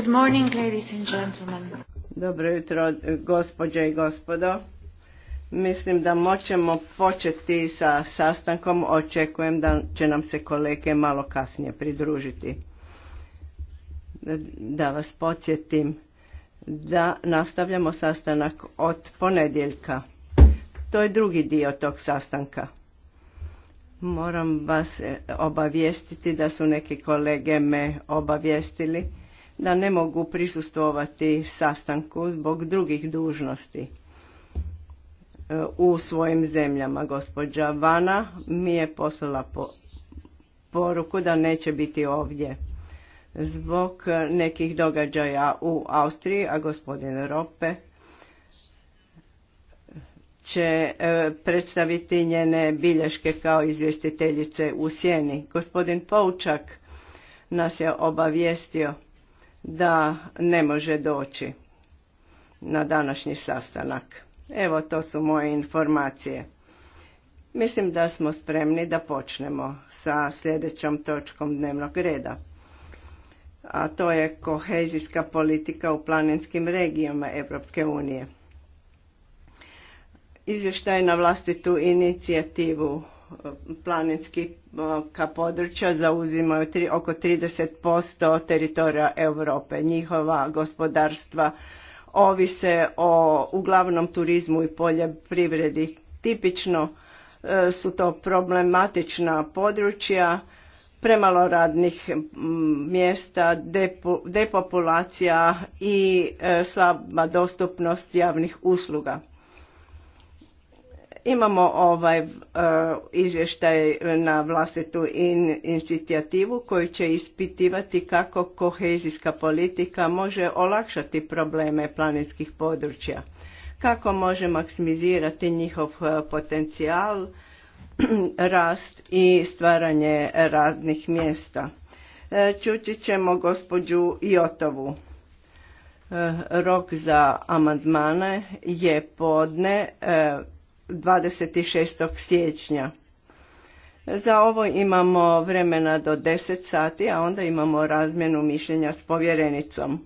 Good morning, Dobro jutro, gospođe i gospodo. Mislim da moćemo početi sa sastankom. Očekujem da će nam se kolege malo kasnije pridružiti. Da vas podsjetim da nastavljamo sastanak od ponedjeljka. To je drugi dio tog sastanka. Moram vas eh, obavijestiti da su neki kolege me obavijestili da ne mogu prisustvovati sastanku zbog drugih dužnosti e, u svojim zemljama. Gospođa Vana mi je poslala poruku da neće biti ovdje zbog nekih događaja u Austriji, a gospodin Rope će e, predstaviti njene bilješke kao izvjestiteljice u sjeni. Gospodin Poučak nas je obavijestio da ne može doći na današnji sastanak. Evo to su moje informacije. Mislim da smo spremni da počnemo sa sljedećom točkom dnevnog reda. A to je kohezijska politika u planinskim regijama Europske unije. Izvještaj na vlastitu inicijativu planinski e, područja zauzimaju oko oko 30% teritorija Europe. Njihova gospodarstva ovise o uglavnom turizmu i poljoprivredi. Tipično e, su to problematična područja, premalo radnih mjesta, depopulacija i e, slaba dostupnost javnih usluga Imamo ovaj e, izvještaj na vlastitu inicijativu koji će ispitivati kako kohezijska politika može olakšati probleme planinskih područja, kako može maksimizirati njihov e, potencijal, rast i stvaranje radnih mjesta. E, Čući ćemo gospođu Jotovu. Rok za amandmane je podne 26. siječnja. Za ovo imamo vremena do 10 sati, a onda imamo razmjenu mišljenja s povjerenicom.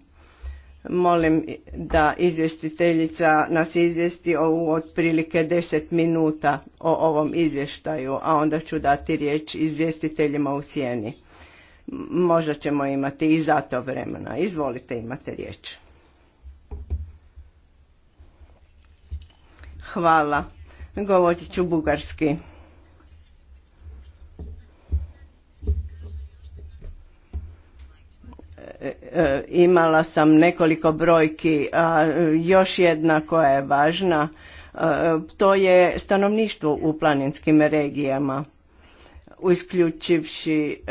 Molim da izvjestiteljica nas izvijesti u otprilike 10 minuta o ovom izvještaju, a onda ću dati riječ izvjestiteljima u cijeni. Možda ćemo imati i za to vremena. Izvolite, imate riječ. Hvala. Govorit ću bugarski. E, e, imala sam nekoliko brojki, a još jedna koja je važna, to je stanovništvo u planinskim regijama isključivši,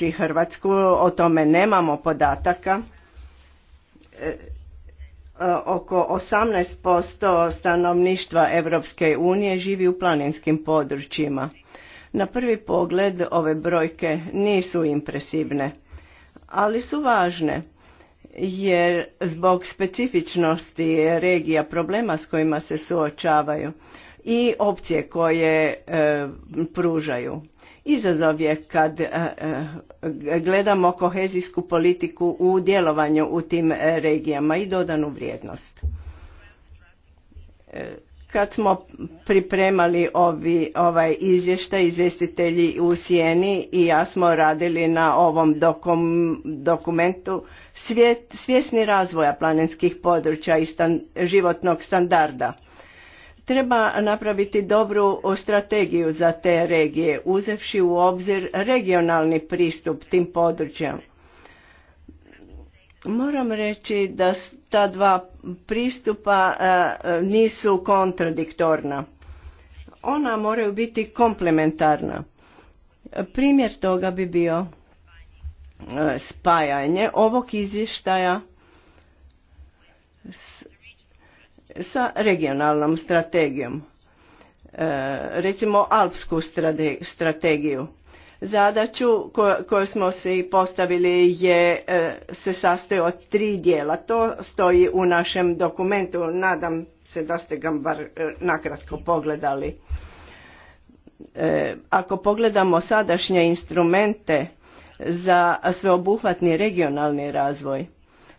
e, Hrvatsku, o tome nemamo podataka. E, oko 18% stanovništva Europske unije živi u planinskim područjima. Na prvi pogled ove brojke nisu impresivne, ali su važne jer zbog specifičnosti regija problema s kojima se suočavaju i opcije koje e, pružaju Izazov je kad e, e, gledamo kohezijsku politiku u djelovanju u tim e, regijama i dodanu vrijednost. Kad smo pripremali ovi, ovaj izvještaj, izvjestitelji u Sijeni i ja smo radili na ovom dokumentu svjesni razvoja planinskih područja i životnog standarda Treba napraviti dobru strategiju za te regije, uzevši u obzir regionalni pristup tim područjama. Moram reći da ta dva pristupa e, nisu kontradiktorna. Ona moraju biti komplementarna. Primjer toga bi bio e, spajanje ovog izvještaja s sa regionalnom strategijom. E, recimo alpsku strategiju. Zadaću koju smo se postavili je, e, se sastoji od tri dijela. To stoji u našem dokumentu. Nadam se da ste ga bar e, nakratko pogledali. Ako pogledamo sadašnje instrumente za sveobuhvatni regionalni razvoj,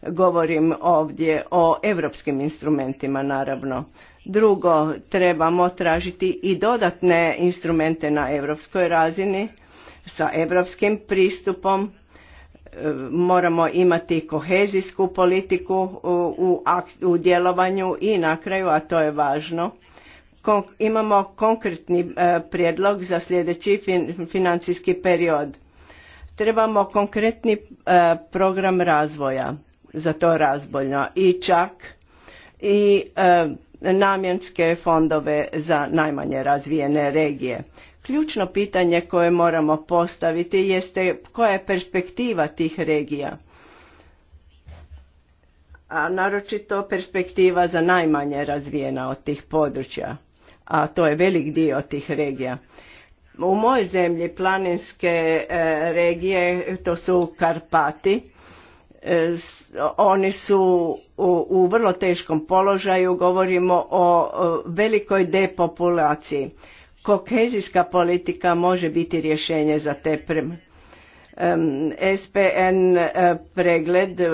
Govorim ovdje o europskim instrumentima naravno. Drugo, trebamo tražiti i dodatne instrumente na europskoj razini sa europskim pristupom. E, moramo imati kohezijsku politiku u, djelovanju i na kraju, a to je važno, imamo konkretni e, prijedlog za sljedeći financijski period. Trebamo konkretni e, program razvoja za to razboljno, i čak i e, namjenske fondove za najmanje razvijene regije. Ključno pitanje koje moramo postaviti jeste koja je perspektiva tih regija, a naročito perspektiva za najmanje razvijena od tih područja, a to je velik dio tih regija. U mojoj zemlji planinske e, regije, to su Karpati, E, oni su u, vrlo teškom položaju, govorimo o velikoj depopulaciji. Kohezijska politika može biti rješenje za te prem. SPN e, pregled e,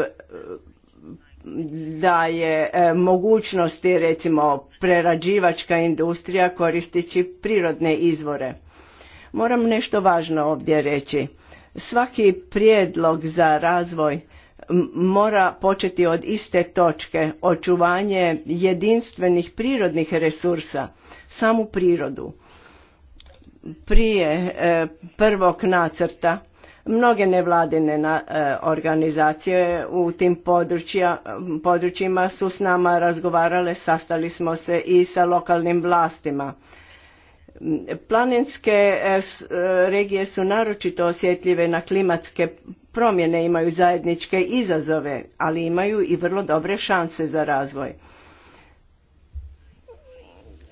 daje mogućnosti recimo prerađivačka industrija koristeći prirodne izvore. Moram nešto važno ovdje reći. Svaki prijedlog za razvoj mora početi od iste točke, očuvanje jedinstvenih prirodnih resursa, samu prirodu. Prije e, prvog nacrta mnoge nevladine e, organizacije u tim područjima su s nama razgovarale, sastali smo se i sa lokalnim vlastima. Planinske e, regije su naročito osjetljive na klimatske promjene, imaju zajedničke izazove, ali imaju i vrlo dobre šanse za razvoj.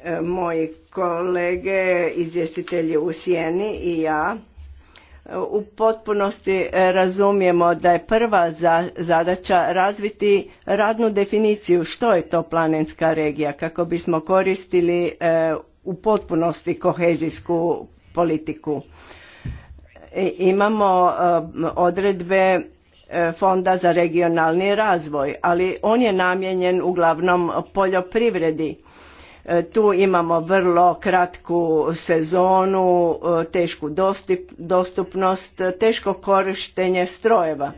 E, moji kolege, izvjestitelji u Sjeni i ja e, u potpunosti razumijemo da je prva zadaća razviti radnu definiciju što je to planinska regija kako bismo koristili e, u potpunosti kohezijsku politiku imamo eh, odredbe eh, Fonda za regionalni razvoj, ali on je namijenjen uglavnom poljoprivredi. Eh, tu imamo vrlo kratku sezonu, tešku dostupnost, teško korištenje strojeva.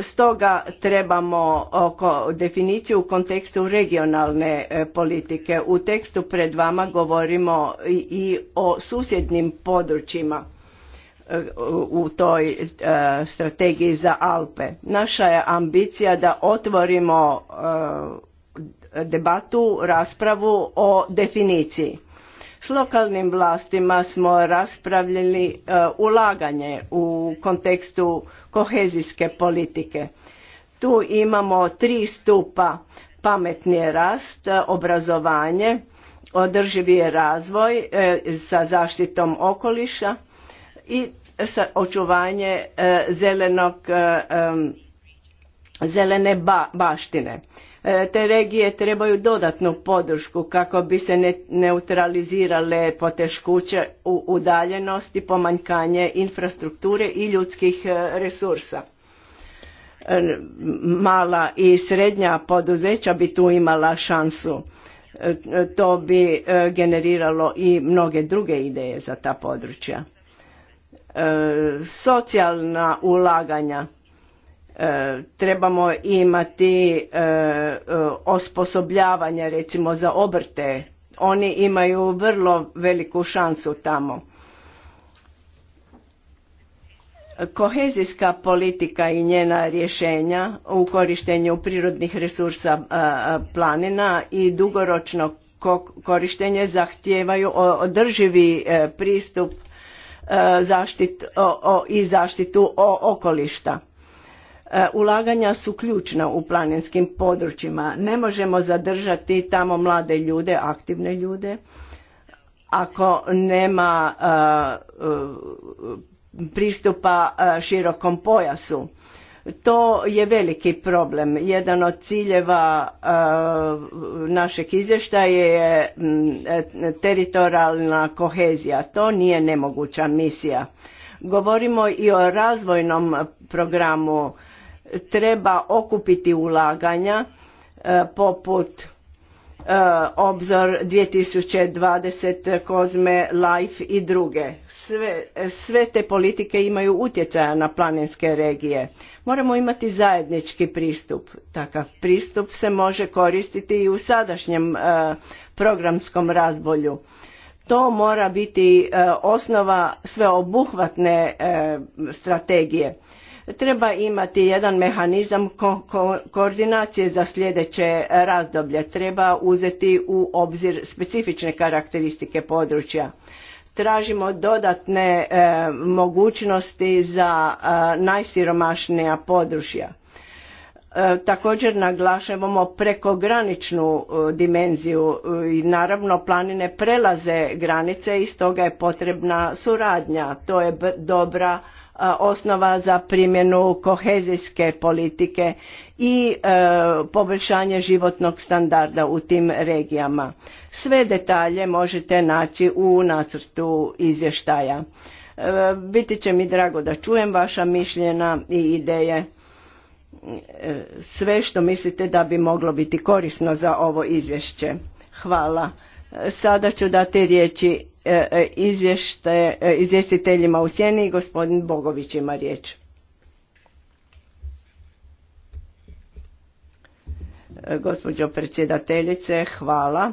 Stoga trebamo oko definiciju u kontekstu regionalne politike. U tekstu pred vama govorimo i o susjednim područjima E, u toj e, strategiji za Alpe. Naša je ambicija da otvorimo e, debatu, raspravu o definiciji. S lokalnim vlastima smo raspravljali ulaganje u kontekstu kohezijske politike. Tu imamo tri stupa pametni rast, obrazovanje, održivi razvoj sa zaštitom okoliša i očuvanje e, zelenog, e, e, zelene baštine. Te regije trebaju dodatnu podršku kako bi se neutralizirale poteškuće u udaljenosti, pomanjkanje infrastrukture i ljudskih resursa. Mala i srednja poduzeća bi tu imala šansu. To bi generiralo i mnoge druge ideje za ta područja. E, socijalna ulaganja. E, trebamo imati e, osposobljavanje recimo za obrte. Oni imaju vrlo veliku šansu tamo. Kohezijska politika i njena rješenja u korištenju prirodnih resursa planina i dugoročno korištenje zahtijevaju održivi pristup E, zaštit, i zaštitu okolišta. E, ulaganja su ključna u planinskim područjima. Ne možemo zadržati tamo mlade ljude, aktivne ljude, ako nema e, pristupa širokom pojasu to je veliki problem. Jedan od ciljeva e, našeg izvještaja je e, teritorijalna kohezija. To nije nemoguća misija. Govorimo i o razvojnom programu. Treba okupiti ulaganja e, poput Eh, obzor 2020, eh, Kozme, Life i druge. Sve, eh, sve te politike imaju utjecaja na planinske regije. Moramo imati zajednički pristup. Takav pristup se može koristiti i u sadašnjem programskom razbolju. To mora biti osnova sveobuhvatne strategije Treba imati jedan mehanizam koordinacije za sljedeće razdoblje. Treba uzeti u obzir specifične karakteristike područja. Tražimo dodatne e, mogućnosti za e, najsiromašnija područja. E, također naglašavamo prekograničnu dimenziju i naravno planine prelaze granice i stoga je potrebna suradnja. To je dobra osnova za primjenu kohezijske politike i e, poboljšanje životnog standarda u tim regijama. Sve detalje možete naći u nacrtu izvještaja. E, biti će mi drago da čujem vaša mišljena i ideje. E, sve što mislite da bi moglo biti korisno za ovo izvješće. Hvala. Sada ću dati riječi e, e, e, izvjestiteljima u sjeni i gospodin Bogović ima riječ. Gospođo predsjedateljice, hvala.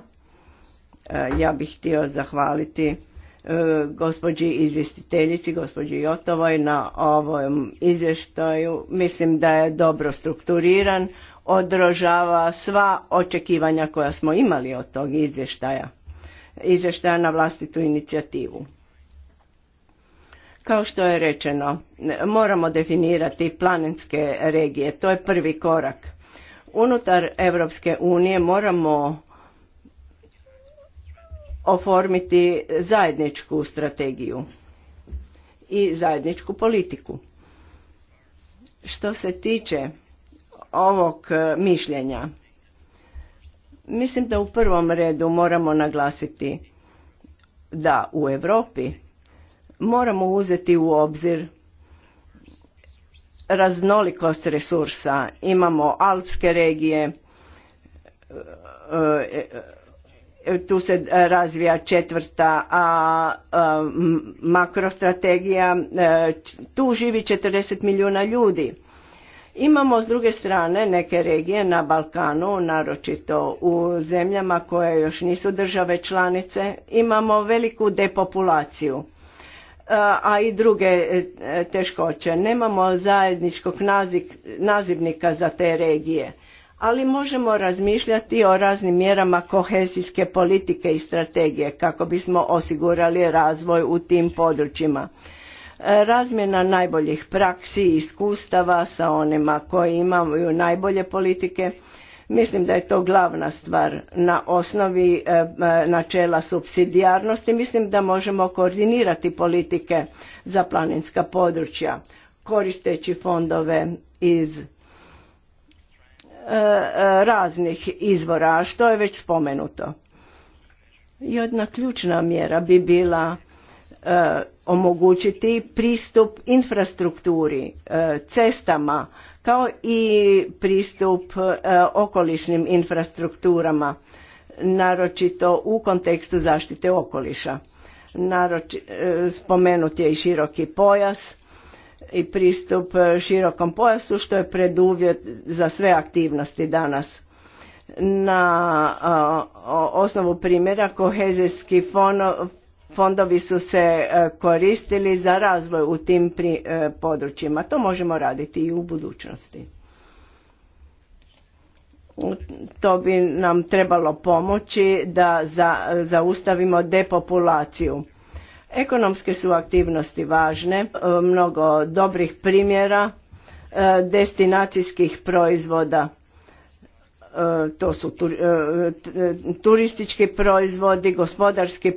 Ja bih htio zahvaliti E, gospođi izvjestiteljici, gospođi Jotovoj na ovom izvještaju. Mislim da je dobro strukturiran, odrožava sva očekivanja koja smo imali od tog izvještaja, izvještaja na vlastitu inicijativu. Kao što je rečeno, moramo definirati planinske regije, to je prvi korak. Unutar Europske unije moramo oformiti zajedničku strategiju i zajedničku politiku. Što se tiče ovog e, mišljenja, mislim da u prvom redu moramo naglasiti da u Europi moramo uzeti u obzir raznolikost resursa. Imamo alpske regije, e, e, tu se e, razvija četvrta a, e, makrostrategija, e, tu živi 40 milijuna ljudi. Imamo s druge strane neke regije na Balkanu, naročito u zemljama koje još nisu države članice, imamo veliku depopulaciju a, i druge teškoće. Nemamo zajedničkog nazivnika za te regije ali možemo razmišljati o raznim mjerama kohezijske politike i strategije kako bismo osigurali razvoj u tim područjima. E, razmjena najboljih praksi i iskustava sa onima koji imaju najbolje politike, mislim da je to glavna stvar na osnovi e, načela supsidijarnosti. Mislim da možemo koordinirati politike za planinska područja koristeći fondove iz E, e, raznih izvora, što je već spomenuto. Jedna ključna mjera bi bila e, omogućiti pristup infrastrukturi, cestama, kao i pristup okolišnim infrastrukturama, naročito u kontekstu zaštite okoliša. Naroči, spomenut je i široki pojas, i pristup e, širokom pojasu što je preduvjet za sve aktivnosti danas. Na e, osnovu primjera kohezijski fondovi su se e, koristili za razvoj u tim područjima. To možemo raditi i u budućnosti. To bi nam trebalo pomoći da zaustavimo depopulaciju Ekonomske su aktivnosti važne, e, mnogo dobrih primjera, e, destinacijskih proizvoda, e, to su turistički proizvodi, gospodarski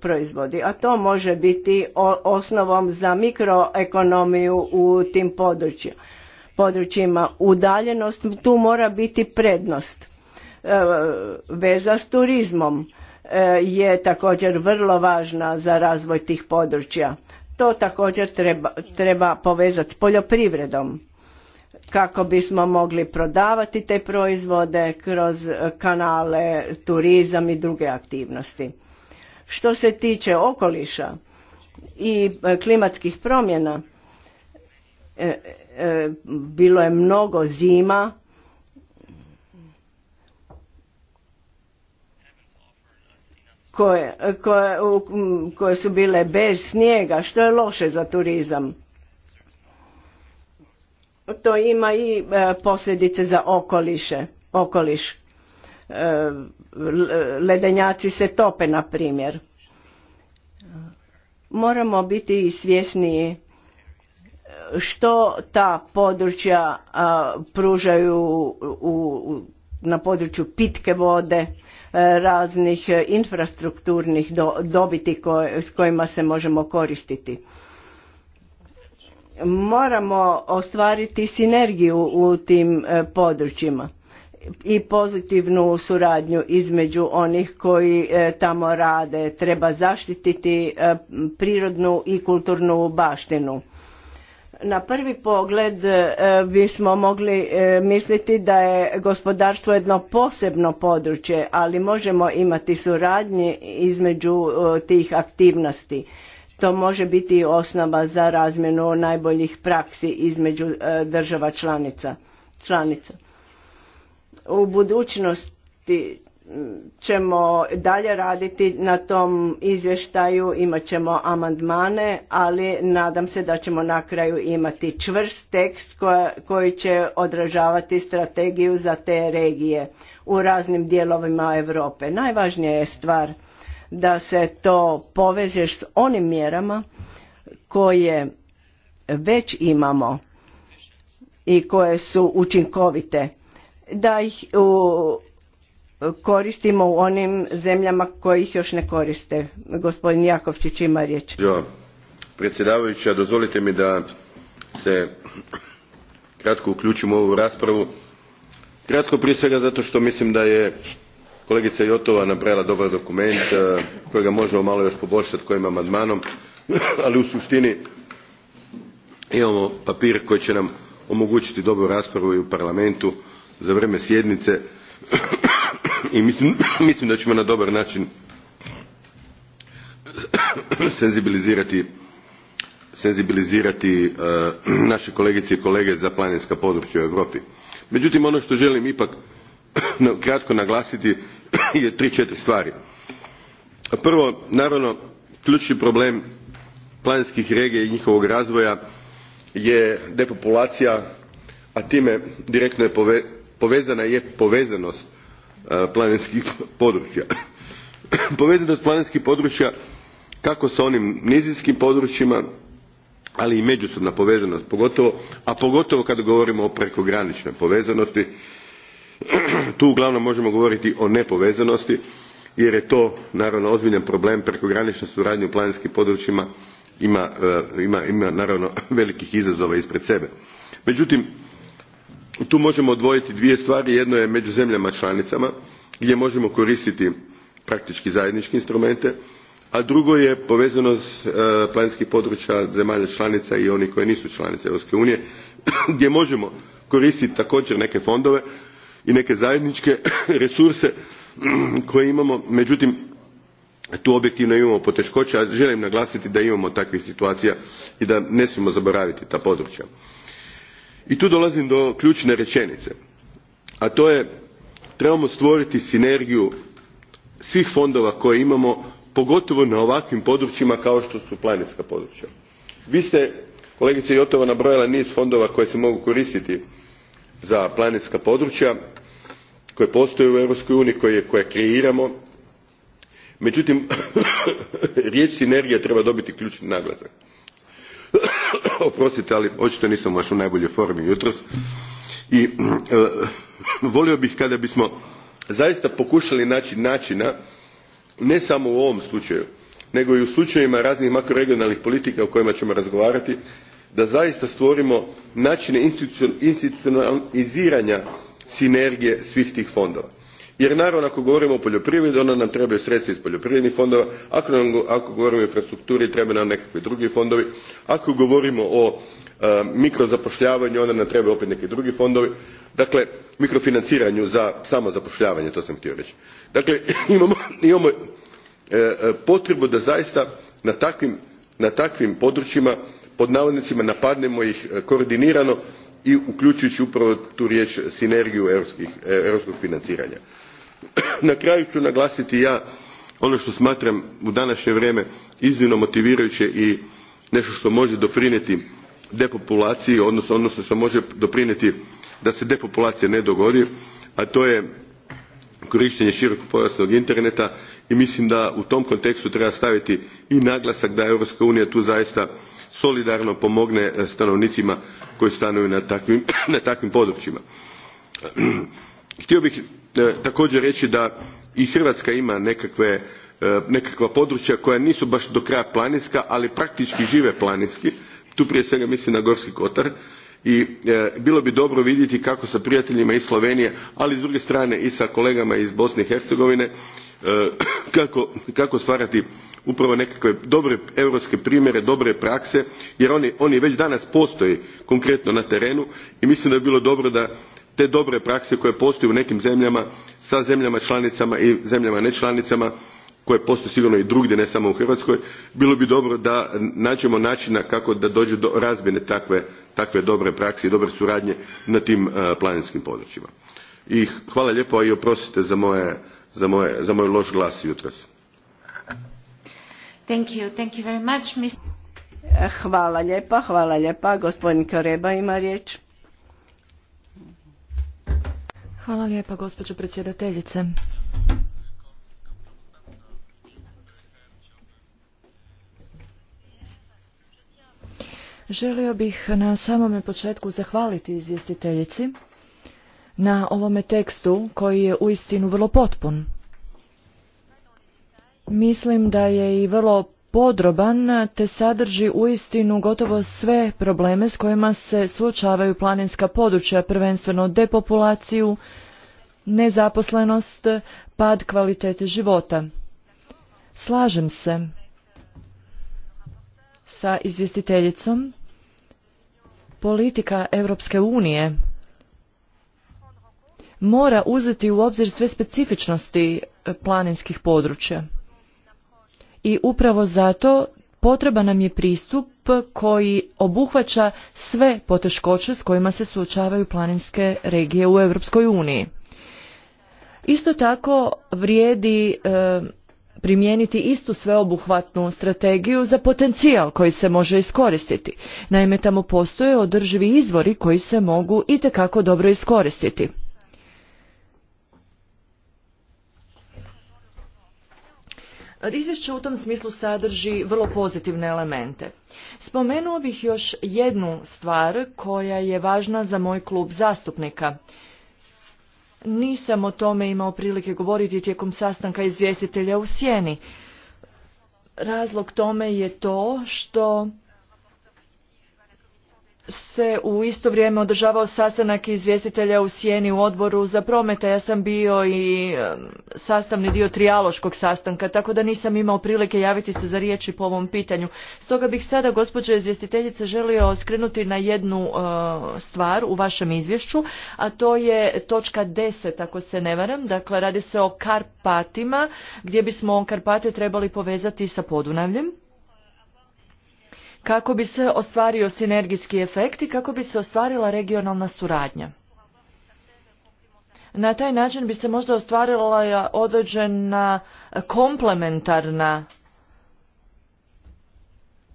proizvodi, a to može biti osnovom za mikroekonomiju u tim područjima. Udaljenost tu mora biti prednost, veza s turizmom E, je također vrlo važna za razvoj tih područja. To također treba, treba povezati s poljoprivredom kako bismo mogli prodavati te proizvode kroz kanale, turizam i druge aktivnosti. Što se tiče okoliša i e, klimatskih promjena, e, bilo je mnogo zima, koje, koje, su bile bez snijega, što je loše za turizam. To ima i e, posljedice za okoliše, okoliš. E, ledenjaci se tope, na primjer. Moramo biti svjesniji e, što ta područja pružaju u, na području pitke vode, E, raznih infrastrukturnih dobiti s kojima se možemo koristiti. Moramo ostvariti sinergiju u tim e, područjima i pozitivnu suradnju između onih koji e, tamo rade. Treba zaštititi prirodnu i kulturnu baštinu na prvi pogled e, bismo mogli e, misliti da je gospodarstvo jedno posebno područje, ali možemo imati suradnje između e, tih aktivnosti. To može biti osnova za razmjenu najboljih praksi između država članica. članica. U budućnosti ćemo dalje raditi na tom izvještaju, imat ćemo amandmane, ali nadam se da ćemo na kraju imati čvrst tekst koji će odražavati strategiju za te regije u raznim dijelovima Europe. Najvažnija je stvar da se to poveže s onim mjerama koje već imamo i koje su učinkovite da ih koristimo u onim zemljama koji ih još ne koriste. Gospodin Jakovčić ima riječ. Jo, predsjedavajuća, dozvolite mi da se kratko uključim u ovu raspravu. Kratko prije svega zato što mislim da je kolegica Jotova napravila dobar dokument eh, kojega možemo malo još poboljšati kojim amandmanom, ali u suštini imamo papir koji će nam omogućiti dobru raspravu i u parlamentu za vrijeme sjednice i mislim, da ćemo na dobar način senzibilizirati, eh, naše kolegice i kolege za planinska područja u Europi. Međutim, ono što želim ipak kratko naglasiti je tri, četiri stvari. Prvo, naravno, ključni problem planinskih regija i njihovog razvoja je depopulacija, a time direktno je povezana je povezanost e, planinskih područja. povezanost planinskih područja kako sa onim nizinskim područjima ali i međusobna povezanost pogotovo a pogotovo kada govorimo o prekograničnoj povezanosti tu uglavnom možemo govoriti o nepovezanosti jer je to naravno ozbiljan problem prekogranična suradnja u planinskim područjima ima e, naravno velikih izazova ispred sebe. međutim tu možemo odvojiti dvije stvari jedno je među zemljama članicama gdje možemo koristiti praktički zajedničke instrumente a drugo je povezanost e, planinskih područja zemalja članica i onih koje nisu članice europske unije gdje možemo koristiti također neke fondove i neke zajedničke resurse koje imamo međutim tu objektivno imamo poteškoća želim naglasiti da imamo takvih situacija i da ne smijemo zaboraviti ta područja i tu dolazim do ključne rečenice a to je trebamo stvoriti sinergiju svih fondova koje imamo pogotovo na ovakvim područjima kao što su planinska područja. vi ste kolegice iotova nabrojali niz fondova koje se mogu koristiti za planinska područja koji postoje u europskoj uniji koje kreiramo međutim riječ sinergija treba dobiti ključni naglasak. oprostite ali očito nisam baš u najboljoj formi jutros i eh, eh, volio bih kada bismo zaista pokušali naći načina ne samo u ovom slučaju nego i u slučajevima raznih makroregionalnih politika o kojima ćemo razgovarati da zaista stvorimo načine institucionaliziranja sinergije svih tih fondova jer naravno ako govorimo o poljoprivredi onda nam trebaju sredstva iz poljoprivrednih fondova ako govorimo o infrastrukturi trebaju nam nekakvi drugi fondovi ako govorimo o e, mikrozapošljavanju onda nam trebaju opet neki drugi fondovi dakle mikrofinanciranju za samozapošljavanje to sam htio reći. dakle imamo e, e, potrebu da zaista na takvim područjima pod navodnicima napadnemo ih koordinirano i uključujući upravo tu riječ sinergiju europskog financiranja na kraju ću naglasiti ja ono što smatram u današnje vrijeme iznimno motivirajuće i nešto što može doprinijeti depopulaciji odnosno ono što može doprinijeti da se depopulacija ne dogodi a to je korištenje širokopojasnog interneta i mislim da u tom kontekstu treba staviti i naglasak da europska unija tu zaista solidarno pomogne stanovnicima koji stanuju na takvim područjima. htio bih E, također reći da i hrvatska ima e, nekakva područja koja nisu baš do kraja planinska ali praktički žive planinski tu prije svega mislim na gorski kotar i e, bilo bi dobro vidjeti kako sa prijateljima iz slovenije ali s druge strane i sa kolegama iz bosne i hercegovine kako, stvarati upravo nekakve dobre europske primjere dobre prakse jer oni, oni već danas postoje konkretno na terenu i mislim da bi bilo dobro da te dobre prakse koje postoje u nekim zemljama sa zemljama članicama i zemljama nečlanicama koje postoje sigurno i drugdje ne samo u hrvatskoj bilo bi dobro da nađemo načina kako da dođe do razmjene takve, dobre prakse i dobre suradnje na tim e, planinskim područjima. I hvala lijepo i oprostite za, moj loš glas jutros. ima riječ. Hvala lijepa, gospođo predsjedateljice. Želio bih na samome početku zahvaliti izvjestiteljici na ovome tekstu koji je uistinu vrlo potpun. Mislim da je i vrlo podroban te sadrži uistinu gotovo sve probleme s kojima se suočavaju planinska područja, prvenstveno depopulaciju, nezaposlenost, pad kvalitete života. Slažem se sa izvjestiteljicom. Politika Europske unije mora uzeti u obzir sve specifičnosti planinskih područja i upravo zato potreba nam je pristup koji obuhvaća sve poteškoće s kojima se suočavaju planinske regije u Europskoj uniji. Isto tako vrijedi e, primijeniti istu sveobuhvatnu strategiju za potencijal koji se može iskoristiti. Naime, tamo postoje održivi izvori koji se mogu itekako dobro iskoristiti. Izvješće u tom smislu sadrži vrlo pozitivne elemente. Spomenuo bih još jednu stvar koja je važna za moj klub zastupnika. Nisam o tome imao prilike govoriti tijekom sastanka izvjestitelja u Sjeni. Razlog tome je to što se u isto vrijeme održavao sastanak izvjestitelja u sjeni u odboru za prometa. Ja sam bio i sastavni dio trijaloškog sastanka, tako da nisam imao prilike javiti se za riječi po ovom pitanju. Stoga bih sada, gospođo izvjestiteljice, želio skrenuti na jednu e, stvar u vašem izvješću, a to je točka 10, ako se ne varam. Dakle, radi se o Karpatima, gdje bismo Karpate trebali povezati sa Podunavljem kako bi se ostvario sinergijski efekt i kako bi se ostvarila regionalna suradnja. Na taj način bi se možda ostvarila određena komplementarna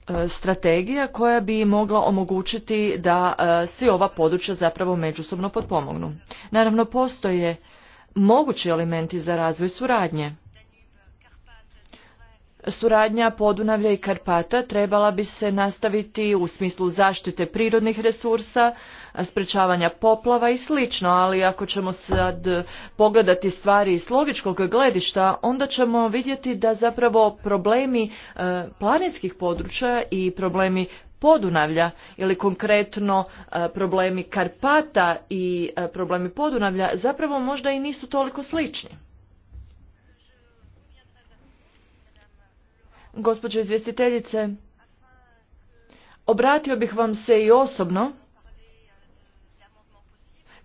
e, strategija koja bi mogla omogućiti da e, svi ova područja zapravo međusobno potpomognu. Naravno, postoje mogući elementi za razvoj suradnje. Suradnja Podunavlja i Karpata trebala bi se nastaviti u smislu zaštite prirodnih resursa, sprečavanja poplava i slično, ali ako ćemo sad pogledati stvari iz logičkog gledišta, onda ćemo vidjeti da zapravo problemi e, planinskih područja i problemi Podunavlja ili konkretno e, problemi Karpata i e, problemi Podunavlja zapravo možda i nisu toliko slični. Gospođo izvjestiteljice, obratio bih vam se i osobno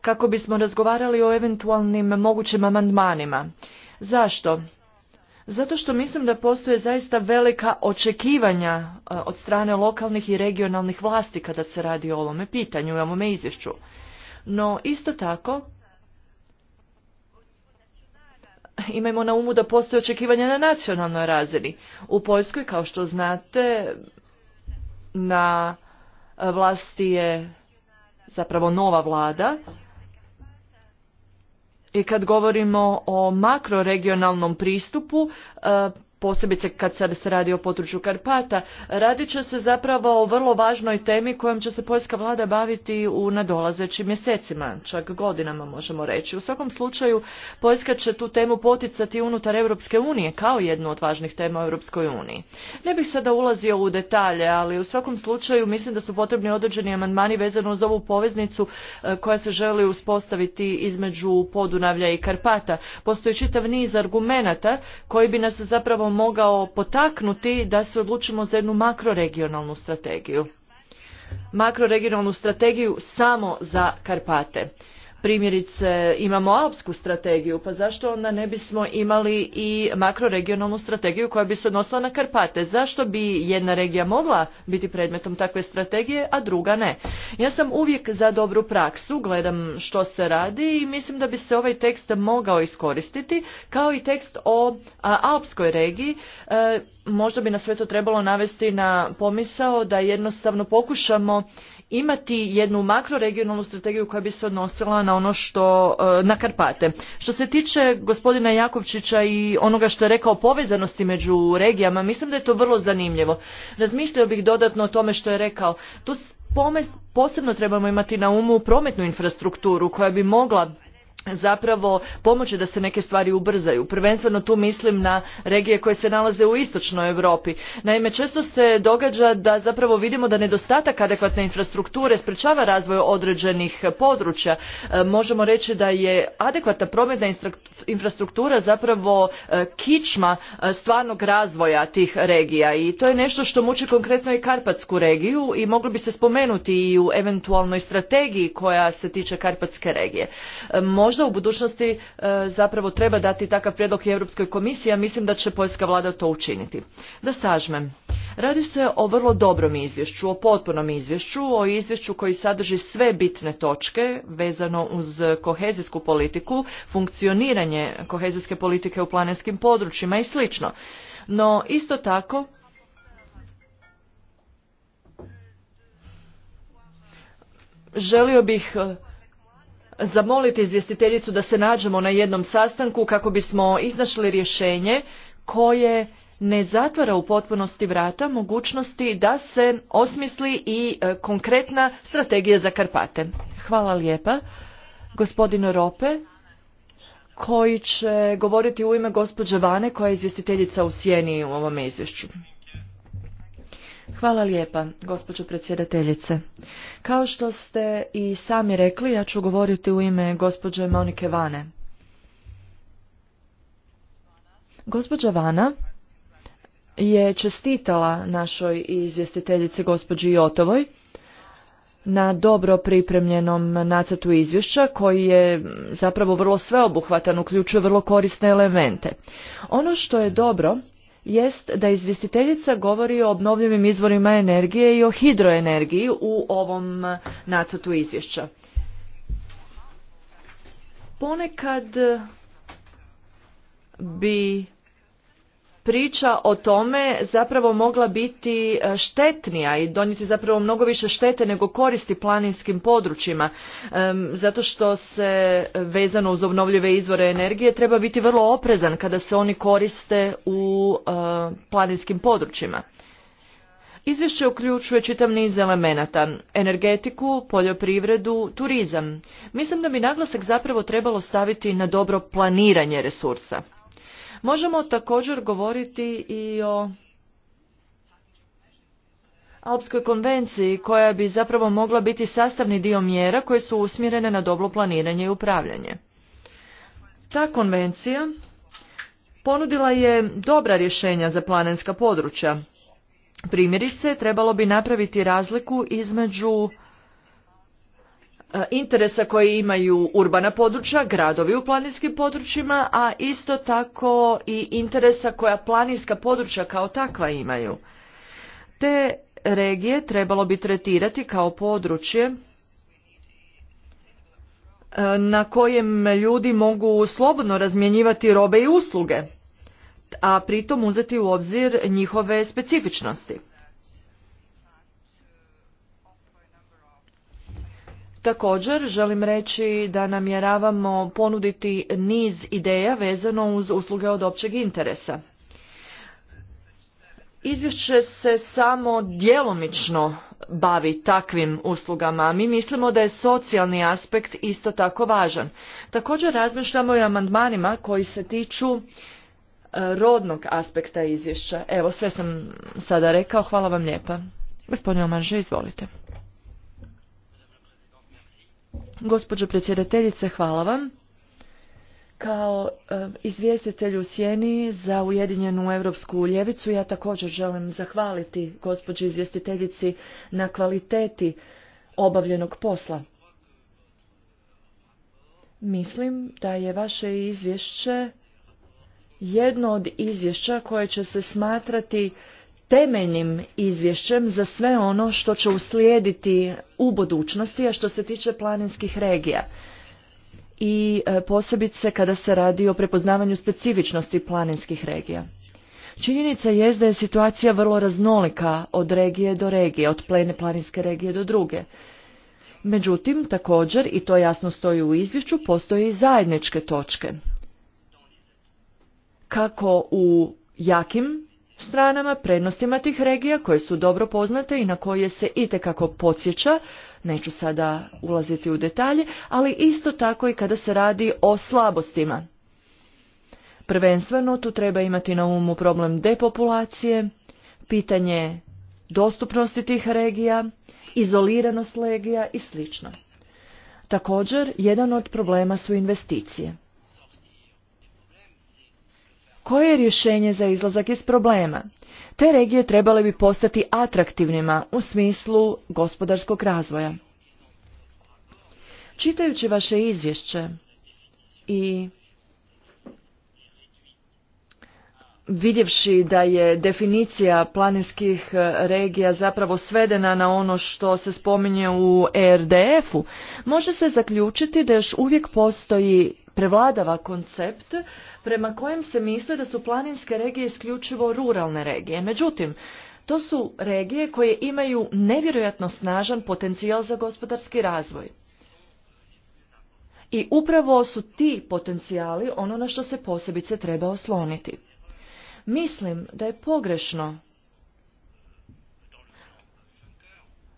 kako bismo razgovarali o eventualnim mogućim amandmanima. Zašto? Zato što mislim da postoje zaista velika očekivanja e, od strane lokalnih i regionalnih vlasti kada se radi o ovome pitanju i ovome izvješću. No isto tako imajmo na umu da postoje očekivanja na nacionalnoj razini. U Poljskoj, kao što znate, na e, vlasti je zapravo nova vlada i kad govorimo o makroregionalnom pristupu e, posebice kad sad se radi o području Karpata, radit će se zapravo o vrlo važnoj temi kojom će se poljska vlada baviti u nadolazećim mjesecima, čak godinama možemo reći. U svakom slučaju, Poljska će tu temu poticati unutar Europske unije kao jednu od važnih tema u Europskoj uniji. Ne bih sada ulazio u detalje, ali u svakom slučaju mislim da su potrebni određeni amandmani vezano uz ovu poveznicu e, koja se želi uspostaviti između Podunavlja i Karpata. Postoji čitav niz argumenata koji bi nas zapravo mogao potaknuti da se odlučimo za jednu makroregionalnu strategiju. Makroregionalnu strategiju samo za Karpate. Primjerice imamo alpsku strategiju, pa zašto onda ne bismo imali i makroregionalnu strategiju koja bi se odnosila na Karpate? Zašto bi jedna regija mogla biti predmetom takve strategije, a druga ne? Ja sam uvijek za dobru praksu, gledam što se radi i mislim da bi se ovaj tekst mogao iskoristiti, kao i tekst o alpskoj regiji. E, možda bi na sve to trebalo navesti na pomisao da jednostavno pokušamo imati jednu makroregionalnu strategiju koja bi se odnosila na ono što e, na Karpate. Što se tiče gospodina Jakovčića i onoga što je rekao povezanosti među regijama, mislim da je to vrlo zanimljivo. Razmišljao bih dodatno o tome što je rekao. Tu posebno trebamo imati na umu prometnu infrastrukturu koja bi mogla zapravo pomoći da se neke stvari ubrzaju. Prvenstveno tu mislim na regije koje se nalaze u istočnoj Europi. Naime, često se događa da zapravo vidimo da nedostatak adekvatne infrastrukture sprečava razvoj određenih područja. E, možemo reći da je adekvatna prometna infrastruktura zapravo e, kičma e, stvarnog razvoja tih regija i to je nešto što muči konkretno i Karpatsku regiju i moglo bi se spomenuti i u eventualnoj strategiji koja se tiče Karpatske regije. Možda možda u budućnosti e, zapravo treba mhm. dati takav prijedlog i Europskoj komisiji, a mislim da će poljska vlada to učiniti. Da sažmem. Radi se o vrlo dobrom izvješću, o potpunom izvješću, o izvješću koji sadrži sve bitne točke vezano uz kohezijsku politiku, funkcioniranje kohezijske politike u planinskim područjima i sl. No isto tako želio bih e, zamoliti izvjestiteljicu da se nađemo na jednom sastanku kako bismo iznašli rješenje koje ne zatvara u potpunosti vrata mogućnosti da se osmisli i e, konkretna strategija za Karpate. Hvala lijepa. Gospodin Rope koji će govoriti u ime gospođe Vane koja je izvjestiteljica u Sjeni u ovom izvješću. Hvala lijepa, gospođo predsjedateljice. Kao što ste i sami rekli, ja ću govoriti u ime gospođe Monike Vane. Gospođa Vana je čestitala našoj izvjestiteljici gospođi Jotovoj na dobro pripremljenom nacrtu izvješća koji je zapravo vrlo sveobuhvatan, uključuje vrlo korisne elemente. Ono što je dobro jest da izvjestiteljica govori o obnovljivim izvorima energije i o hidroenergiji u ovom nacrtu izvješća. Ponekad bi priča o tome zapravo mogla biti e, štetnija i donijeti zapravo mnogo više štete nego koristi planinskim područjima zato što se e, vezano uz obnovljive izvore energije treba biti vrlo oprezan kada se oni koriste u e, planinskim područjima. Izvješće uključuje čitav niz elemenata, energetiku, poljoprivredu, turizam. Mislim da bi naglasak zapravo trebalo staviti na dobro planiranje resursa. Možemo također govoriti i o Alpskoj konvenciji koja bi zapravo mogla biti sastavni dio mjera koje su usmjerene na dobro planiranje i upravljanje. Ta konvencija ponudila je dobra rješenja za planenska područja. Primjerice, trebalo bi napraviti razliku između E, interesa koje imaju urbana područja, gradovi u planinskim područjima, a isto tako i interesa koja planinska područja kao takva imaju. Te regije trebalo bi tretirati kao područje e, na kojem ljudi mogu slobodno razmjenjivati robe i usluge, a pritom uzeti u obzir njihove specifičnosti. Također želim reći da namjeravamo ponuditi niz ideja vezano uz usluge od općeg interesa. Izvješće se samo djelomično bavi takvim uslugama. Mi mislimo da je socijalni aspekt isto tako važan. Također razmišljamo i o amandmanima koji se tiču e, rodnog aspekta izvješća. Evo, sve sam sada rekao. Hvala vam lijepa. Gospodin Omarže, izvolite. Gospođo predsjedateljice, hvala vam. Kao e, izvjestitelju u Sjeni za Ujedinjenu Europsku ljevicu ja također želim zahvaliti gospođi izvjestiteljici na kvaliteti obavljenog posla. Mislim da je vaše izvješće jedno od izvješća koje će se smatrati temeljnim izvješćem za sve ono što će uslijediti u budućnosti, a što se tiče planinskih regija i e, posebice kada se radi o prepoznavanju specifičnosti planinskih regija. Činjenica je da je situacija vrlo raznolika od regije do regije, od plene planinske regije do druge. Međutim, također, i to jasno stoji u izvješću, postoje i zajedničke točke. Kako u jakim stranama, prednostima tih regija koje su dobro poznate i na koje se itekako podsjeća, neću sada ulaziti u detalje, ali isto tako i kada se radi o slabostima. Prvenstveno tu treba imati na umu problem depopulacije, pitanje dostupnosti tih regija, izoliranost regija i sl. Također, jedan od problema su investicije. Koje je rješenje za izlazak iz problema? Te regije trebale bi postati atraktivnima u smislu gospodarskog razvoja. Čitajući vaše izvješće i vidjevši da je definicija planinskih e, regija zapravo svedena na ono što se spominje u ERDF-u, može se zaključiti da još uvijek postoji prevladava koncept prema kojem se misle da su planinske regije isključivo ruralne regije. Međutim, to su regije koje imaju nevjerojatno snažan potencijal za gospodarski razvoj. I upravo su ti potencijali ono na što se posebice treba osloniti. Mislim da je pogrešno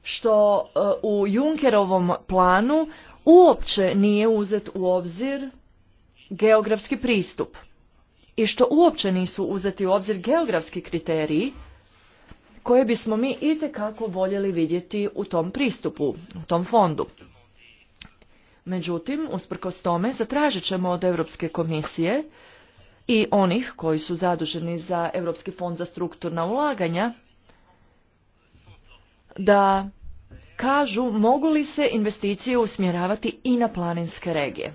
što e, u Junkerovom planu uopće nije uzet u obzir geografski pristup i što uopće nisu uzeti u obzir geografski kriteriji koje bismo mi itekako voljeli vidjeti u tom pristupu, u tom fondu. Međutim, usprkos tome, zatražit ćemo od Europske komisije i onih koji su zaduženi za Europski fond za strukturna ulaganja da kažu mogu li se investicije usmjeravati i na planinske regije.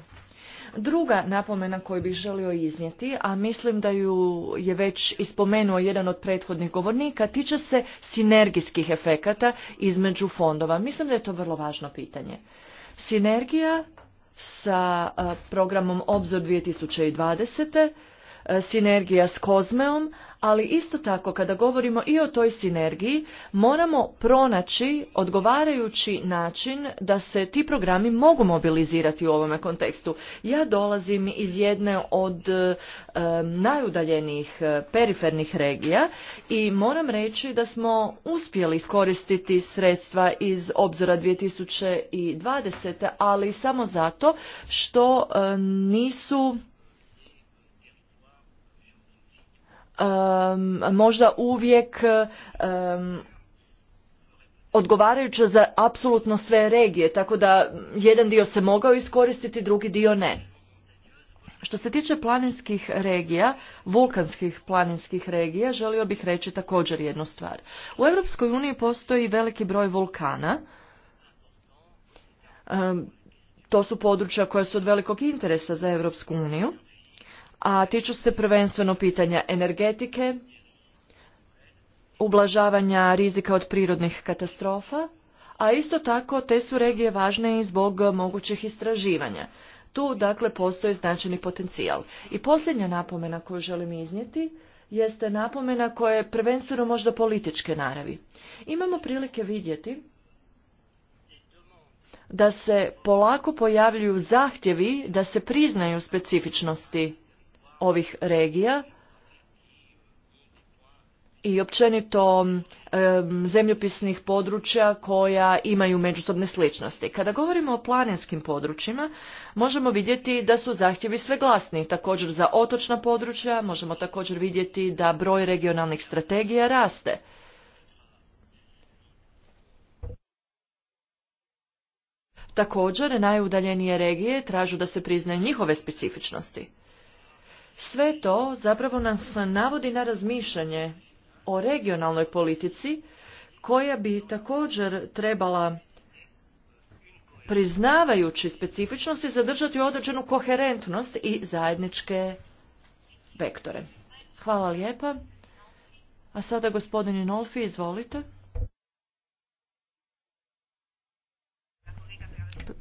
Druga napomena koju bih želio iznijeti, a mislim da ju je već ispomenuo jedan od prethodnih govornika, tiče se sinergijskih efekata između fondova. Mislim da je to vrlo važno pitanje. Sinergija sa programom Obzor 2020 E, sinergija s Kozmeom, ali isto tako kada govorimo i o toj sinergiji, moramo pronaći odgovarajući način da se ti programi mogu mobilizirati u ovome kontekstu. Ja dolazim iz jedne od e, e najudaljenijih e, perifernih regija i moram reći da smo uspjeli iskoristiti sredstva iz obzora 2020, ali samo zato što nisu Um, možda uvijek um, odgovarajuća za apsolutno sve regije, tako da jedan dio se mogao iskoristiti, drugi dio ne. Što se tiče planinskih regija, vulkanskih planinskih regija, želio bih reći također jednu stvar. U Europskoj uniji postoji veliki broj vulkana. Um, to su područja koja su od velikog interesa za Europsku uniju a tiču se prvenstveno pitanja energetike, ublažavanja rizika od prirodnih katastrofa, a isto tako te su regije važne i zbog mogućih istraživanja. Tu dakle postoji značajni potencijal. I posljednja napomena koju želim iznijeti jeste napomena koja je prvenstveno možda političke naravi. Imamo prilike vidjeti da se polako pojavljuju zahtjevi da se priznaju specifičnosti ovih regija i općenito zemljopisnih područja koja imaju međusobne sličnosti. Kada govorimo o planinskim područjima, možemo vidjeti da su zahtjevi sve glasni. Također za otočna područja možemo također vidjeti da broj regionalnih strategija raste. Također, najudaljenije regije tražu da se priznaju njihove specifičnosti. Sve to zapravo nas navodi na razmišljanje o regionalnoj politici koja bi također trebala priznavajući specifičnosti zadržati određenu koherentnost i zajedničke vektore. Hvala lijepa. A sada gospodin Inolfi, izvolite.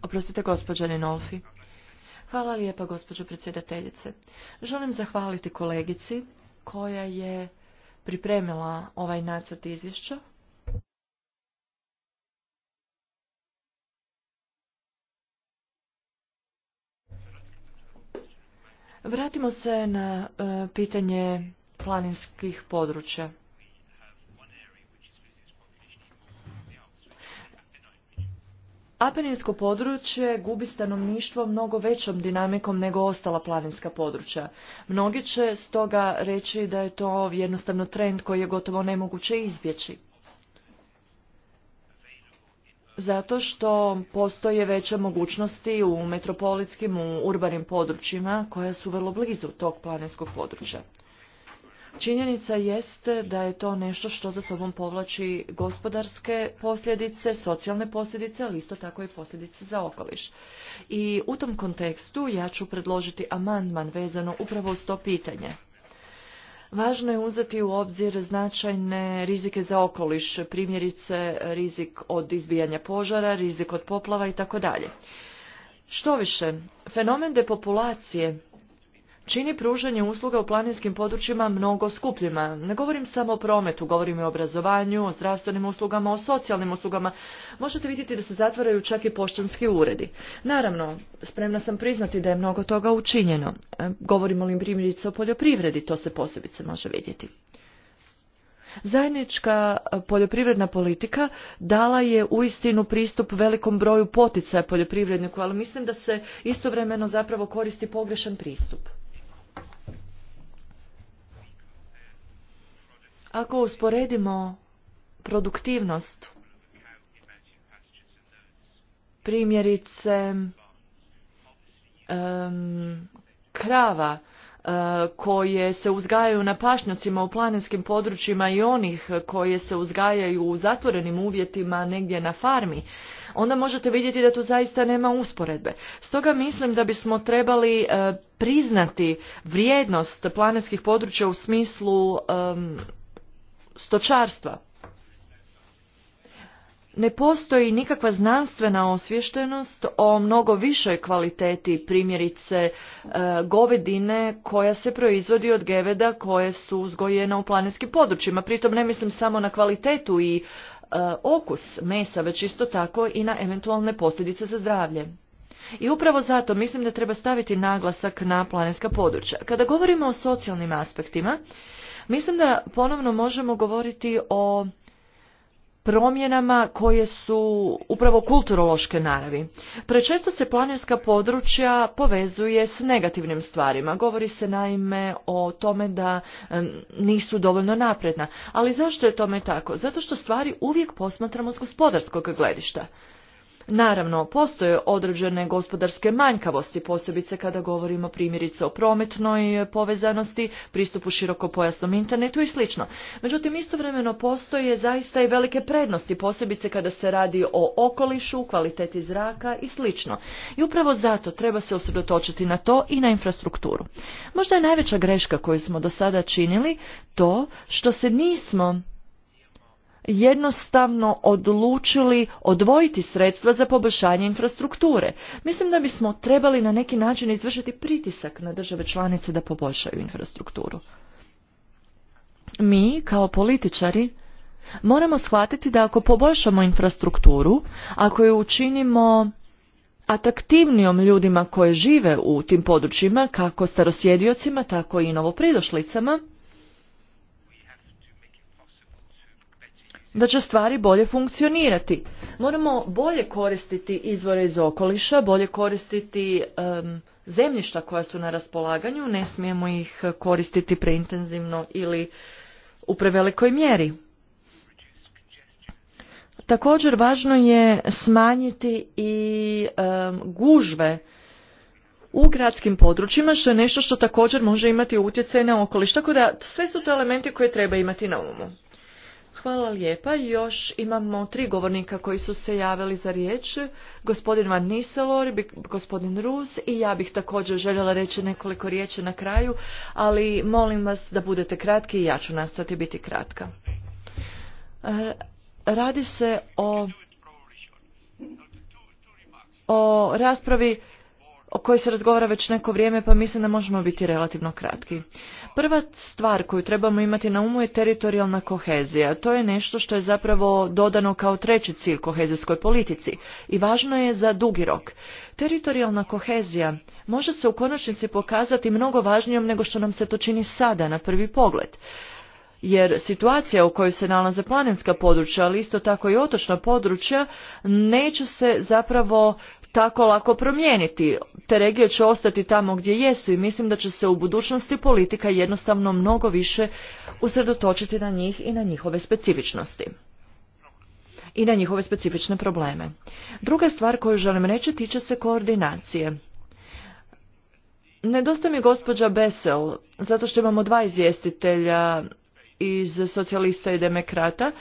Oprostite, gospođa Inolfi. Hvala lijepa, gospođo predsjedateljice. Želim zahvaliti kolegici koja je pripremila ovaj nacrt izvješća. Vratimo se na e, pitanje planinskih područja. Apeninsko područje gubi stanovništvo mnogo većom dinamikom nego ostala planinska područja. Mnogi će stoga reći da je to jednostavno trend koji je gotovo nemoguće izbjeći. Zato što postoje veće mogućnosti u metropolitskim, u urbanim područjima koja su vrlo blizu tog planinskog područja. Činjenica jest da je to nešto što za sobom povlači gospodarske posljedice, socijalne posljedice, ali isto tako i posljedice za okoliš. I u tom kontekstu ja ću predložiti amandman vezano upravo uz to pitanje. Važno je uzeti u obzir značajne rizike za okoliš, primjerice rizik od izbijanja požara, rizik od poplava i tako dalje. Što više, fenomen depopulacije čini pružanje usluga u planinskim područjima mnogo skupljima. Ne govorim samo o prometu, govorim i o obrazovanju, o zdravstvenim uslugama, o socijalnim uslugama. Možete vidjeti da se zatvaraju čak i poštanski uredi. Naravno, spremna sam priznati da je mnogo toga učinjeno. E, govorimo li primjerice o poljoprivredi, to se posebice može vidjeti. Zajednička e, poljoprivredna politika dala je uistinu pristup velikom broju poticaja poljoprivredniku, ali mislim da se istovremeno zapravo koristi pogrešan pristup. Ako usporedimo produktivnost, primjerice krava eh, koje se uzgajaju na pašnjacima u planinskim područjima i onih koje se uzgajaju u zatvorenim uvjetima negdje na farmi, onda možete vidjeti da tu zaista nema usporedbe. Stoga mislim da bismo trebali eh, priznati vrijednost planinskih područja u smislu stočarstva. Ne postoji nikakva znanstvena osvještenost o mnogo višoj kvaliteti primjerice e, govedine koja se proizvodi od geveda koje su uzgojene u planinskim područjima. Pritom ne mislim samo na kvalitetu i e, okus mesa, već isto tako i na eventualne posljedice za zdravlje. I upravo zato mislim da treba staviti naglasak na planinska područja. Kada govorimo o socijalnim aspektima, Mislim da ponovno možemo govoriti o promjenama koje su upravo kulturološke naravi. Prečesto se planinska područja povezuje s negativnim stvarima. Govori se naime o tome da nisu dovoljno napredna. Ali zašto je tome tako? Zato što stvari uvijek posmatramo s gospodarskog gledišta. Naravno, postoje određene gospodarske manjkavosti, posebice kada govorimo primjerice o prometnoj povezanosti, pristupu širokopojasnom internetu i sl. Međutim, istovremeno postoje zaista i velike prednosti, posebice kada se radi o okolišu, kvaliteti zraka i sl. I upravo zato treba se usredotočiti na to i na infrastrukturu. Možda je najveća greška koju smo do sada činili to što se nismo jednostavno odlučili odvojiti sredstva za poboljšanje infrastrukture. Mislim da bismo trebali na neki način izvršiti pritisak na države članice da poboljšaju infrastrukturu. Mi, kao političari, moramo shvatiti da ako poboljšamo infrastrukturu, ako ju učinimo atraktivnijom ljudima koje žive u tim područjima, kako starosjediocima, tako i novopridošlicama, da će stvari bolje funkcionirati. Moramo bolje koristiti izvore iz okoliša, bolje koristiti um, zemljišta koja su na raspolaganju, ne smijemo ih koristiti preintenzivno ili u prevelikoj mjeri. Također važno je smanjiti i gužve u gradskim područjima, što je nešto što također može imati utjecaj na okoliš. Tako da sve su to elementi koje treba imati na umu. Hvala lijepa. Još imamo tri govornika koji su se javili za riječ. Gospodin Van Niselor, gospodin Rus i ja bih također željela reći nekoliko riječi na kraju, ali molim vas da budete kratki i ja ću nastojati biti kratka. Radi se o, o raspravi o kojoj se razgovara već neko vrijeme, pa mislim da možemo biti relativno kratki. Prva stvar koju trebamo imati na umu je teritorijalna kohezija. To je nešto što je zapravo dodano kao treći cilj kohezijskoj politici i važno je za dugi rok. Teritorijalna kohezija može se u konačnici pokazati mnogo važnijom nego što nam se to čini sada na prvi pogled jer situacija u kojoj se nalaze planinska područja, ali isto tako i otočna područja, neće se zapravo tako lako promijeniti. Te regije će ostati tamo gdje jesu i mislim da će se u budućnosti politika jednostavno mnogo više usredotočiti na njih i na njihove specifičnosti i na njihove specifične probleme. Druga stvar koju želim reći tiče se koordinacije. Nedosta mi gospođa Besel, zato što imamo dva izvjestitelja iz socijalista i demokrata,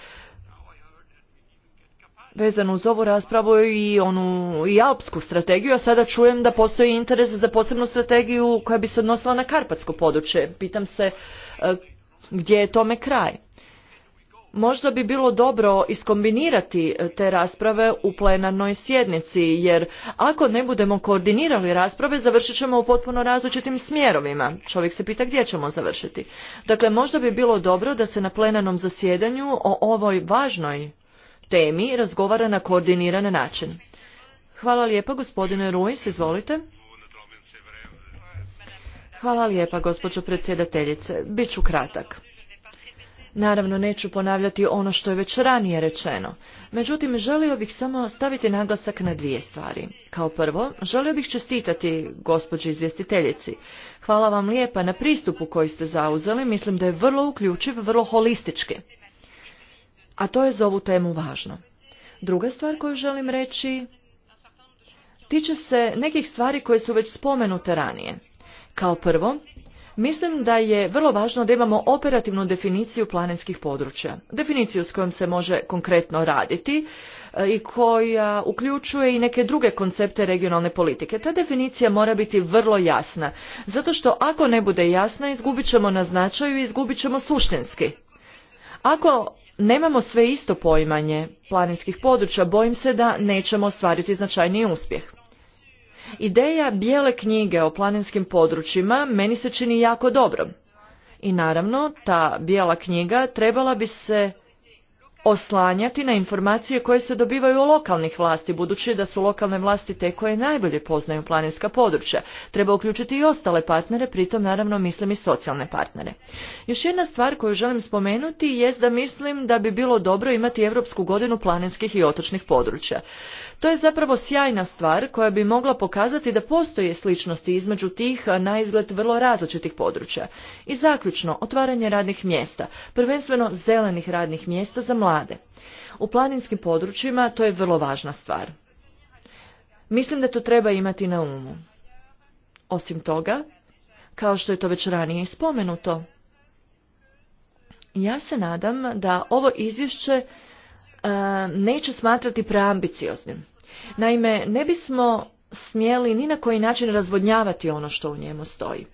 vezano uz ovu raspravu i onu i alpsku strategiju, a sada čujem da postoji interes za posebnu strategiju koja bi se odnosila na karpatsko područje. Pitam se e, gdje je tome kraj. Možda bi bilo dobro iskombinirati e, te rasprave u plenarnoj sjednici, jer ako ne budemo koordinirali rasprave, završit ćemo u potpuno različitim smjerovima. Čovjek se pita gdje ćemo završiti. Dakle, možda bi bilo dobro da se na plenarnom zasjedanju o ovoj važnoj temi razgovara na koordiniran način. Hvala lijepa gospodine Ruiz, izvolite. Hvala lijepa gospođo predsjedateljice, bit ću kratak. Naravno neću ponavljati ono što je već ranije rečeno. Međutim, želio bih samo staviti naglasak na dvije stvari. Kao prvo, želio bih čestitati gospođi izvjestiteljici. Hvala vam lijepa na pristupu koji ste zauzeli, mislim da je vrlo uključiv, vrlo holistički a to je za ovu temu važno. Druga stvar koju želim reći tiče se nekih stvari koje su već spomenute ranije. Kao prvo, mislim da je vrlo važno da imamo operativnu definiciju planinskih područja. Definiciju s kojom se može konkretno raditi e, i koja uključuje i neke druge koncepte regionalne politike. Ta definicija mora biti vrlo jasna, zato što ako ne bude jasna, izgubit ćemo na značaju i izgubit ćemo suštinski. Ako nemamo sve isto poimanje planinskih područja, bojim se da nećemo ostvariti značajniji uspjeh. Ideja bijele knjige o planinskim područjima meni se čini jako dobro. I naravno, ta bijela knjiga trebala bi se oslanjati na informacije koje se dobivaju od lokalnih vlasti, budući da su lokalne vlasti te koje najbolje poznaju planinska područja. Treba uključiti i ostale partnere, pritom naravno mislim i socijalne partnere. Još jedna stvar koju želim spomenuti jest da mislim da bi bilo dobro imati Europsku godinu planinskih i otočnih područja. To je zapravo sjajna stvar koja bi mogla pokazati da postoje sličnosti između tih na izgled vrlo različitih područja. I zaključno, otvaranje radnih mjesta, prvenstveno zelenih radnih mjesta za mlade. U planinskim područjima to je vrlo važna stvar. Mislim da to treba imati na umu. Osim toga, kao što je to već ranije spomenuto, ja se nadam da ovo izvješće neće smatrati preambicioznim. Naime, ne bismo smjeli ni na koji način razvodnjavati ono što u njemu stoji.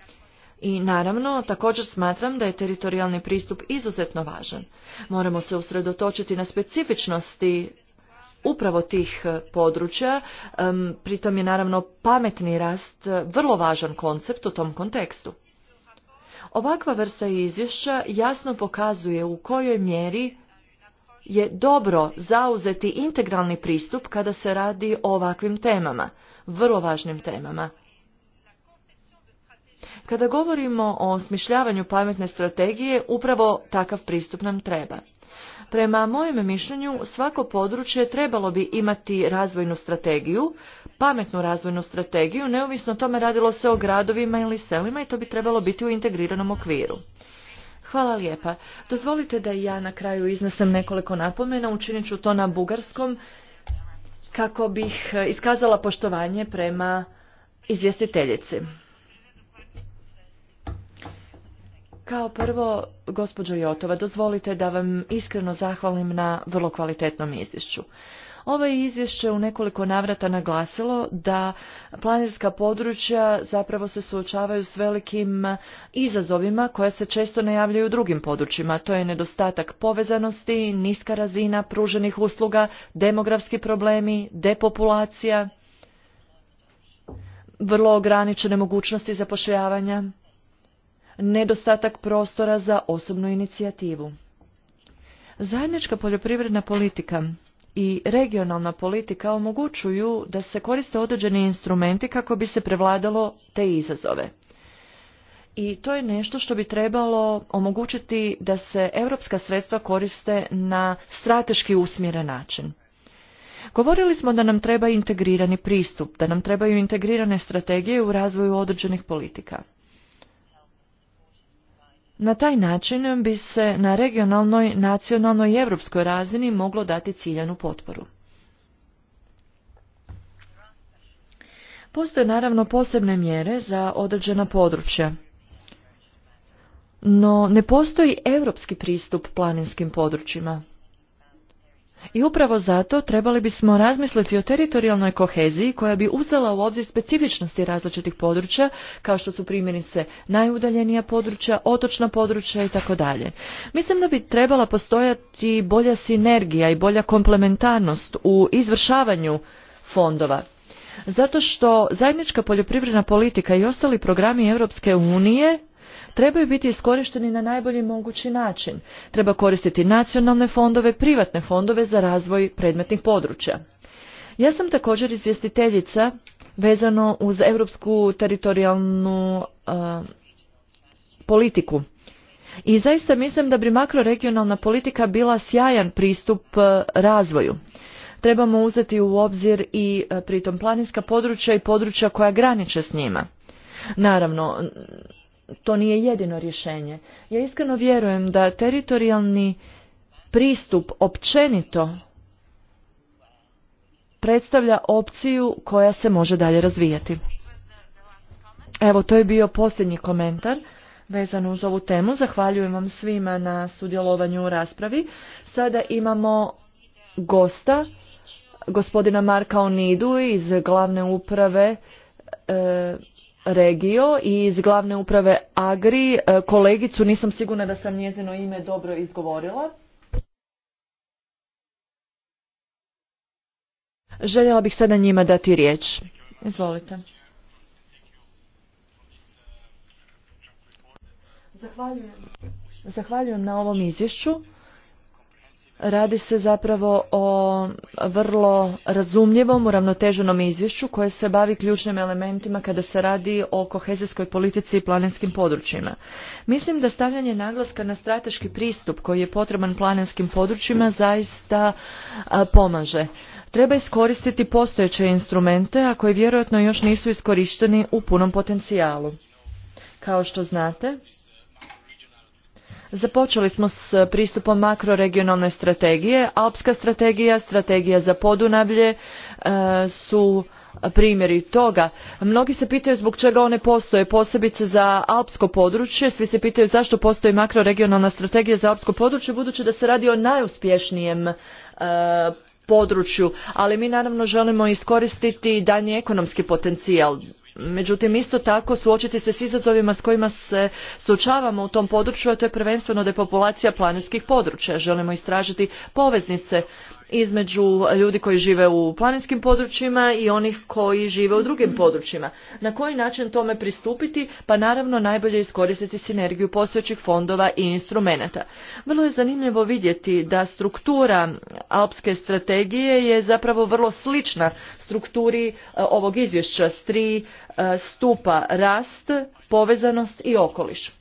I naravno, također smatram da je teritorijalni pristup izuzetno važan. Moramo se usredotočiti na specifičnosti upravo tih e, područja, pritom je naravno pametni rast e, vrlo važan koncept u tom kontekstu. Ovakva vrsta izvješća jasno pokazuje u kojoj mjeri je dobro zauzeti integralni pristup kada se radi o ovakvim temama, vrlo važnim temama. Kada govorimo o smišljavanju pametne strategije, upravo takav pristup nam treba. Prema mojem mišljenju, svako područje trebalo bi imati razvojnu strategiju, pametnu razvojnu strategiju, neovisno o tome radilo se o gradovima ili selima i to bi trebalo biti u integriranom okviru. Hvala lijepa. Dozvolite da i ja na kraju iznesem nekoliko napomena, učinit ću to na bugarskom kako bih e, iskazala poštovanje prema izvjestiteljici. Kao prvo, gospođo Jotova, dozvolite da vam iskreno zahvalim na vrlo kvalitetnom izvješću. Ovo je izvješće u nekoliko navrata naglasilo da planinska područja zapravo se suočavaju s velikim izazovima koja se često najavljaju u drugim područjima. To je nedostatak povezanosti, niska razina pruženih usluga, demografski problemi, depopulacija, vrlo ograničene mogućnosti zapošljavanja, nedostatak prostora za osobnu inicijativu. Zajednička poljoprivredna politika i regionalna politika omogućuju da se koriste određeni instrumenti kako bi se prevladalo te izazove. I to je nešto što bi trebalo omogućiti da se europska sredstva koriste na strateški usmjeren način. Govorili smo da nam treba integrirani pristup, da nam trebaju integrirane strategije u razvoju određenih politika. Na taj način bi se na regionalnoj, nacionalnoj i europskoj razini moglo dati ciljanu potporu. Postoje naravno posebne mjere za određena područja. No ne postoji europski pristup planinskim područjima. I upravo zato trebali bismo razmisliti o teritorijalnoj koheziji koja bi uzela u obzir specifičnosti različitih područja, kao što su primjenice najudaljenija područja, otočna područja i tako dalje. Mislim da bi trebala postojati bolja sinergija i bolja komplementarnost u izvršavanju fondova. Zato što zajednička poljoprivredna politika i ostali programi Europske unije trebaju biti iskorišteni na najbolji mogući način. Treba koristiti nacionalne fondove, privatne fondove za razvoj predmetnih područja. Ja sam također izvjestiteljica vezano uz europsku teritorijalnu politiku. I zaista mislim da bi makroregionalna politika bila sjajan pristup razvoju. Trebamo uzeti u obzir i pritom planinska područja i područja koja graniče s njima. Naravno, to nije jedino rješenje. Ja iskreno vjerujem da teritorijalni pristup općenito predstavlja opciju koja se može dalje razvijati. Evo, to je bio posljednji komentar vezan uz ovu temu. Zahvaljujem vam svima na sudjelovanju u raspravi. Sada imamo gosta, gospodina Marka Onidu iz glavne uprave e, regio i iz glavne uprave Agri e, kolegicu, nisam sigurna da sam njezino ime dobro izgovorila. Željela bih sada njima dati riječ. Izvolite. Zahvaljujem. Zahvaljujem na ovom izvješću. Radi se zapravo o vrlo razumljivom, uravnoteženom izvješću koje se bavi ključnim elementima kada se radi o kohezijskoj politici i planinskim područjima. Mislim da stavljanje naglaska na strateški pristup koji je potreban planinskim područjima zaista pomaže. Treba iskoristiti postojeće instrumente, a koji vjerojatno još nisu iskorišteni u punom potencijalu. Kao što znate, Započeli smo s pristupom makroregionalne strategije. Alpska strategija, strategija za podunavlje e, su primjeri toga. Mnogi se pitaju zbog čega one postoje, posebice za alpsko područje. Svi se pitaju zašto postoji makroregionalna strategija za alpsko područje, budući da se radi o najuspješnijem e, području, ali mi naravno želimo iskoristiti danji ekonomski potencijal Međutim, isto tako suočiti se s izazovima s kojima se suočavamo u tom području, a to je prvenstveno depopulacija planinskih područja. Želimo istražiti poveznice između ljudi koji žive u planinskim područjima i onih koji žive u drugim područjima. Na koji način tome pristupiti? Pa naravno najbolje iskoristiti sinergiju postojećih fondova i instrumenata. Vrlo je zanimljivo vidjeti da struktura alpske strategije je zapravo vrlo slična strukturi e, ovog izvješća s tri e, stupa rast, povezanost i okoliš.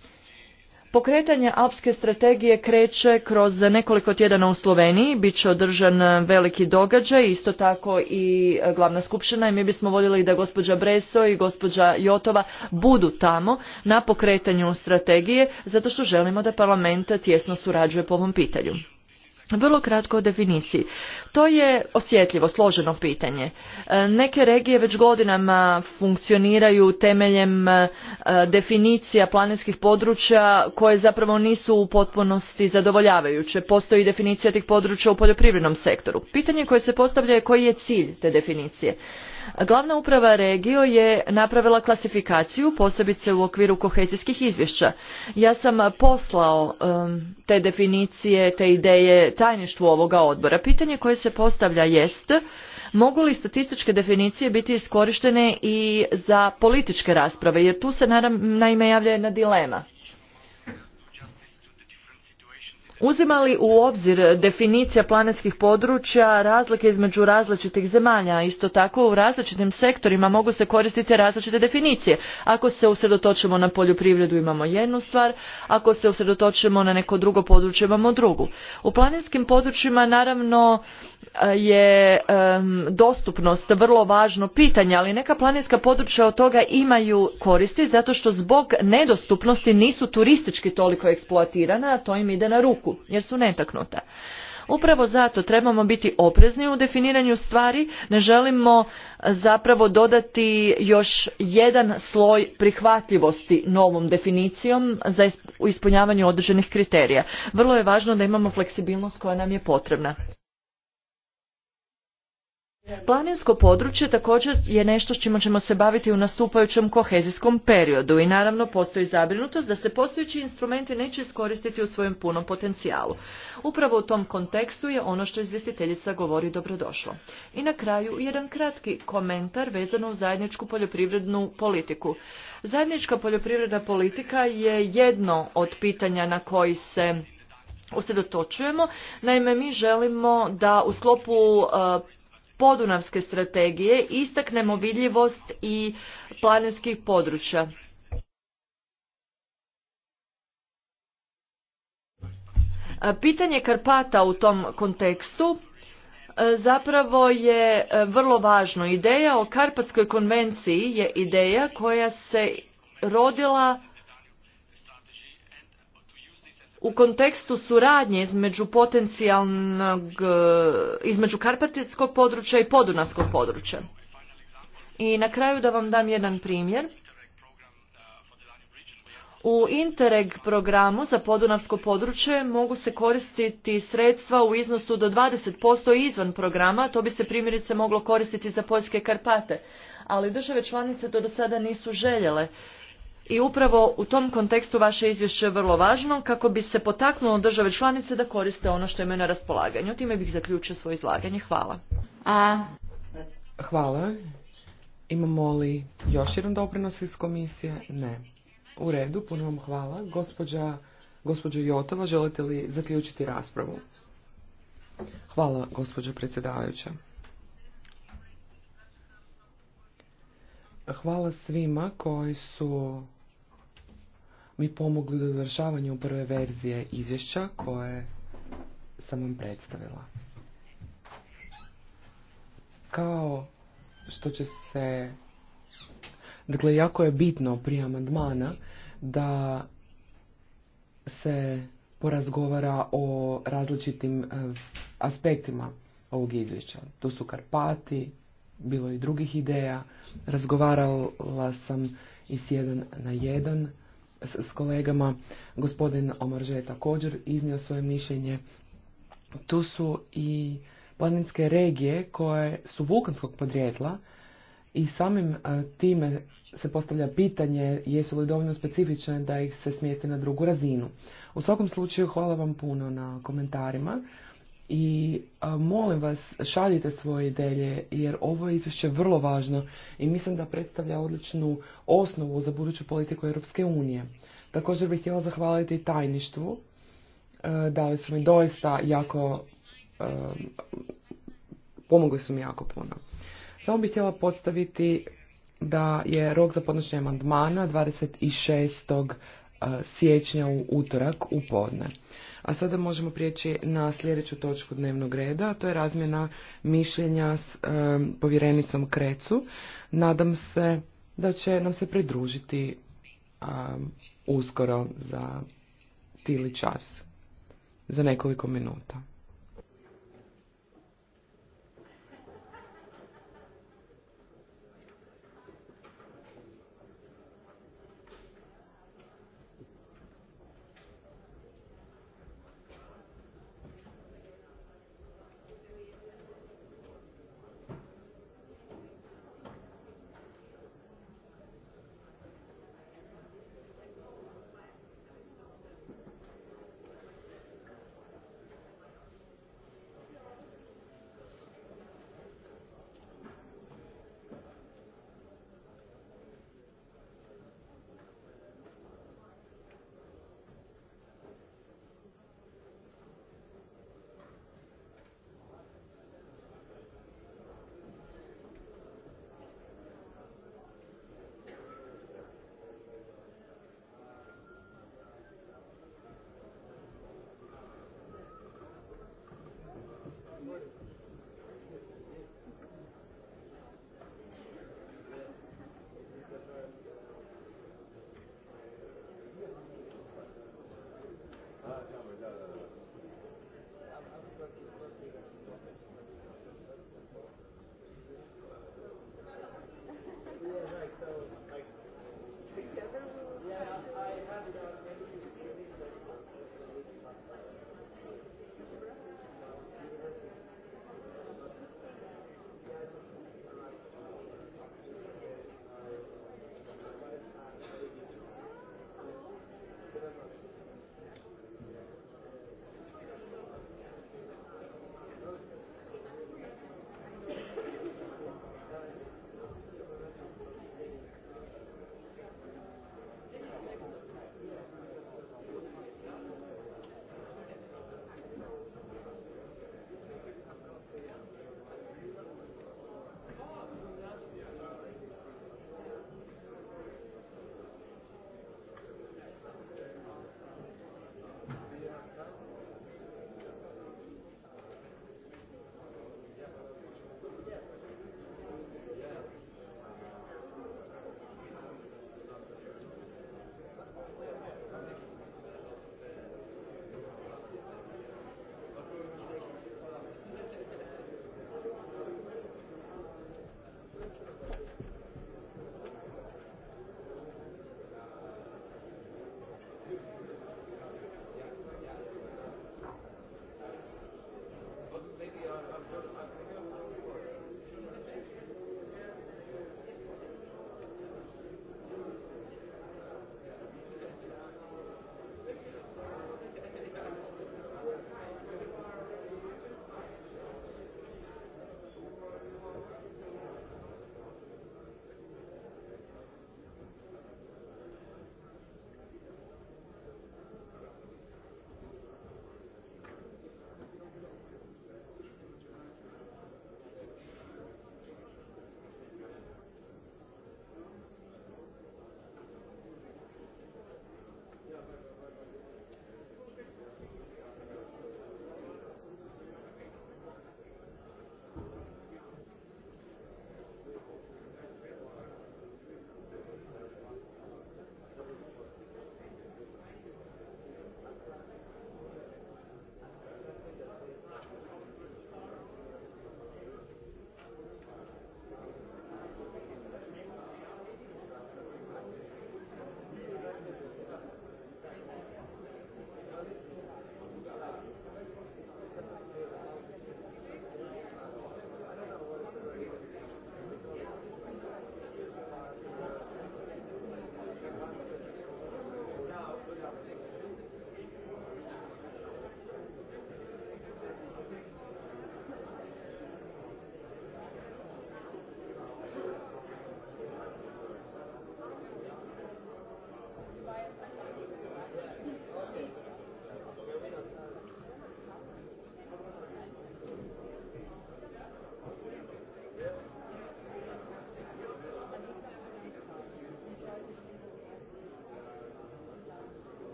Pokretanje alpske strategije kreće kroz nekoliko tjedana u Sloveniji, biće održan veliki događaj, isto tako i glavna skupština i mi bismo voljeli da gospođa Breso i gospođa Jotova budu tamo na pokretanju strategije, zato što želimo da parlament tjesno surađuje po ovom pitanju. Vrlo kratko o definiciji. To je osjetljivo, složeno pitanje. E, neke regije već godinama funkcioniraju temeljem e, definicija planetskih područja koje zapravo nisu u potpunosti zadovoljavajuće. Postoji definicija tih područja u poljoprivrednom sektoru. Pitanje koje se postavlja je koji je cilj te definicije. Glavna uprava regio je napravila klasifikaciju, posebice u okviru kohezijskih izvješća. Ja sam poslao te definicije, te ideje tajništvu ovoga odbora. Pitanje koje se postavlja jest mogu li statističke definicije biti iskorištene i za političke rasprave, jer tu se naime javlja jedna dilema. Uzimali u obzir definicija planetskih područja razlike između različitih zemalja, isto tako u različitim sektorima mogu se koristiti različite definicije. Ako se usredotočimo na poljoprivredu imamo jednu stvar, ako se usredotočimo na neko drugo područje imamo drugu. U planetskim područjima naravno je dostupnost vrlo važno pitanje, ali neka planinska područja od toga imaju koristi zato što zbog nedostupnosti nisu turistički toliko eksploatirana, a to im ide na ruku jer su netaknuta. Upravo zato trebamo biti oprezni u definiranju stvari, ne želimo zapravo dodati još jedan sloj prihvatljivosti novom definicijom za ispunjavanje određenih kriterija. Vrlo je važno da imamo fleksibilnost koja nam je potrebna. Planinsko područje također je nešto s čima ćemo se baviti u nastupajućem kohezijskom periodu i naravno postoji zabrinutost da se postojeći instrumenti neće iskoristiti u svojem punom potencijalu. Upravo u tom kontekstu je ono što izvjestiteljica govori dobrodošlo. I na kraju jedan kratki komentar vezano u zajedničku poljoprivrednu politiku. Zajednička poljoprivredna politika je jedno od pitanja na koji se usredotočujemo. Naime, mi želimo da u sklopu e, podunavske strategije istaknemo vidljivost i planinskih područja. E, pitanje Karpata u tom kontekstu e, zapravo je e, vrlo važno. Ideja o Karpatskoj konvenciji je ideja koja se rodila u kontekstu suradnje između potencijalnog, eh, između karpatskog područja i podunavskog područja. I na kraju da vam dam jedan primjer. U Interreg programu za podunavsko područje mogu se koristiti sredstva u iznosu do 20% izvan programa, to bi se primjerice moglo koristiti za Poljske Karpate, ali države članice to do sada nisu željele i upravo u tom kontekstu vaše izvješće je vrlo važno kako bi se potaknulo države članice da koriste ono što imaju na raspolaganju. Time bih zaključio svoje izlaganje. Hvala. A... Hvala. Imamo li još jedan doprinos iz komisije? Ne. U redu, puno vam hvala. Gospođa, gospođo Jotova, želite li zaključiti raspravu? Hvala, gospođo predsjedavajuća. Hvala svima koji su mi pomogli u završavanju prve verzije izvješća koje sam vam predstavila. Kao što će se... Dakle, jako je bitno prije amandmana da se porazgovara o različitim eh, aspektima ovog izvješća. Tu su Karpati, bilo i drugih ideja. Razgovarala sam i s jedan na jedan s, s kolegama. Gospodin Omarže je također iznio svoje mišljenje. Tu su i planinske regije koje su vulkanskog podrijetla i samim e, time se postavlja pitanje jesu li dovoljno specifične da ih se smijesti na drugu razinu. U svakom slučaju hvala vam puno na komentarima i molim vas šaljite svoje ideje jer ovo je izvješće vrlo važno i mislim da predstavlja odličnu osnovu za buduću politiku Europske unije. Također bih htjela zahvaliti tajništvu, da e, dali su mi doista jako, e, pomogli su mi jako puno. Samo bih htjela postaviti da je rok za podnošenje amandmana 26. E, siječnja u utorak u podne. A sada možemo prijeći na sljedeću točku dnevnog reda, a to je razmjena mišljenja s povjerenicom Krecu. Nadam se da će nam se pridružiti uskoro za tili čas, za nekoliko minuta.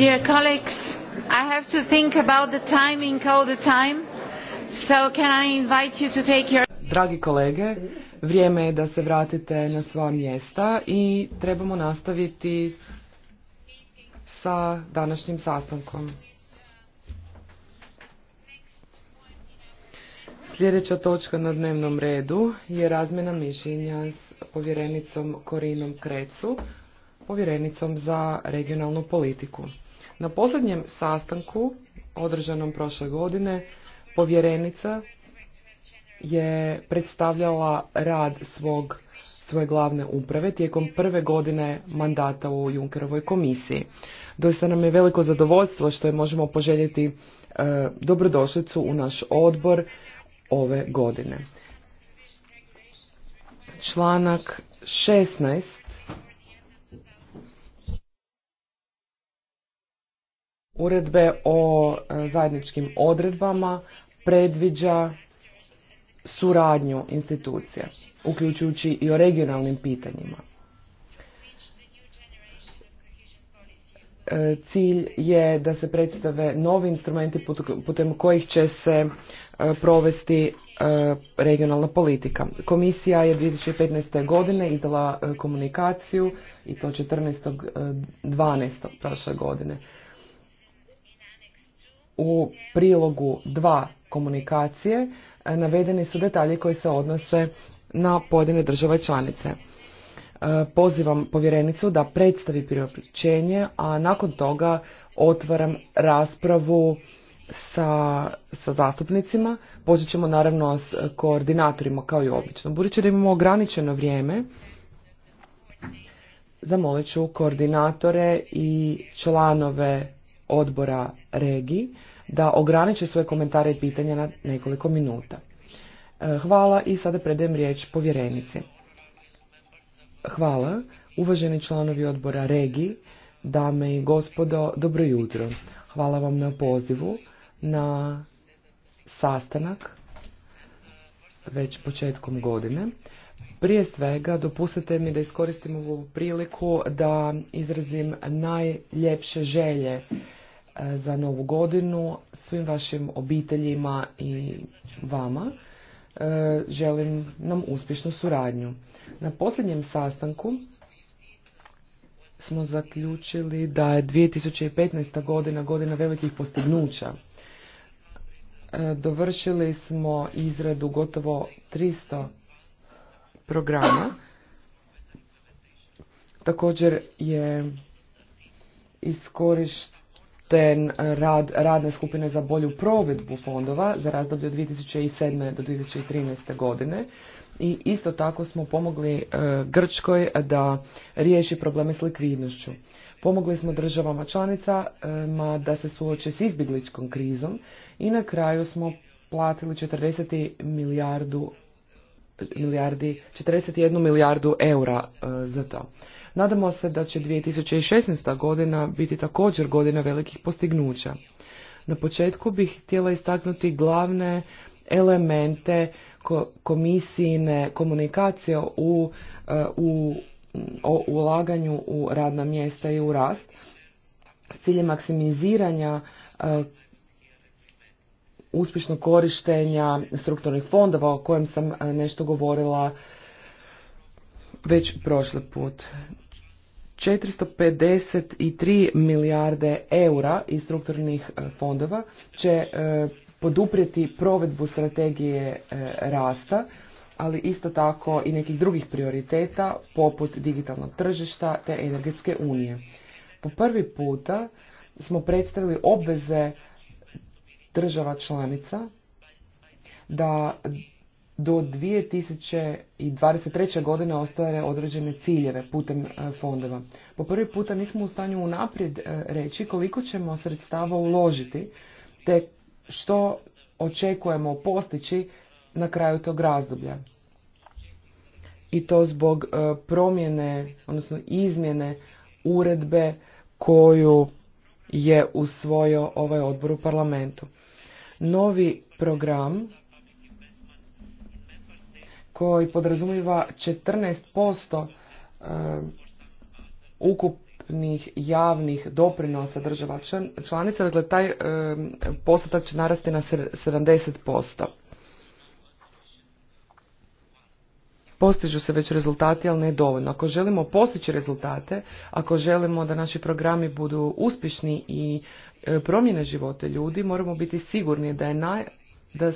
Dear colleagues, I have to think about the timing the time, so can I invite you to take your... Dragi kolege, vrijeme je da se vratite na sva mjesta i trebamo nastaviti sa današnjim sastankom. Sljedeća točka na dnevnom redu je razmjena mišljenja s povjerenicom Korinom Krecu, povjerenicom za regionalnu politiku. Na posljednjem sastanku održanom prošle godine povjerenica je predstavljala rad svog svoje glavne uprave tijekom prve godine mandata u Junkerovoj komisiji. Doista nam je veliko zadovoljstvo što je možemo poželjeti e, dobrodošlicu u naš odbor ove godine. Članak 16 uredbe o e, zajedničkim odredbama predviđa suradnju institucija, uključujući i o regionalnim pitanjima. E, cilj je da se predstave novi instrumenti putem kojih će se e, provesti regionalna politika. Komisija je 2015. godine izdala komunikaciju i to 14.12. prošle godine u prilogu 2 komunikacije e, navedeni su detalji koji se odnose na pojedine države članice. E, pozivam povjerenicu da predstavi priopćenje, a nakon toga otvaram raspravu sa, sa zastupnicima. Počet ćemo naravno s koordinatorima kao i obično. Budući da imamo ograničeno vrijeme, zamolit ću koordinatore i članove odbora regiji da ograniče svoje komentare i pitanja na nekoliko minuta. E, hvala i sada predajem riječ povjerenici. Hvala, uvaženi članovi odbora regiji, dame i gospodo, dobro jutro. Hvala vam na pozivu, na sastanak već početkom godine. Prije svega, dopustite mi da iskoristim ovu priliku da izrazim najljepše želje E, za novu godinu svim vašim obiteljima i vama. E, želim nam uspješnu suradnju. Na posljednjem sastanku smo zaključili da je 2015. godina godina velikih postignuća. E, dovršili smo izradu gotovo 300 programa. Također je iskorišten te rad radne skupine za bolju provedbu fondova za razdoblje od 2007. do 2013. godine i isto tako smo pomogli e, Grčkoj da riješi probleme s likvidnošću. Pomogli smo državama članicama e, da se suoče s izbjegličkom krizom i na kraju smo platili 40 milijardu milijardi, 41 milijardu eura e, za to. Nadamo se da će 2016. godina biti također godina velikih postignuća. Na početku bih htjela istaknuti glavne elemente komisijine komunikacije u, eh, u, o ulaganju u radna mjesta i u rast s ciljem maksimiziranja eh, uspješnog korištenja strukturnih fondova o kojem sam eh, nešto govorila već prošli put. 453 milijarde eura iz strukturnih e, fondova će e, poduprijeti provedbu strategije e, rasta, ali isto tako i nekih drugih prioriteta poput digitalnog tržišta te energetske unije. Po prvi puta smo predstavili obveze država članica da do 2023. godine ostaje određene ciljeve putem e, fondova. Po prvi puta nismo u stanju unaprijed e, reći koliko ćemo sredstava uložiti te što očekujemo postići na kraju tog razdoblja. I to zbog e, promjene, odnosno izmjene uredbe koju je usvojio ovaj odbor u parlamentu. Novi program koji podrazumiva 14% e, ukupnih javnih doprinosa država članica, dakle taj e, postotak će narasti na 70%. Postižu se već rezultati, ali ne dovoljno. Ako želimo postići rezultate, ako želimo da naši programi budu uspješni i e, promjene živote ljudi, moramo biti sigurni da je naj, da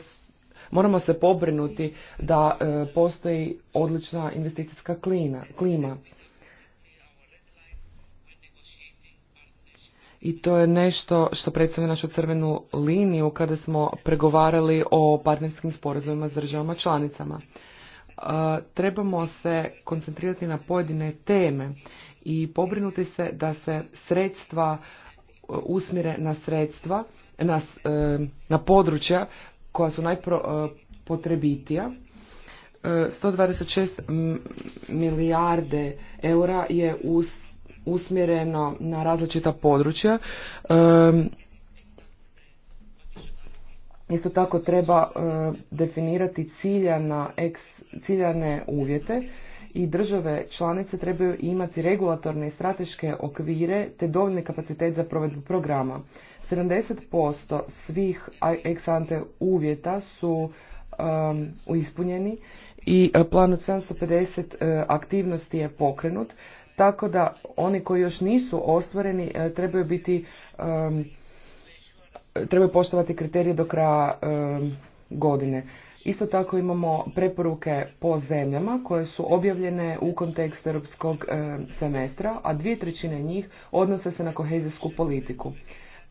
Moramo se pobrinuti da e, postoji odlična investicijska klima. I to je nešto što predstavlja našu crvenu liniju kada smo pregovarali o partnerskim sporazumima s državama članicama. E, trebamo se koncentrirati na pojedine teme i pobrinuti se da se sredstva e, usmire na sredstva, na područja koja su najpotrebitija. E, 126 e, milijarde eura je usmjereno na različita područja. E, isto tako treba definirati ciljane uvjete i države članice trebaju imati regulatorne i strateške okvire te dovoljni kapacitet za provedbu programa. 70% svih ex ante uvjeta su um, ispunjeni i e, plan od 750 e, aktivnosti je pokrenut, tako da oni koji još nisu ostvareni e, trebaju biti um, trebaju poštovati kriterije do kraja um, godine. Isto tako imamo preporuke po zemljama koje su objavljene u kontekstu europskog semestra, a dvije trećine njih odnose se na kohezijsku politiku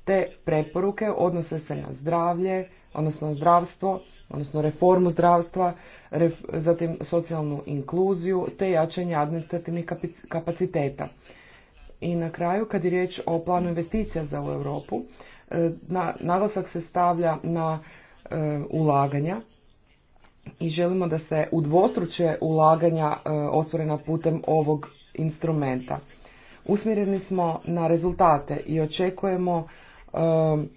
te preporuke odnose se na zdravlje, odnosno zdravstvo, odnosno reformu zdravstva, zatim socijalnu inkluziju te jačanje administrativnih kapaciteta. I na kraju, kad je riječ o planu investicija za u Europu, e, naglasak se stavlja na e, ulaganja i želimo da se udvostruče ulaganja e, ostvorena putem ovog instrumenta. Usmjereni smo na rezultate i očekujemo Um,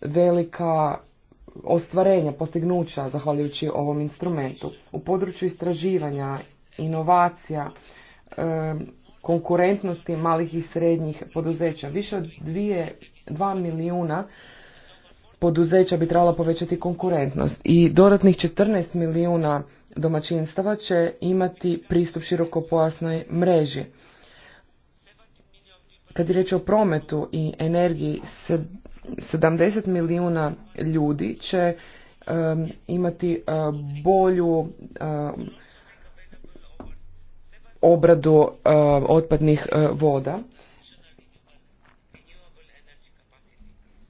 velika ostvarenja, postignuća zahvaljujući ovom instrumentu. U području istraživanja, inovacija, um, konkurentnosti malih i srednjih poduzeća. Više od 2 dva milijuna poduzeća bi trebala povećati konkurentnost i dodatnih 14 milijuna domaćinstava će imati pristup širokopojasnoj mreži kad je riječ o prometu i energiji, 70 milijuna ljudi će imati e, bolju obradu e, otpadnih e, voda.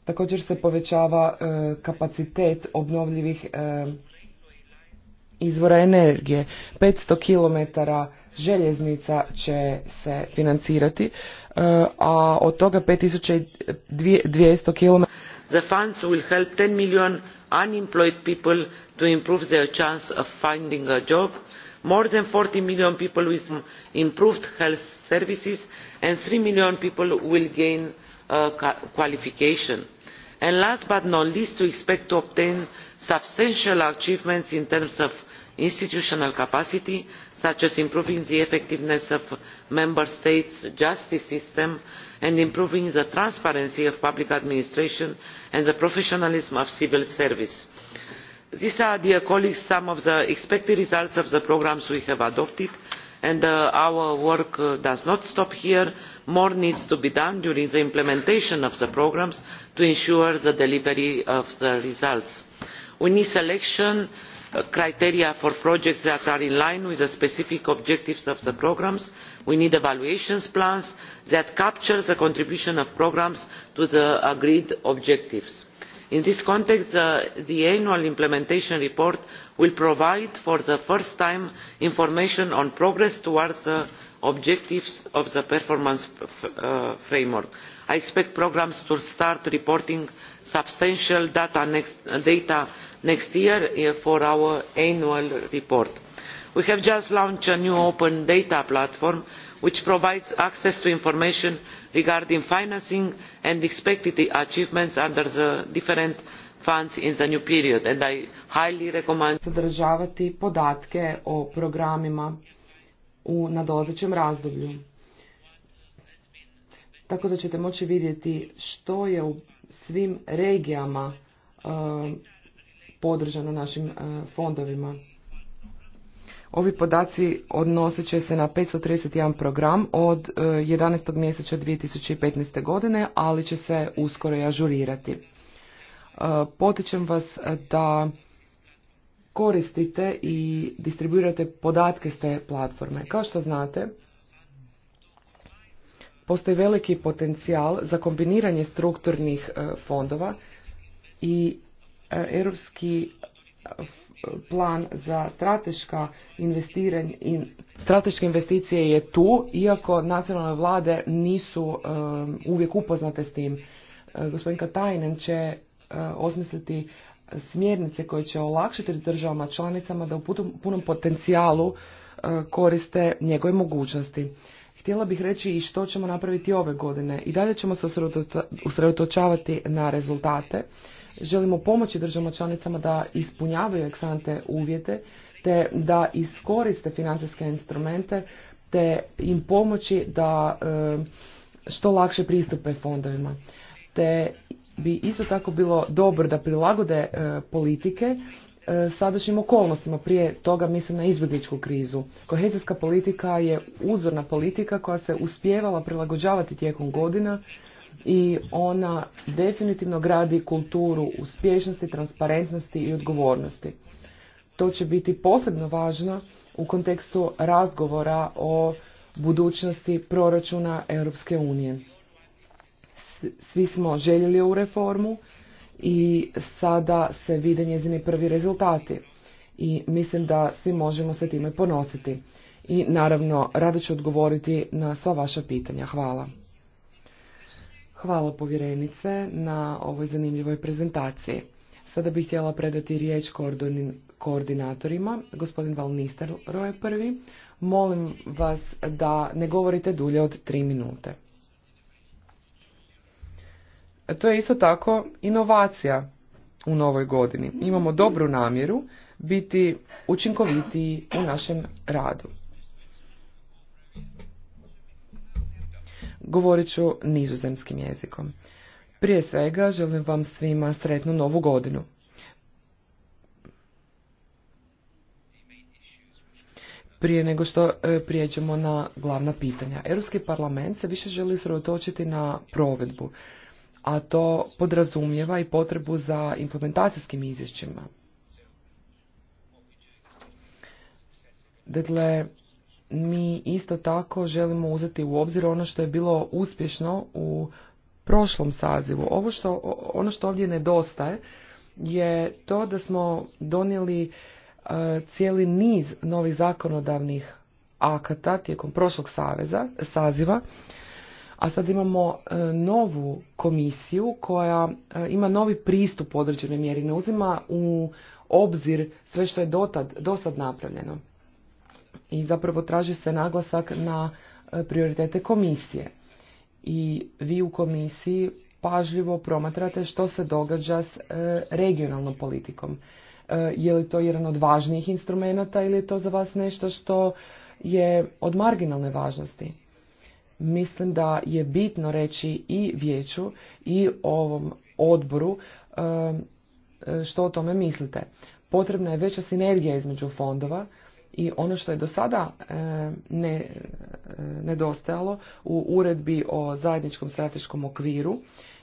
Također se povećava kapacitet obnovljivih izvora energije. 500 km željeznica će se financirati. E, a od toga 5200 km. The funds will help 10 million unemployed people to improve their chance of finding a job, more than 40 million people with improved health services and 3 million people will gain uh, qualification. And last but not least, we expect to obtain substantial achievements in terms of institutional capacity such as improving the effectiveness of member states' justice system and improving the transparency of public administration and the professionalism of civil service. these are dear colleagues, some of the expected results of the programmes we have adopted and uh, our work uh, does not stop here. more needs to be done during the implementation of the programmes to ensure the delivery of the results. we need selection Uh, criteria for projects that are in line with the specific objectives of the programmes we need evaluation plans that capture the contribution of programmes to the agreed objectives. in this context uh, the annual implementation report will provide for the first time information on progress towards the objectives of the performance uh, framework. i expect programmes to start reporting substantial data data next year uh, for our annual report. we have just launched a new open data platform which provides access to information regarding financing and expected achievements under the different funds in the new period and I highly recommend sadržavati podatke o programima u nadolazećem razdoblju. Tako da ćete moći vidjeti što je u svim regijama um, podržano našim e, fondovima. Ovi podaci odnosit će se na 531 program od 11. E, mjeseca 2015. godine, ali će se uskoro i ažurirati. E, potičem vas da koristite i distribuirate podatke s te platforme. Kao što znate, postoji veliki potencijal za kombiniranje strukturnih fondova i europski eh, plan za strateška investiranja in, strateške investicije je tu, iako nacionalne vlade nisu eh, uvijek upoznate s tim. Eh, gospodin Katajnen će osmisliti smjernice koje će olakšati državama članicama da u punom potencijalu koriste njegove mogućnosti. Htjela bih reći i što ćemo napraviti ove godine. I dalje ćemo se usredotočavati na rezultate Želimo pomoći državama članicama da ispunjavaju eksante uvjete te da iskoriste financijske instrumente te im pomoći da e, što lakše pristupe fondovima. Te bi isto tako bilo dobro da prilagode e, politike e, sadašnjim okolnostima. Prije toga mislim na izbjegličku krizu. Kohezijska politika je uzorna politika koja se uspjevala prilagođavati tijekom godina i ona definitivno gradi kulturu uspješnosti, transparentnosti i odgovornosti. To će biti posebno važno u kontekstu razgovora o budućnosti proračuna Europske unije. Svi smo željeli ovu reformu i sada se vide njezini prvi rezultati i mislim da svi možemo se time ponositi. I naravno, rado ću odgovoriti na sva vaša pitanja. Hvala. Hvala povjerenice na ovoj zanimljivoj prezentaciji. Sada bih htjela predati riječ koordinatorima. Gospodin Valnister je prvi. Molim vas da ne govorite dulje od tri minute. To je isto tako inovacija u novoj godini. Imamo dobru namjeru biti učinkovitiji u našem radu. Govorit ću nizozemskim jezikom. Prije svega želim vam svima sretnu novu godinu. Prije nego što e, prijeđemo na glavna pitanja. Europski parlament se više želi sredotočiti na provedbu, a to podrazumijeva i potrebu za implementacijskim izvješćima. Dakle, mi isto tako želimo uzeti u obzir ono što je bilo uspješno u prošlom sazivu. što, ono što ovdje nedostaje je to da smo donijeli e, cijeli niz novih zakonodavnih akata tijekom prošlog saveza, saziva, a sad imamo e, novu komisiju koja e, ima novi pristup određenoj mjeri, ne uzima u obzir sve što je dotad, dosad napravljeno i zapravo traži se naglasak na e, prioritete komisije. I vi u komisiji pažljivo promatrate što se događa s e, regionalnom politikom. E, je li to jedan od važnijih instrumenata ili je to za vas nešto što je od marginalne važnosti? Mislim da je bitno reći i vijeću i ovom odboru što o tome mislite. Potrebna je veća sinergija između fondova i ono što je do sada e, ne, e, nedostajalo u uredbi o zajedničkom strateškom okviru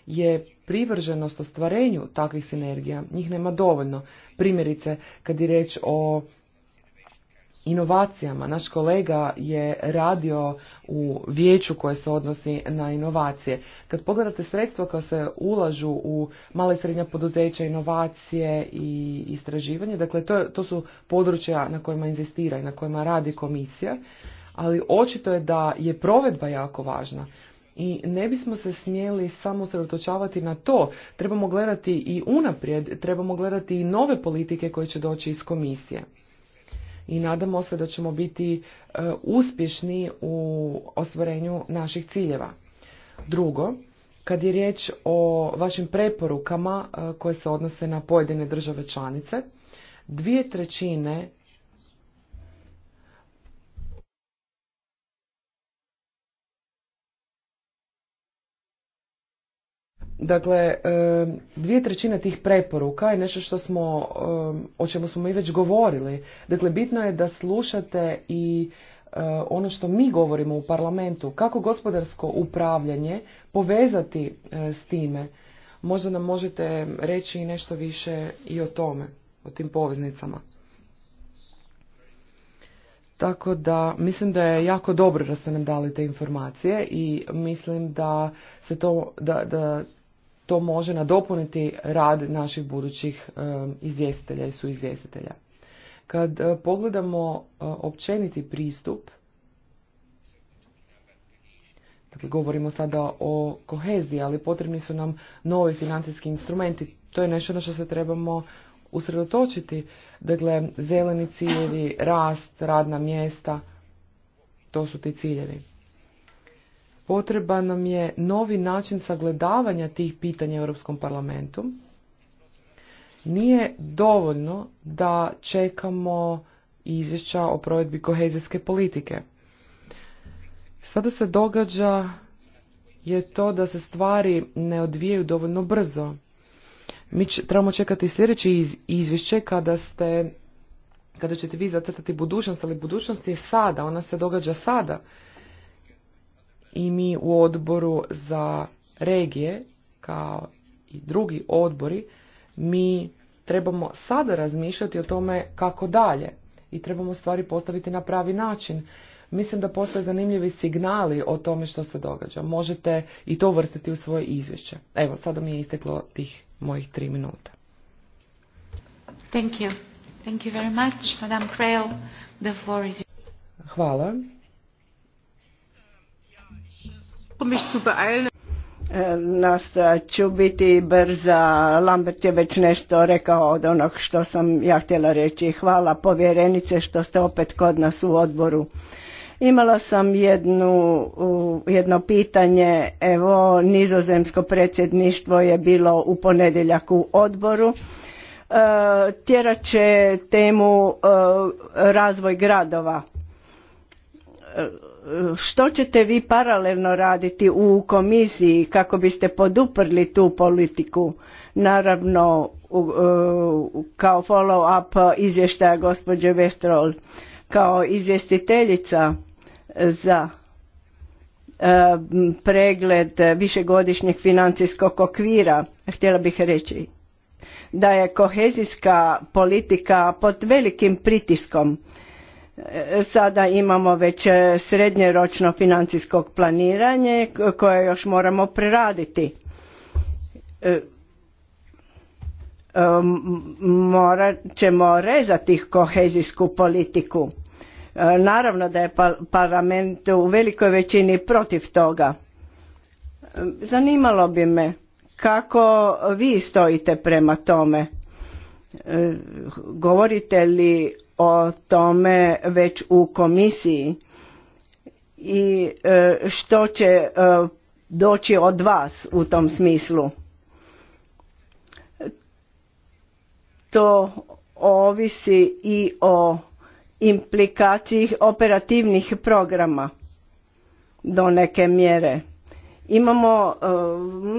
je privrženost ostvarenju takvih sinergija. Njih nema dovoljno. Primjerice, kad je riječ o inovacijama. Naš kolega je radio u vijeću koje se odnosi na inovacije. Kad pogledate sredstva koja se ulažu u male i srednja poduzeća, inovacije i istraživanje, dakle to, to su područja na kojima inzistira i na kojima radi komisija, ali očito je da je provedba jako važna. I ne bismo se smjeli samo sredotočavati na to. Trebamo gledati i unaprijed, trebamo gledati i nove politike koje će doći iz komisije i nadamo se da ćemo biti e, uspješni u ostvarenju naših ciljeva. Drugo, kad je riječ o vašim preporukama e, koje se odnose na pojedine države članice, dvije trećine Dakle, dvije trećine tih preporuka je nešto što smo, o čemu smo i već govorili. Dakle, bitno je da slušate i eh, ono što mi govorimo u parlamentu, kako gospodarsko upravljanje povezati eh, s time. Možda nam možete reći i nešto više i o tome, o tim poveznicama. Tako da mislim da je jako dobro da ste nam dali te informacije i mislim da se to, da, da to može nadopuniti rad naših budućih izvjestitelja i suizvjestitelja. Kad e, pogledamo e, općeniti pristup, dakle govorimo sada o koheziji, ali potrebni su nam novi financijski instrumenti, to je nešto na što se trebamo usredotočiti. Dakle, zeleni ciljevi, rast, radna mjesta, to su ti ciljevi. Potreban nam je novi način sagledavanja tih pitanja u Europskom parlamentu. Nije dovoljno da čekamo izvješća o provedbi kohezijske politike. Sada se događa je to da se stvari ne odvijaju dovoljno brzo. Mi trebamo čekati sljedeće izvješće kada ste kada ćete vi zacrtati budućnost, ali budućnost je sada, ona se događa sada i mi u odboru za regije, kao i drugi odbori, mi trebamo sada razmišljati o tome kako dalje i trebamo stvari postaviti na pravi način. Mislim da postoje zanimljivi signali o tome što se događa. Možete i to uvrstiti u svoje izvješće. Evo, sada mi je isteklo tih mojih tri minuta. Hvala. Um e, nastojat ću biti brza, Lambert je već nešto rekao od onog što sam ja htjela reći. Hvala povjerenice što ste opet kod nas u odboru. Imala sam jednu, jedno pitanje, evo nizozemsko predsjedništvo je bilo u ponedjeljak u odboru. E, tjerat će temu e, razvoj gradova što ćete vi paralelno raditi u komisiji kako biste poduprli tu politiku? Naravno, e, kao follow-up izvještaja gospođe Vestrol, kao izvjestiteljica za e, pregled višegodišnjeg financijskog okvira, htjela bih reći da je kohezijska politika pod velikim pritiskom E, sada imamo već e, srednjeročno financijskog planiranje koje još moramo preraditi. E, morat ćemo rezati kohezijsku politiku. Naravno da je parlament u velikoj većini protiv toga. Zanimalo bi me kako vi stojite prema tome. Govorite li o tome već u komisiji i e, što će e, doći od vas u tom smislu. To ovisi i o implikaciji operativnih programa do neke mjere. Imamo e,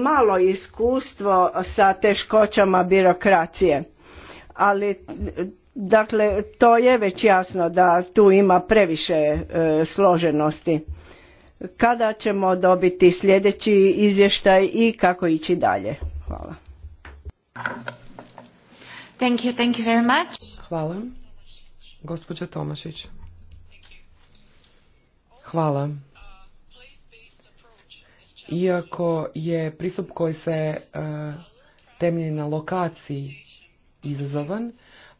malo iskustvo sa teškoćama birokracije, ali Dakle, to je već jasno da tu ima previše e, složenosti. Kada ćemo dobiti sljedeći izvještaj i kako ići dalje? Hvala. Thank you, thank you very much. Hvala. Gospođa Tomašić. Hvala. Iako je pristup koji se uh, temelji na lokaciji izazovan,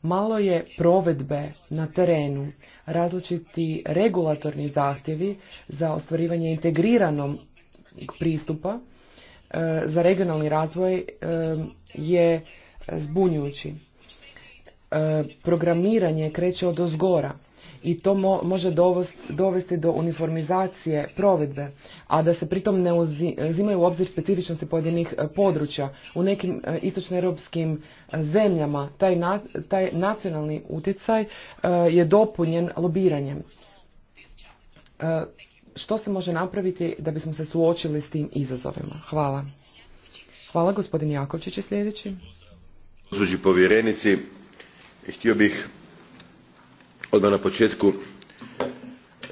Malo je provedbe na terenu, različiti regulatorni zahtjevi za ostvarivanje integriranog pristupa e, za regionalni razvoj e, je zbunjujući. E, programiranje kreće od ozgora i to može dovesti do uniformizacije provedbe, a da se pritom ne uzimaju u obzir specifičnosti pojedinih e, područja. U nekim e, istočnoeuropskim e, zemljama taj, nacionalni utjecaj je dopunjen lobiranjem. što se može napraviti da bismo se suočili s tim izazovima? Hvala. Hvala, gospodin Jakovčić je sljedeći. povjerenici, htio bih odmah na početku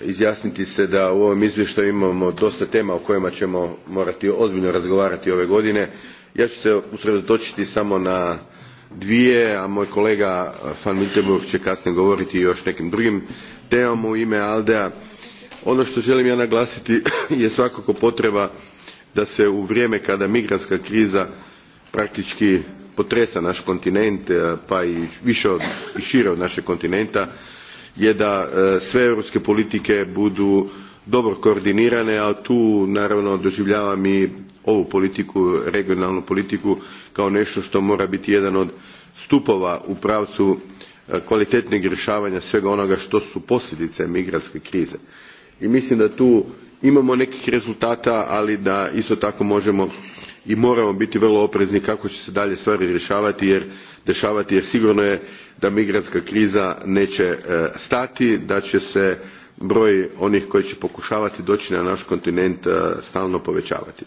izjasniti se da u ovom izvještaju imamo dosta tema o kojima ćemo morati ozbiljno razgovarati ove godine. ja ću se usredotočiti samo na dvije a moj kolega van miltenburg će kasnije govoriti još o nekim drugim temama u ime Aldea. ono što želim ja naglasiti je svakako potreba da se u vrijeme kada migrantska kriza praktički potresa naš kontinent eh, pa i više i šire od našeg kontinenta je da e, sve europske politike budu dobro koordinirane a tu naravno doživljavam i ovu politiku regionalnu politiku kao nešto što mora biti jedan od stupova u pravcu e, kvalitetnijeg rješavanja svega onoga što su posljedice migrantske krize i mislim da tu imamo nekih rezultata ali da isto tako možemo i moramo biti vrlo oprezni kako će se dalje stvari rješavati jer, dešavati jer sigurno je da migrantska kriza neće e, stati da će se broj onih koji će pokušavati doći na naš kontinent e, stalno povećavati.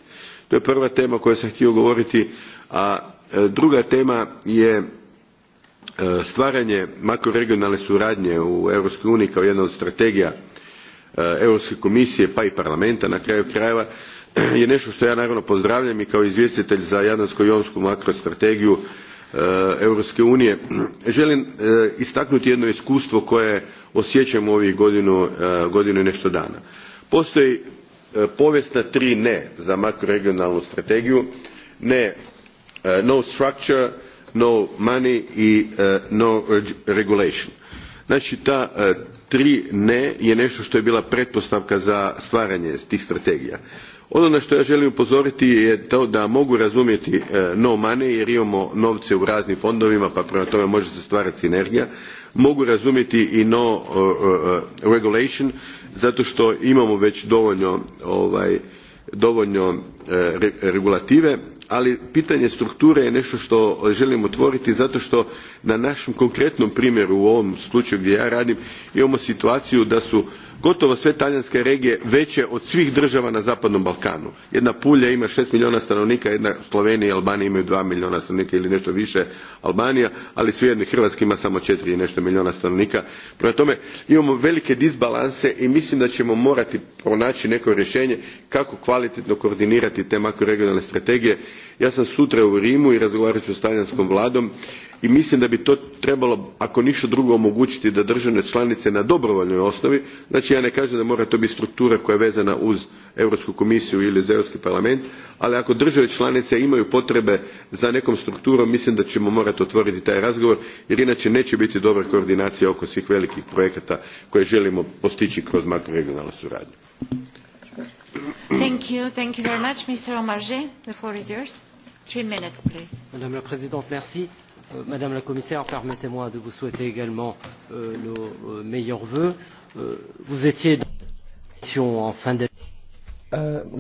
to je prva tema o kojoj sam htio govoriti a e, druga tema je stvaranje makroregionalne suradnje u europskoj uniji kao jedna od strategija europske komisije pa i parlamenta na kraju krajeva je nešto što ja naravno pozdravljam i kao izvjestitelj za jadransko jonsku makrostrategiju Eh, europske unije želim eh, istaknuti jedno iskustvo koje osjećam u ovih eh, godinu, i nešto dana. Postoji povijesna tri ne za makroregionalnu strategiju ne no structure no money i no regulation. znači ta tri ne je nešto što je bila pretpostavka za stvaranje tih strategija ono na što ja želim upozoriti je to da mogu razumjeti e, no money jer imamo novce u raznim fondovima pa prema tome može se stvarati sinergija mogu razumjeti i no e, e, regulation zato što imamo već dovoljno ovaj, regulative ali pitanje strukture je nešto što želim otvoriti zato što na našem konkretnom primjeru u ovom slučaju gdje ja radim imamo situaciju da su gotovo sve talijanske regije veće od svih država na zapadnom balkanu jedna pulja ima šest milijuna stanovnika jedna slovenija i albanija imaju dva milijuna stanovnika ili nešto više albanija ali svejedno hrvatska ima samo četiri i nešto milijuna stanovnika prema tome imamo velike disbalanse i mislim da ćemo morati pronaći neko rješenje kako kvalitetno koordinirati te makroregionalne strategije ja sam sutra u rimu i razgovarat ću s talijanskom vladom i mislim da bi to trebalo ako ništa drugo omogućiti da države članice na dobrovoljnoj osnovi znači ja ne kažem da mora to biti struktura koja je vezana uz europsku komisiju ili uz europski parlament ali ako države članice imaju potrebe za nekom strukturom mislim da ćemo morati otvoriti taj razgovor jer inače neće biti dobre koordinacije oko svih velikih projekata koje želimo postići kroz makroregionalnu suradnju. Euh, Madame la Commissaire, permettez moi de vous souhaiter également euh, nos euh, meilleurs vœux. vous étiez en fin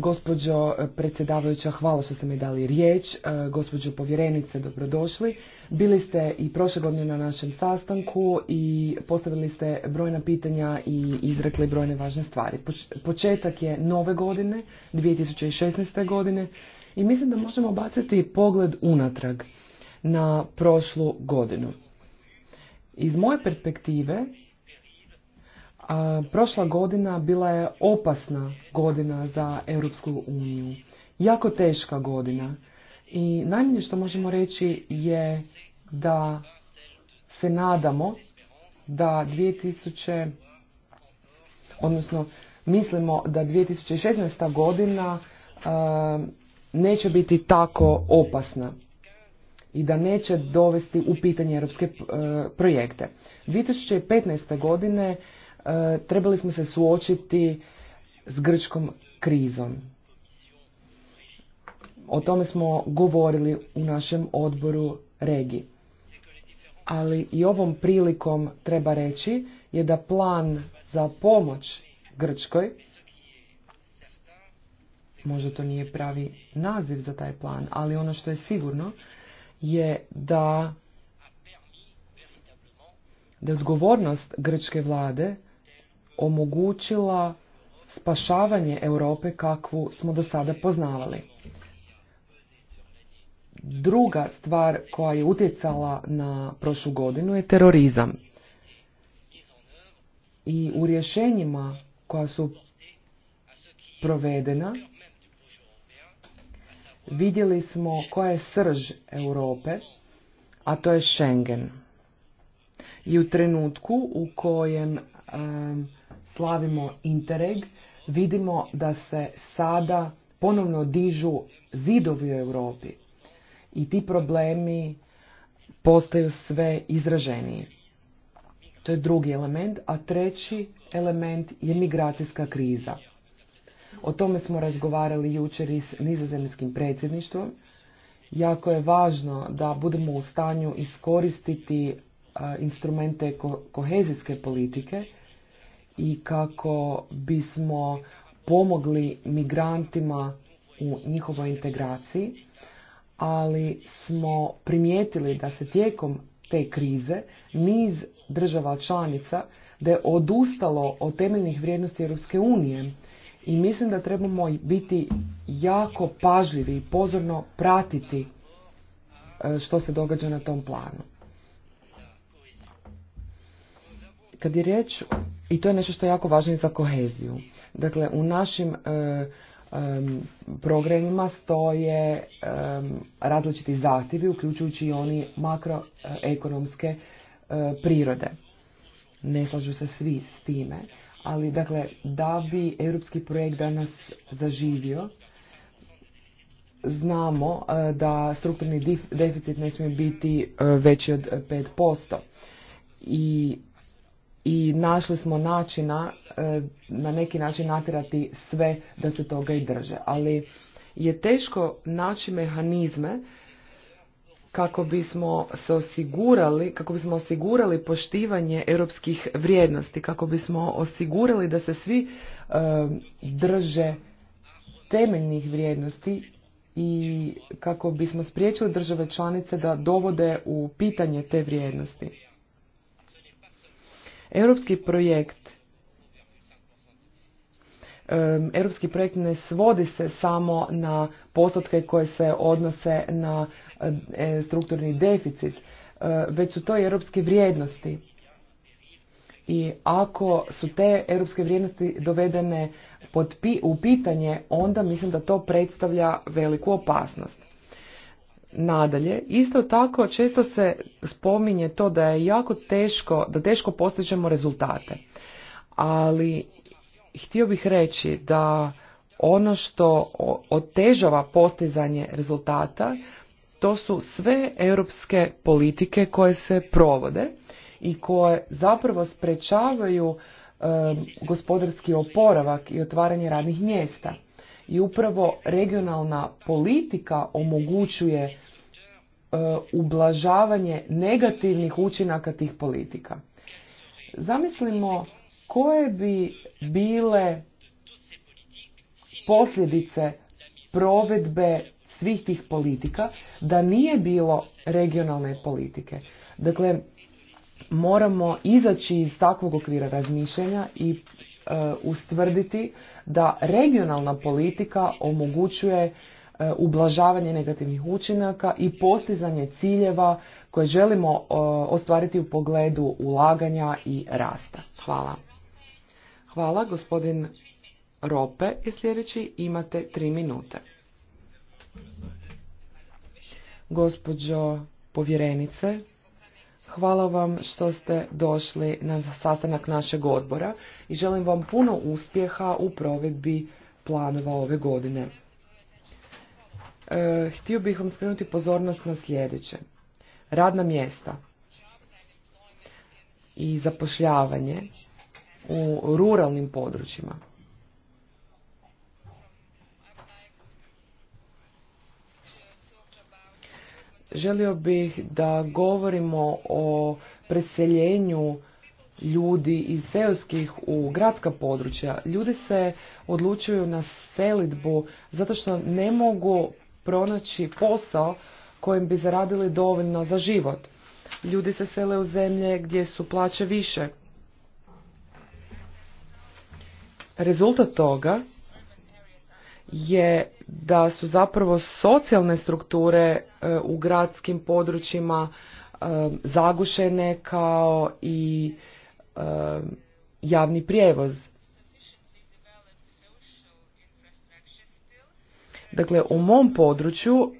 gospođo predsjedavajuća, hvala što ste mi dali riječ. Uh, gospođo povjerenice, dobrodošli. Bili ste i prošle godine na našem sastanku i postavili ste brojna pitanja i izrekli brojne važne stvari. Početak je nove godine, 2016. godine i mislim da možemo baciti pogled unatrag na prošlu godinu. Iz moje perspektive, a, prošla godina bila je opasna godina za Europsku uniju. Jako teška godina. I najmanje što možemo reći je da se nadamo da 2000, odnosno mislimo da 2016. godina neće biti tako opasna i da neće dovesti u pitanje europske e, projekte. 2015. godine e, trebali smo se suočiti s grčkom krizom. O tome smo govorili u našem odboru regi. Ali i ovom prilikom treba reći je da plan za pomoć Grčkoj, možda to nije pravi naziv za taj plan, ali ono što je sigurno je da da je odgovornost grčke vlade omogućila spašavanje Europe kakvu smo do sada poznavali. Druga stvar koja je utjecala na prošlu godinu je terorizam. I u rješenjima koja su provedena vidjeli smo koja je srž Europe, a to je Schengen. I u trenutku u kojem slavimo Interreg, vidimo da se sada ponovno dižu zidovi u Europi i ti problemi postaju sve izraženiji. To je drugi element, a treći element je migracijska kriza. O tome smo razgovarali jučer i s nizozemskim predsjedništvom. Jako je važno da budemo u stanju iskoristiti e, instrumente kohezijske politike i kako bismo pomogli migrantima u njihovoj integraciji, ali smo primijetili da se tijekom te krize niz država članica da je odustalo od temeljnih vrijednosti Europske unije i mislim da trebamo biti jako pažljivi i pozorno pratiti e, što se događa na tom planu. Kad je riječ, i to je nešto što je jako važno i za koheziju, dakle u našim e, programima stoje različiti zahtjevi, uključujući i oni makroekonomske e, prirode. Ne slažu se svi s time, ali dakle da bi europski projekt danas zaživio znamo e, da strukturni deficit ne smije biti e, veći od 5% i i našli smo načina e, na neki način natjerati sve da se toga i drže ali je teško naći mehanizme kako bismo se osigurali, kako bismo osigurali poštivanje europskih vrijednosti, kako bismo osigurali da se svi eh, drže temeljnih vrijednosti i kako bismo spriječili države članice da dovode u pitanje te vrijednosti. Europski projekt Europski projekt ne svodi se samo na postotke koje se odnose na E, strukturni deficit, e, već su to i europske vrijednosti. I ako su te europske vrijednosti dovedene pod u pitanje, onda mislim da to predstavlja veliku opasnost. Nadalje, isto tako često se spominje to da je jako teško, da teško postižemo rezultate. Ali htio bih reći da ono što otežava postizanje rezultata to su sve europske politike koje se provode i koje zapravo sprečavaju gospodarski oporavak i otvaranje radnih mjesta. I upravo regionalna politika omogućuje eh, ublažavanje negativnih učinaka tih politika. Zamislimo koje bi bile posljedice provedbe svih tih politika da nije bilo regionalne politike. Dakle, moramo izaći iz takvog okvira razmišljanja i e, ustvrditi da regionalna politika omogućuje e, ublažavanje negativnih učinaka i postizanje ciljeva koje želimo e, ostvariti u pogledu ulaganja i rasta. Hvala. Hvala, gospodin Rope je sljedeći, imate tri minute. Gospođo povjerenice, hvala vam što ste došli na sastanak našeg odbora i želim vam puno uspjeha u provedbi planova ove godine. E, htio bih vam skrenuti pozornost na sljedeće. Radna mjesta i zapošljavanje u ruralnim područjima. želio bih da govorimo o preseljenju ljudi iz seoskih u gradska područja. Ljudi se odlučuju na selitbu zato što ne mogu pronaći posao kojim bi zaradili dovoljno za život. Ljudi se sele u zemlje gdje su plaće više. Rezultat toga je da su zapravo socijalne strukture e, u gradskim područjima e, zagušene kao i e, javni prijevoz. Dakle, u mom području,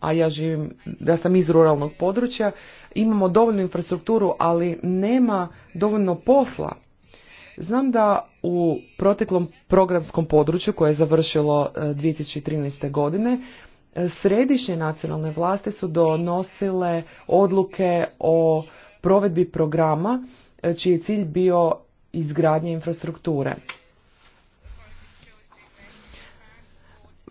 a ja živim, da sam iz ruralnog područja, imamo dovoljnu infrastrukturu, ali nema dovoljno posla Znam da u proteklom programskom području koje je završilo 2013. E, godine e, središnje nacionalne vlasti su donosile odluke o provedbi programa e, čiji je cilj bio izgradnje infrastrukture.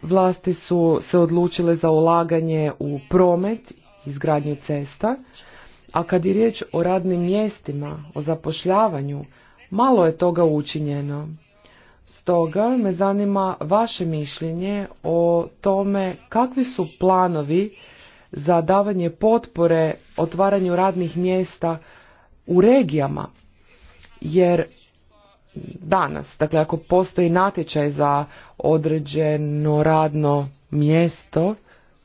Vlasti su se odlučile za ulaganje u promet, izgradnju cesta, a kad je riječ o radnim mjestima, o zapošljavanju, Malo je toga učinjeno. Stoga me zanima vaše mišljenje o tome kakvi su planovi za davanje potpore otvaranju radnih mjesta u regijama. Jer danas, dakle ako postoji natječaj za određeno radno mjesto,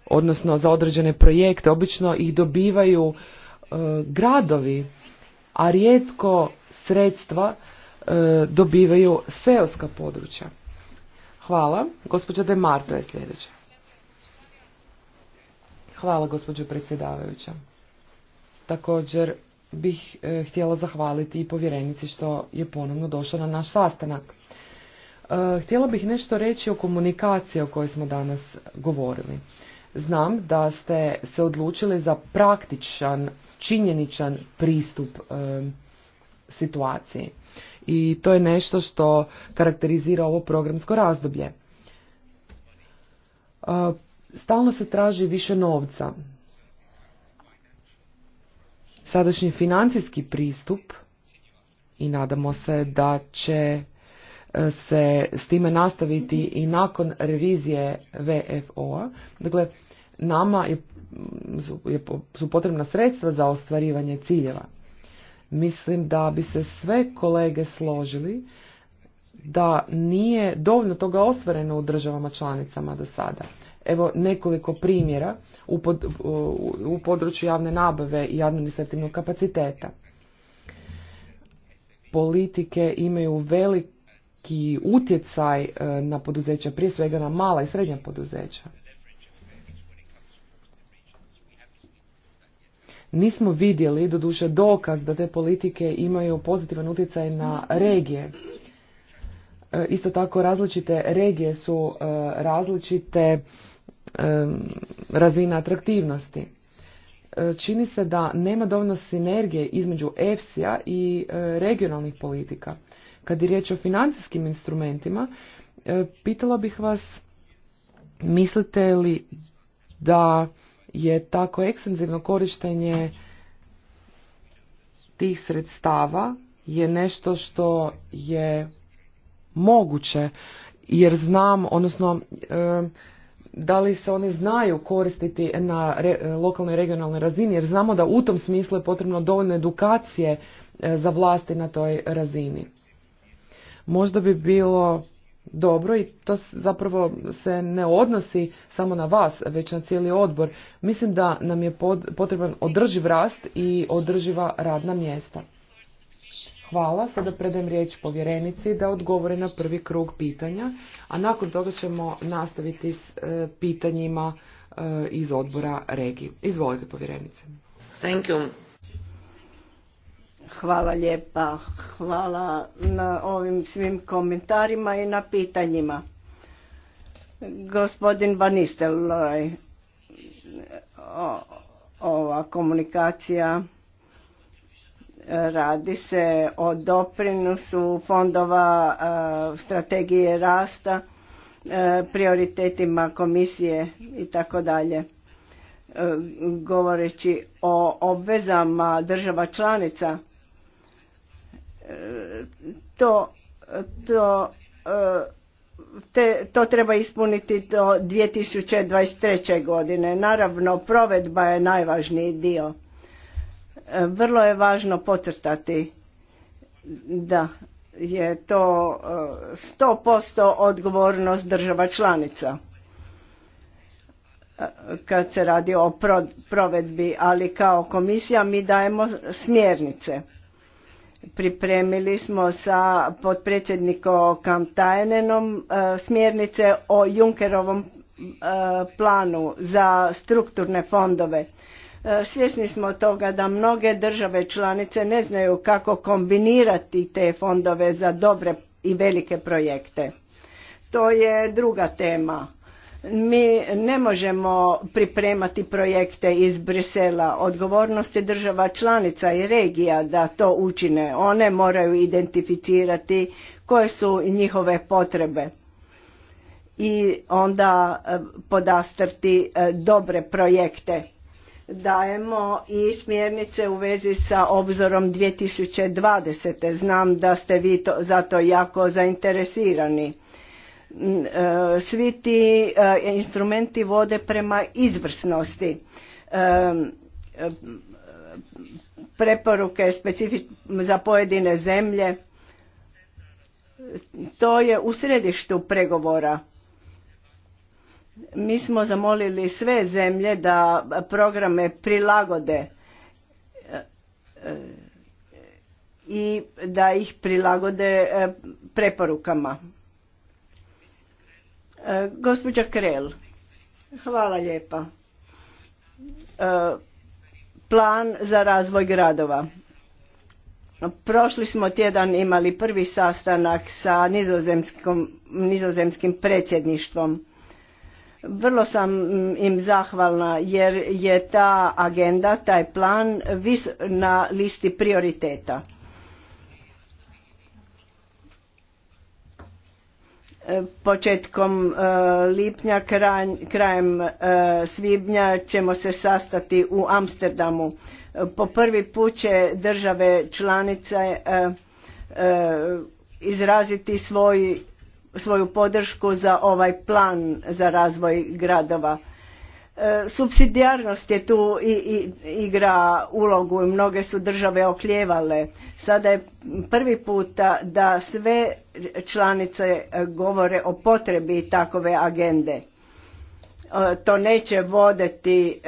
odnosno za određene projekte, obično ih dobivaju e, gradovi, a rijetko sredstva e, dobivaju seoska područja. Hvala. Gospođa De Marto je sljedeća. Hvala gospođo predsjedavajuća. Također bih e, htjela zahvaliti i povjerenici što je ponovno došla na naš sastanak. E, htjela bih nešto reći o komunikaciji o kojoj smo danas govorili. Znam da ste se odlučili za praktičan, činjeničan pristup situaciji. I to je nešto što karakterizira ovo programsko razdoblje. E, stalno se traži više novca. Sadašnji financijski pristup i nadamo se da će e, se s time nastaviti i nakon revizije VFO-a. Dakle, nama je, su potrebna sredstva za ostvarivanje ciljeva. Mislim da bi se sve kolege složili da nije dovoljno toga ostvareno u državama članicama do sada. Evo nekoliko primjera u, u području javne nabave i administrativnog kapaciteta. Politike imaju veliki utjecaj e, na poduzeća, prije svega na mala i srednja poduzeća. Nismo vidjeli, doduše, dokaz da te politike imaju pozitivan utjecaj na regije. E, isto tako različite regije su e, različite e, razine atraktivnosti. Čini se da nema dovoljno sinergije između EFSI-a i regionalnih politika. Kad je riječ o financijskim instrumentima, pitala bih vas mislite li da je tako ekstenzivno korištenje tih sredstava je nešto što je moguće jer znam odnosno da li se oni znaju koristiti na lokalnoj i regionalnoj razini jer znamo da u tom smislu je potrebno dovoljno edukacije e, za vlasti na toj razini možda bi bilo dobro i to zapravo se ne odnosi samo na vas, već na cijeli odbor. Mislim da nam je potreban održiv rast i održiva radna mjesta. Hvala, sada predajem riječ povjerenici da odgovore na prvi krug pitanja, a nakon toga ćemo nastaviti s e, pitanjima e, iz odbora regije. Izvolite povjerenice. Hvala lijepa. Hvala na ovim svim komentarima i na pitanjima. Gospodin Banistel, ova komunikacija e, radi se o doprinosu fondova e, strategije rasta, e, prioritetima komisije i tako dalje govoreći o obvezama država članica to, to, e, te, to treba ispuniti do 2023. godine. Naravno, provedba je najvažniji dio. E, vrlo je važno pocrtati da je to 100% e, odgovornost država članica kad se radi o provedbi, ali kao komisija mi dajemo smjernice pripremili smo sa potpredsjednikom Kamtajnenom e, smjernice o Junkerovom e, planu za strukturne fondove. E, svjesni smo toga da mnoge države članice ne znaju kako kombinirati te fondove za dobre i velike projekte. To je druga tema mi ne možemo pripremati projekte iz Brisela. Odgovornost je država članica i regija da to učine. One moraju identificirati koje su njihove potrebe i onda e, podastrti e, dobre projekte. Dajemo i smjernice u vezi sa obzorom 2020. Znam da ste vi zato za to jako zainteresirani E, svi ti e, instrumenti vode prema izvrsnosti. E, preporuke za pojedine zemlje, to je u središtu pregovora. Mi smo zamolili sve zemlje da programe prilagode i da ih prilagode preporukama Gospođa Krel, hvala lijepa. E, plan za razvoj gradova. Prošli smo tjedan imali prvi sastanak sa nizozemskim predsjedništvom. Vrlo sam im zahvalna jer je ta agenda, taj plan vis na listi prioriteta početkom e, lipnja, krajem e, svibnja ćemo se sastati u Amsterdamu. Po prvi put će države članice e, izraziti svoj, svoju podršku za ovaj plan za razvoj gradova E, subsidijarnost je tu igra ulogu i mnoge su države okljevale. Sada je prvi puta da sve članice e, govore o potrebi takove agende. E, to neće voditi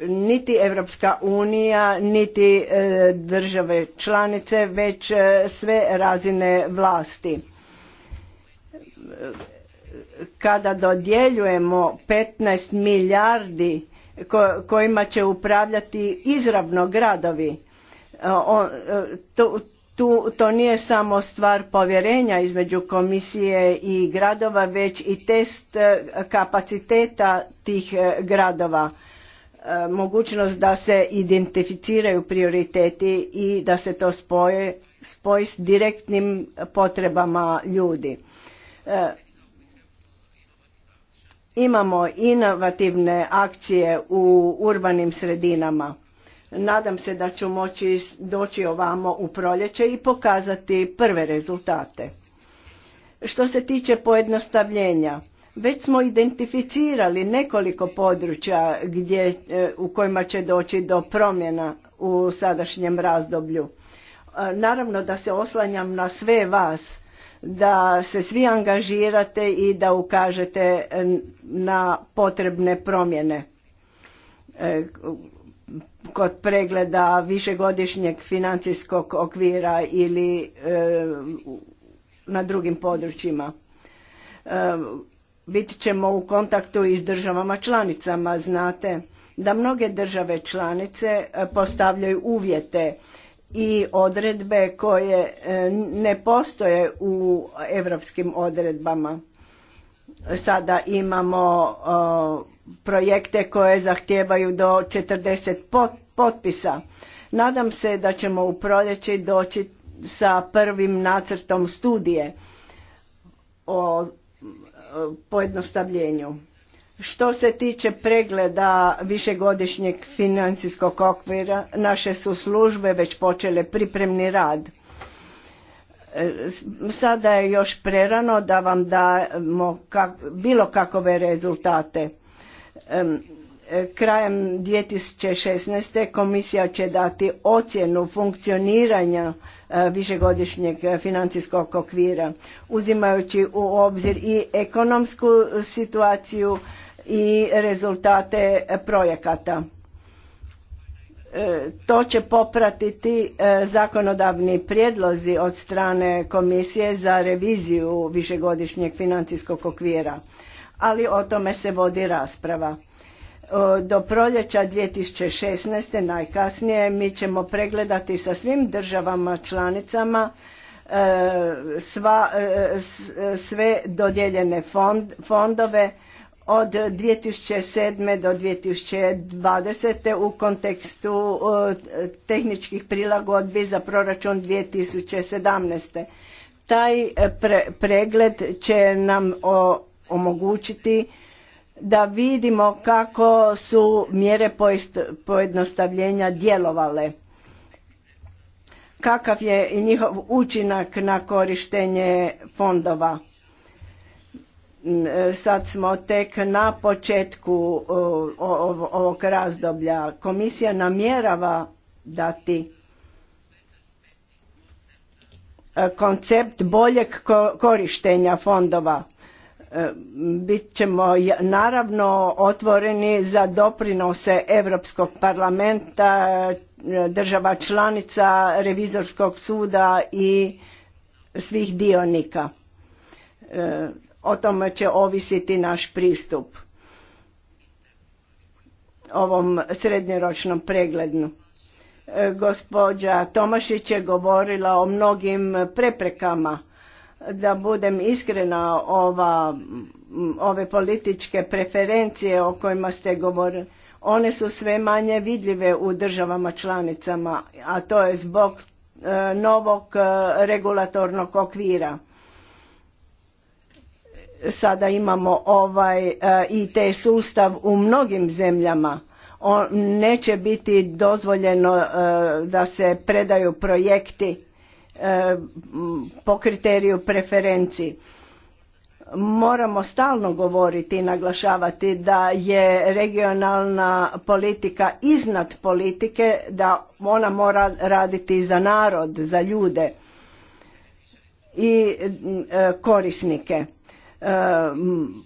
niti Evropska unija, niti države članice, već sve razine vlasti kada dodjeljujemo 15 milijardi kojima će upravljati izravno gradovi to, to nije samo stvar povjerenja između komisije i gradova već i test e, kapaciteta tih e, gradova e, mogućnost da se identificiraju prioriteti i da se to spoje spoji s direktnim potrebama ljudi Imamo inovativne akcije u urbanim sredinama. Nadam se da ću moći doći ovamo u proljeće i pokazati prve rezultate. Što se tiče pojednostavljenja, već smo identificirali nekoliko područja gdje, e, u kojima će doći do promjena u sadašnjem razdoblju. E, naravno da se oslanjam na sve vas da se svi angažirate i da ukažete e, na potrebne promjene e, kod pregleda višegodišnjeg financijskog okvira ili e, na drugim područjima. Bit ćemo u kontaktu i s državama članicama. Znate da mnoge države članice postavljaju uvjete i odredbe koje e, ne postoje u europskim odredbama. Sada imamo projekte koje zahtijevaju do 40 potpisa. Nadam se da ćemo u proljeći doći sa prvim nacrtom studije o pojednostavljenju. Što se tiče pregleda višegodišnjeg financijskog okvira, naše su službe već počele pripremni rad. E, sada je još prerano da vam damo bilo kakove rezultate. E, krajem 2016. komisija će dati ocjenu funkcioniranja e, višegodišnjeg financijskog okvira, uzimajući u obzir i ekonomsku situaciju, i rezultate projekata. E, to će popratiti e, zakonodavni prijedlozi od strane Komisije za reviziju višegodišnjeg financijskog okvira, ali o tome se vodi rasprava. E, do proljeća 2016. najkasnije mi ćemo pregledati sa svim državama članicama sve dodijeljene fondove, od 2007. do 2020. u kontekstu tehničkih prilagodbi za proračun 2017. Taj e, pregled će nam omogućiti da vidimo kako su mjere pojednostavljenja djelovale kakav je njihov učinak na korištenje fondova sad smo tek na početku ovog razdoblja. Komisija namjerava dati e, koncept boljeg korištenja fondova. E, bit ćemo naravno otvoreni za doprinose Europskog parlamenta, e, država članica, revizorskog suda i svih dionika o tome će ovisiti naš pristup ovom srednjoročnom preglednu. E, gospođa Tomašić je govorila o mnogim preprekama. Da budem iskrena, ova, ove političke preferencije o kojima ste govorili, one su sve manje vidljive u državama članicama, a to je zbog e, novog e, regulatornog okvira sada imamo ovaj e, IT sustav u mnogim zemljama. On neće biti dozvoljeno e, da se predaju projekti e, po kriteriju preferenciji. Moramo stalno govoriti i naglašavati da je regionalna politika iznad politike, da ona mora raditi za narod, za ljude i korisnike E,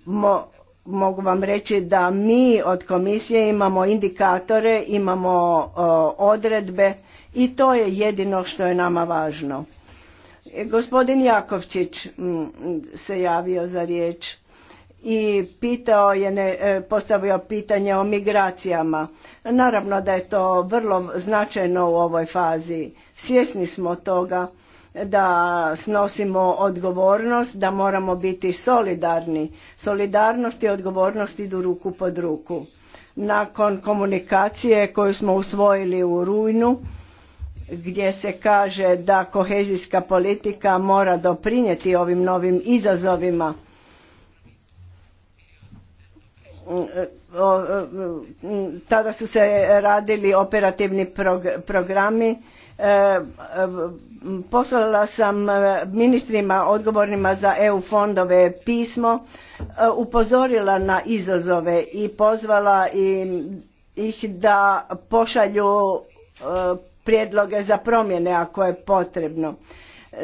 mo, mogu vam reći da mi od komisije imamo indikatore, imamo e, odredbe i to je jedino što je nama važno. E, gospodin Jakovčić se javio za riječ i pitao je, ne, postavio pitanje o migracijama. Naravno da je to vrlo značajno u ovoj fazi. Svjesni smo toga da snosimo odgovornost, da moramo biti solidarni. Solidarnost i odgovornost idu ruku pod ruku. Nakon komunikacije koju smo usvojili u rujnu, gdje se kaže da kohezijska politika mora doprinijeti ovim novim izazovima, tada su se radili operativni programi e, Poslala sam e, ministrima odgovornima za EU fondove pismo, e, upozorila na izazove i pozvala ih da pošalju e, prijedloge za promjene ako je potrebno.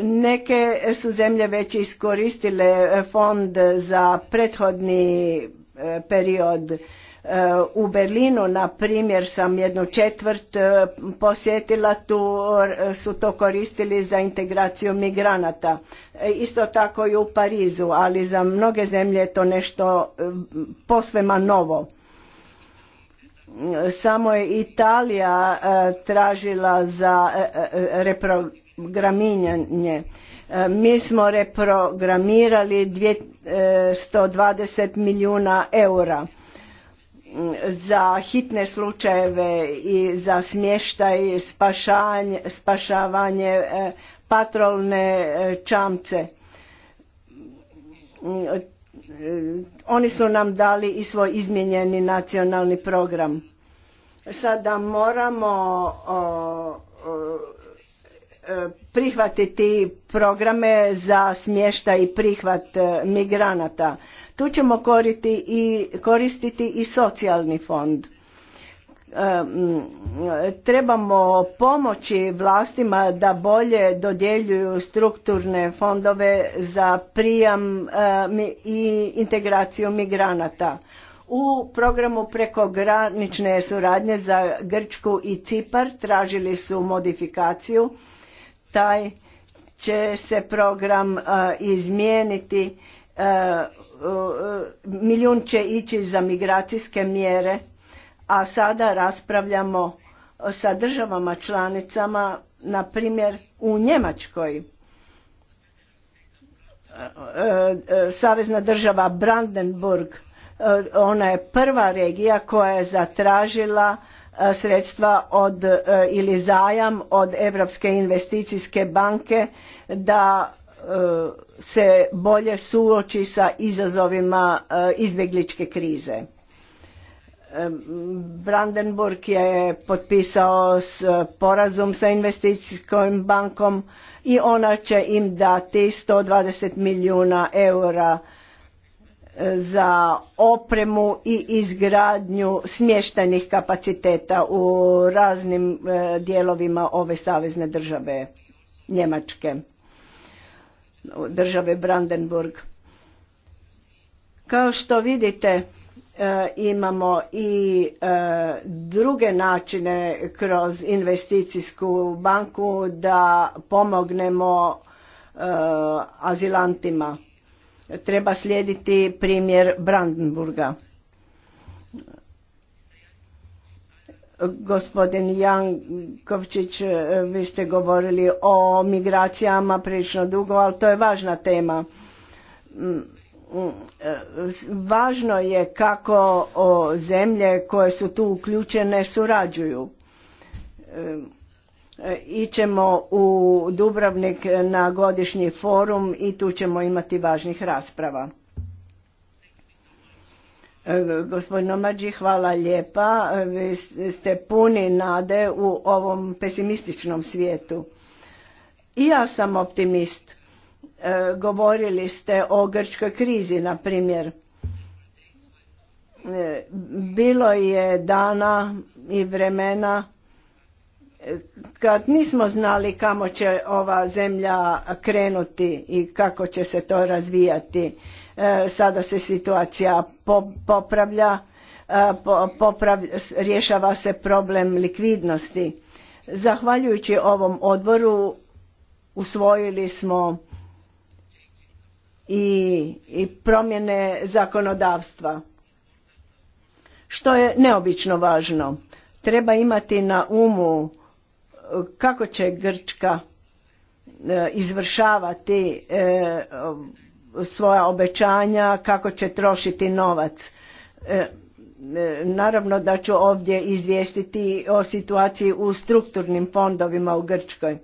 Neke su zemlje već iskoristile fond za prethodni period u Berlinu, na primjer, sam jednu četvrt e, posjetila, tu su to koristili za integraciju migranata. E, isto tako i u Parizu, ali za mnoge zemlje je to nešto e, posvema novo. Samo je Italija tražila za reprogramiranje. Mi smo reprogramirali 120 milijuna eura za hitne slučajeve i za smještaj, spašanje, spašavanje, e, patrolne e, čamce. Mm, e, oni su nam dali i svoj izmijenjeni nacionalni program. Sada moramo prihvatiti programe za smještaj i prihvat migranata tu ćemo koriti i, koristiti i socijalni fond. E, trebamo pomoći vlastima da bolje dodjeljuju strukturne fondove za prijam e, i integraciju migranata. U programu prekogranične suradnje za Grčku i Cipar tražili su modifikaciju. Taj će se program e, izmijeniti E, milijun će ići za migracijske mjere, a sada raspravljamo sa državama članicama, na primjer u Njemačkoj. E, e, Savezna država Brandenburg, ona je prva regija koja je zatražila sredstva od ili zajam od Europske investicijske banke da E, se bolje suoči sa izazovima e, izbjegličke krize. E, Brandenburg je potpisao sporazum sa investicijskom bankom i ona će im dati 120 milijuna eura za opremu i izgradnju smještajnih kapaciteta u raznim dijelovima ove savezne države Njemačke države Brandenburg. Kao što vidite e, imamo i e, druge načine kroz investicijsku banku da pomognemo e, azilantima. Treba slijediti primjer Brandenburga. Gospodin Jankovčić, e, vi ste govorili o migracijama prilično dugo, ali to je važna tema. Mm, mm, e, važno je kako zemlje koje su tu uključene surađuju. E, ićemo u Dubrovnik na godišnji forum i tu ćemo imati važnih rasprava. Gospodino Mađi, hvala lijepa. Vi ste puni nade u ovom pesimističnom svijetu. I ja sam optimist. E, govorili ste o grčkoj krizi, na primjer. E, bilo je dana i vremena e, kad nismo znali kamo će ova zemlja krenuti i kako će se to razvijati E, sada se situacija popravlja, e, rješava se problem likvidnosti. Zahvaljujući ovom odboru usvojili smo i, i promjene zakonodavstva. Što je neobično važno, treba imati na umu e, kako će Grčka izvršavati svoja obećanja kako će trošiti novac. E, e, naravno da ću ovdje izvijestiti o situaciji u strukturnim fondovima u Grčkoj. E,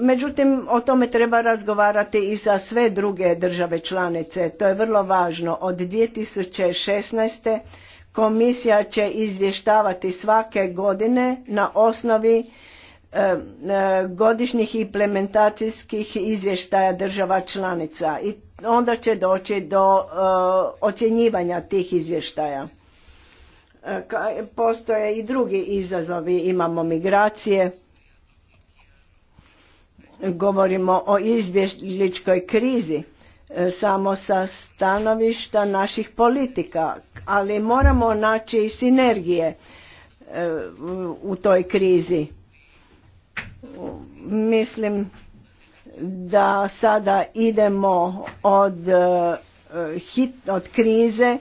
međutim, o tome treba razgovarati i sa sve druge države članice. To je vrlo važno. Od 2016. komisija će izvještavati svake godine na osnovi E, e, godišnjih implementacijskih izvještaja država članica i onda će doći do e, ocjenjivanja tih izvještaja. Postoje i drugi izazovi, imamo migracije, govorimo o izbjegličkoj krizi samo sa stanovišta naših politika, ali moramo naći sinergije u toj krizi Mislim da sada idemo od, e, hit, od krize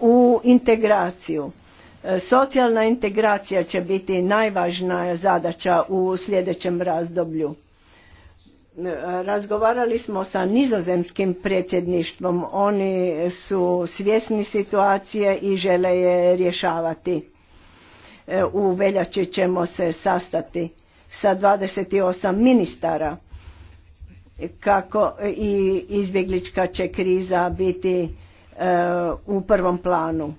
u integraciju. E, socijalna integracija će biti najvažnija zadaća u sljedećem razdoblju. E, razgovarali smo sa nizozemskim predsjedništvom. Oni su svjesni situacije i žele je rješavati. U veljači ćemo se sastati sa 28 ministara kako i izbjeglička će kriza biti e, u prvom planu.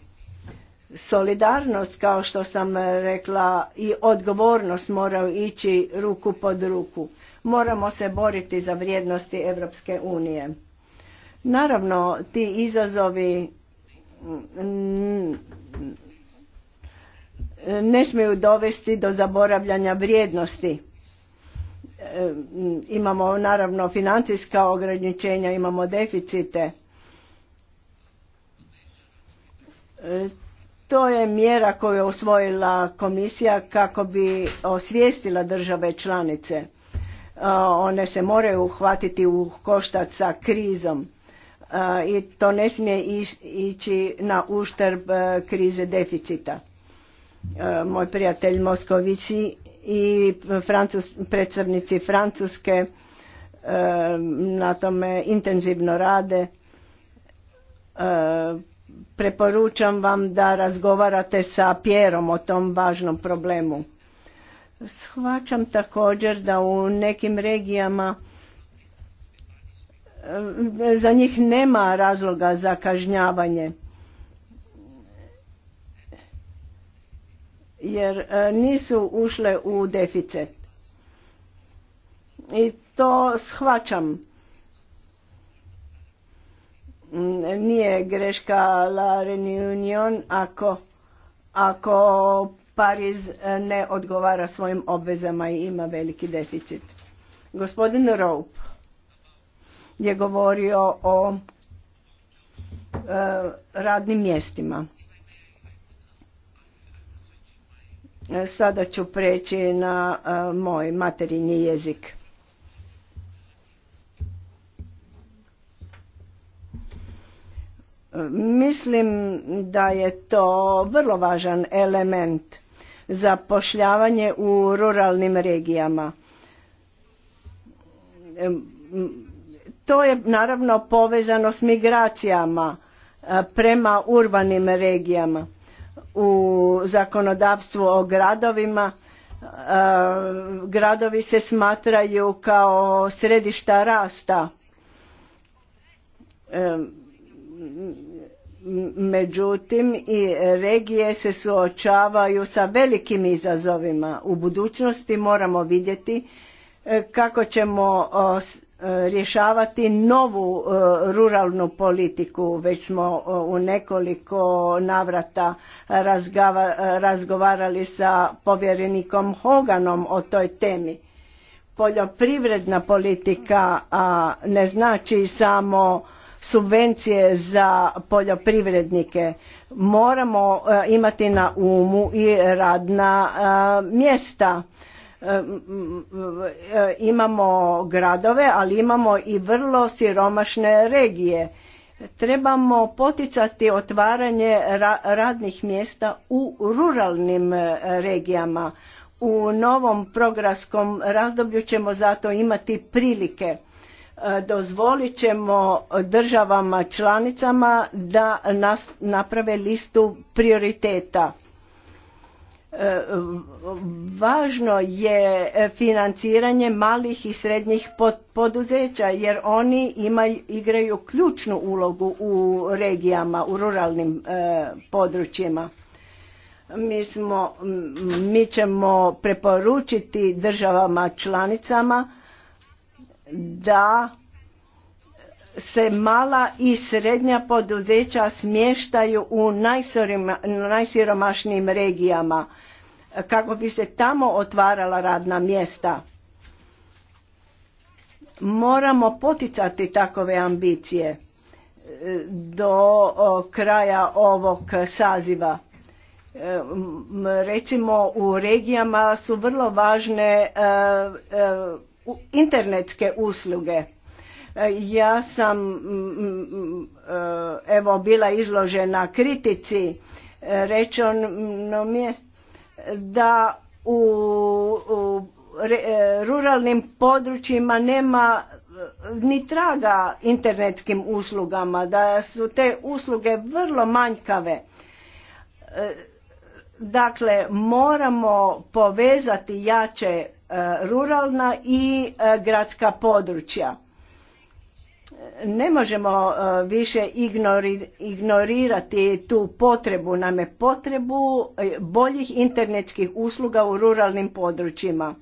Solidarnost, kao što sam rekla, i odgovornost moraju ići ruku pod ruku. Moramo se boriti za vrijednosti Europske unije. Naravno, ti izazovi ne smiju dovesti do zaboravljanja vrijednosti. E, mm, imamo naravno financijska ograničenja, imamo deficite. E, to je mjera koju je usvojila komisija kako bi osvijestila države članice. E, one se moraju uhvatiti u koštac sa krizom i to ne smije ići na uštrb krize deficita. E, moj prijatelj Moskovici i Francus, predstavnici Francuske e, na tome intenzivno rade. E, preporučam vam da razgovarate sa Pjerom o tom važnom problemu. Shvaćam također da u nekim regijama za njih nema razloga za kažnjavanje jer e, nisu ušle u deficit. I to shvaćam. Mm, nije greška La Reunion ako, ako Pariz e, ne odgovara svojim obvezama i ima veliki deficit. Gospodin Rope je govorio o e, radnim mjestima. E, sada ću preći na e, moj materinji jezik. E, mislim da je to vrlo važan element za pošljavanje u ruralnim regijama. To je naravno povezano s migracijama prema urbanim regijama u zakonodavstvu o gradovima e, gradovi se smatraju kao središta rasta e, međutim i regije se suočavaju sa velikim izazovima u budućnosti moramo vidjeti e, kako ćemo rješavati novu e, ruralnu politiku. Već smo e, u nekoliko navrata razgovarali sa povjerenikom Hoganom o toj temi. Poljoprivredna politika ne znači samo subvencije za poljoprivrednike. Moramo e, imati na umu i radna mjesta E, e, imamo gradove, ali imamo i vrlo siromašne regije. Trebamo poticati otvaranje radnih mjesta u ruralnim e, regijama. U novom programskom razdoblju ćemo zato imati prilike. Dozvolit ćemo državama članicama da naprave listu prioriteta E, važno je financiranje malih i srednjih poduzeća jer oni imaju, igraju ključnu ulogu u regijama, u ruralnim e, područjima. Mi, smo, mi ćemo preporučiti državama članicama da se mala i srednja poduzeća smještaju u najsiromašnijim regijama kako bi se tamo otvarala radna mjesta. Moramo poticati takove ambicije e, do kraja ovog saziva. E, recimo u regijama su vrlo važne e, internetske usluge. Ja sam evo bila izložena kritici, rečeno mi je da u, e, ruralnim područjima nema e, ni traga internetskim uslugama, da su te usluge vrlo manjkave. E, dakle, moramo povezati jače ruralna i gradska područja ne možemo e, više ignorirati tu potrebu nam je potrebu e, boljih internetskih usluga u ruralnim područjima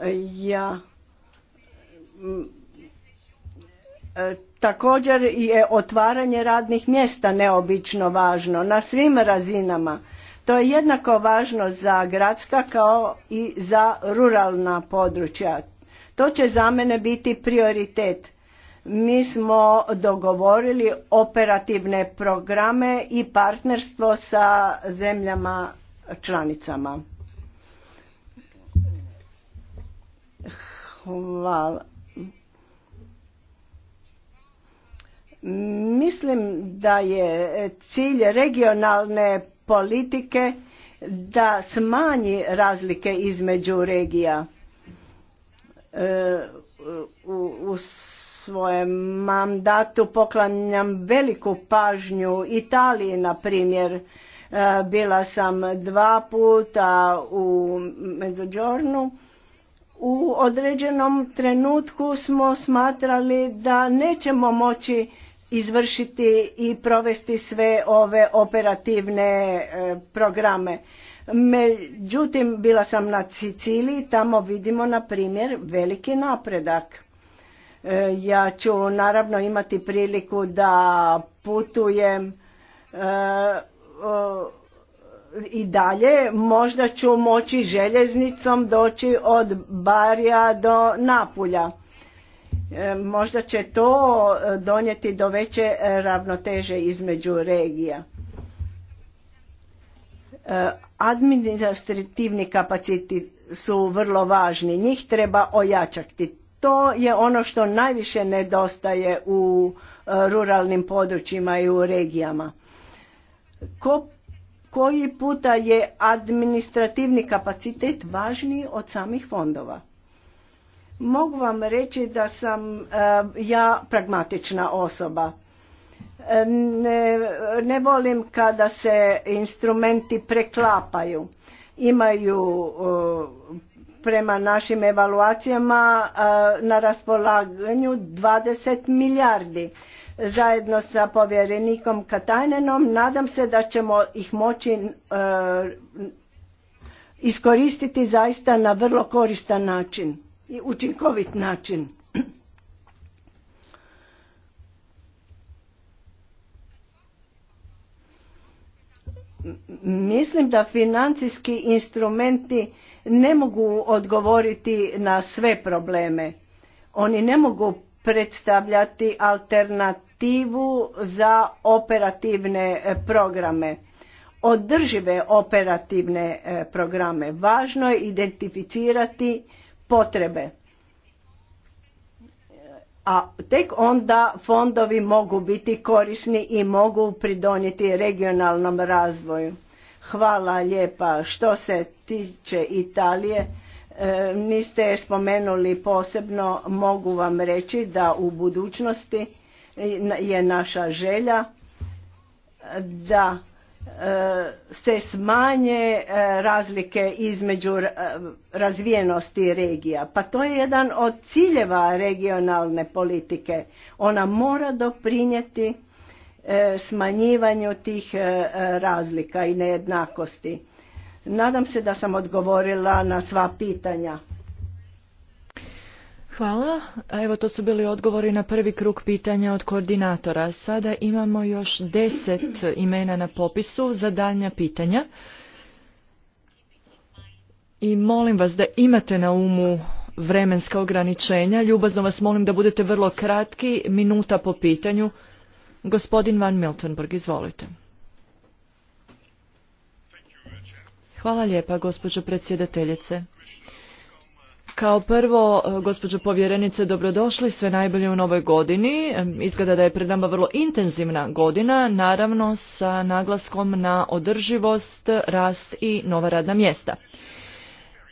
e, ja također je otvaranje radnih mjesta neobično važno na svim razinama to je jednako važno za gradska kao i za ruralna područja to će za mene biti prioritet mi smo dogovorili operativne programe i partnerstvo sa zemljama članicama. Hvala. Mislim da je cilj regionalne politike da smanji razlike između regija. E, u svojem mandatu poklanjam veliku pažnju Italiji, na primjer. E, bila sam dva puta u Mezzođornu. U određenom trenutku smo smatrali da nećemo moći izvršiti i provesti sve ove operativne e, programe. Međutim, bila sam na Siciliji, tamo vidimo na primjer veliki napredak. E, ja ću naravno imati priliku da putujem e, i dalje. Možda ću moći željeznicom doći od Barija do Napulja. E, možda će to donijeti do veće ravnoteže između regija. Administrativni kapaciti su vrlo važni, njih treba ojačati to je ono što najviše nedostaje u e, ruralnim područjima i u regijama. Ko, koji puta je administrativni kapacitet važniji od samih fondova? Mogu vam reći da sam e, ja pragmatična osoba. E, ne, ne volim kada se instrumenti preklapaju imaju prema našim evaluacijama na raspolaganju 20 milijardi. Zajedno sa povjerenikom Katajnenom nadam se da ćemo ih moći e, iskoristiti zaista na vrlo koristan način i učinkovit način. Mislim da financijski instrumenti ne mogu odgovoriti na sve probleme. Oni ne mogu predstavljati alternativu za operativne e, programe održive operativne e, programe. Važno je identificirati potrebe. A tek onda fondovi mogu biti korisni i mogu pridonijeti regionalnom razvoju. Hvala lijepa. Što se tiče Italije, e, niste je spomenuli posebno, mogu vam reći da u budućnosti je naša želja da e, se smanje e, razlike između razvijenosti regija. Pa to je jedan od ciljeva regionalne politike. Ona mora doprinijeti E, smanjivanju tih e, razlika i nejednakosti. Nadam se da sam odgovorila na sva pitanja. Hvala. Evo to su bili odgovori na prvi krug pitanja od koordinatora. Sada imamo još deset imena na popisu za daljnja pitanja. I molim vas da imate na umu vremenska ograničenja. Ljubazno vas molim da budete vrlo kratki, minuta po pitanju. Gospodin Van Miltenburg, izvolite. Hvala lijepa, gospođo predsjedateljice. Kao prvo, e, gospođo povjerenice, dobrodošli, sve najbolje u novoj godini. Izgleda da je pred nama vrlo intenzivna godina, naravno sa naglaskom na održivost, rast i nova radna mjesta.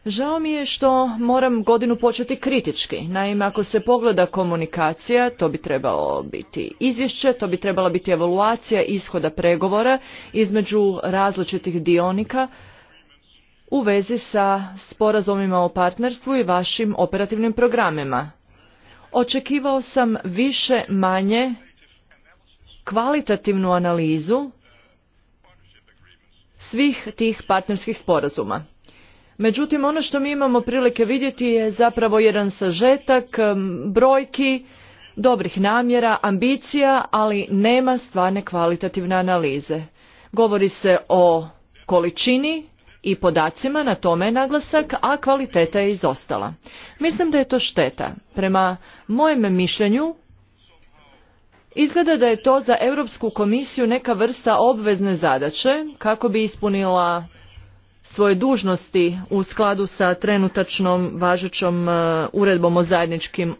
Žao mi je što moram godinu početi kritički. Naime, ako se pogleda komunikacija, to bi trebalo biti izvješće, to bi trebala biti evaluacija ishoda pregovora između različitih dionika u vezi sa sporazumima o partnerstvu i vašim operativnim programima. Očekivao sam više manje kvalitativnu analizu svih tih partnerskih sporazuma. Međutim, ono što mi imamo prilike vidjeti je zapravo jedan sažetak brojki, dobrih namjera, ambicija, ali nema stvarne kvalitativne analize. Govori se o količini i podacima, na tome je naglasak, a kvaliteta je izostala. Mislim da je to šteta. Prema mojem mišljenju, Izgleda da je to za Europsku komisiju neka vrsta obvezne zadaće kako bi ispunila svoje dužnosti u skladu sa trenutačnom važećom e, uredbom o zajedničkim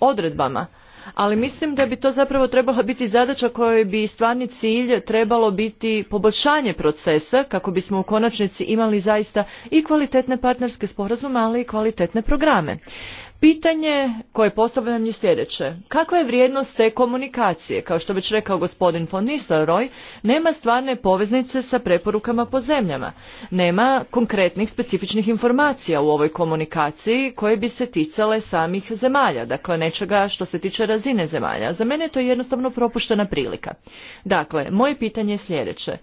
odredbama ali mislim da bi to zapravo trebala biti zadaća kojoj bi stvarni cilj trebalo biti poboljšanje procesa kako bismo u konačnici imali zaista i kvalitetne partnerske sporazume ali i kvalitetne programe Pitanje koje postavljam je sljedeće. Kakva je vrijednost te komunikacije? Kao što već rekao gospodin von Nistelrooy, nema stvarne poveznice sa preporukama po zemljama. Nema konkretnih specifičnih informacija u ovoj komunikaciji koje bi se ticale samih zemalja, dakle nečega što se tiče razine zemalja. Za mene to je jednostavno propuštena prilika. Dakle, moje pitanje je sljedeće.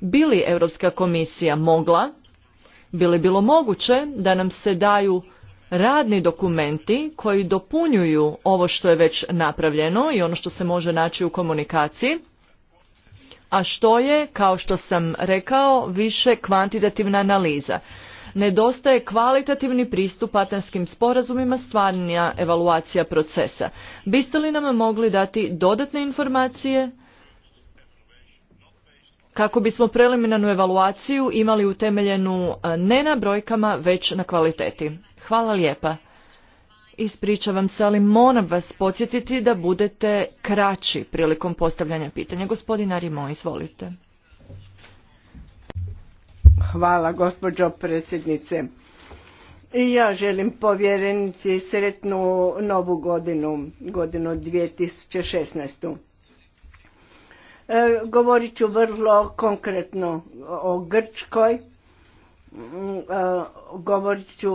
Bili li Europska komisija mogla bi li bilo moguće da nam se daju radni dokumenti koji dopunjuju ovo što je već napravljeno i ono što se može naći u komunikaciji, a što je, kao što sam rekao, više kvantitativna analiza. Nedostaje kvalitativni pristup partnerskim sporazumima, stvarnija evaluacija procesa. Biste li nam mogli dati dodatne informacije kako bismo preliminarnu evaluaciju imali utemeljenu e, ne na brojkama, već na kvaliteti. Hvala lijepa. Ispričavam se, ali moram vas podsjetiti da budete kraći prilikom postavljanja pitanja. Gospodin Arimo, izvolite. Hvala, gospođo predsjednice. ja želim povjerenici sretnu novu godinu, godinu 2016. E, govorit ću vrlo konkretno o Grčkoj, e, govorit ću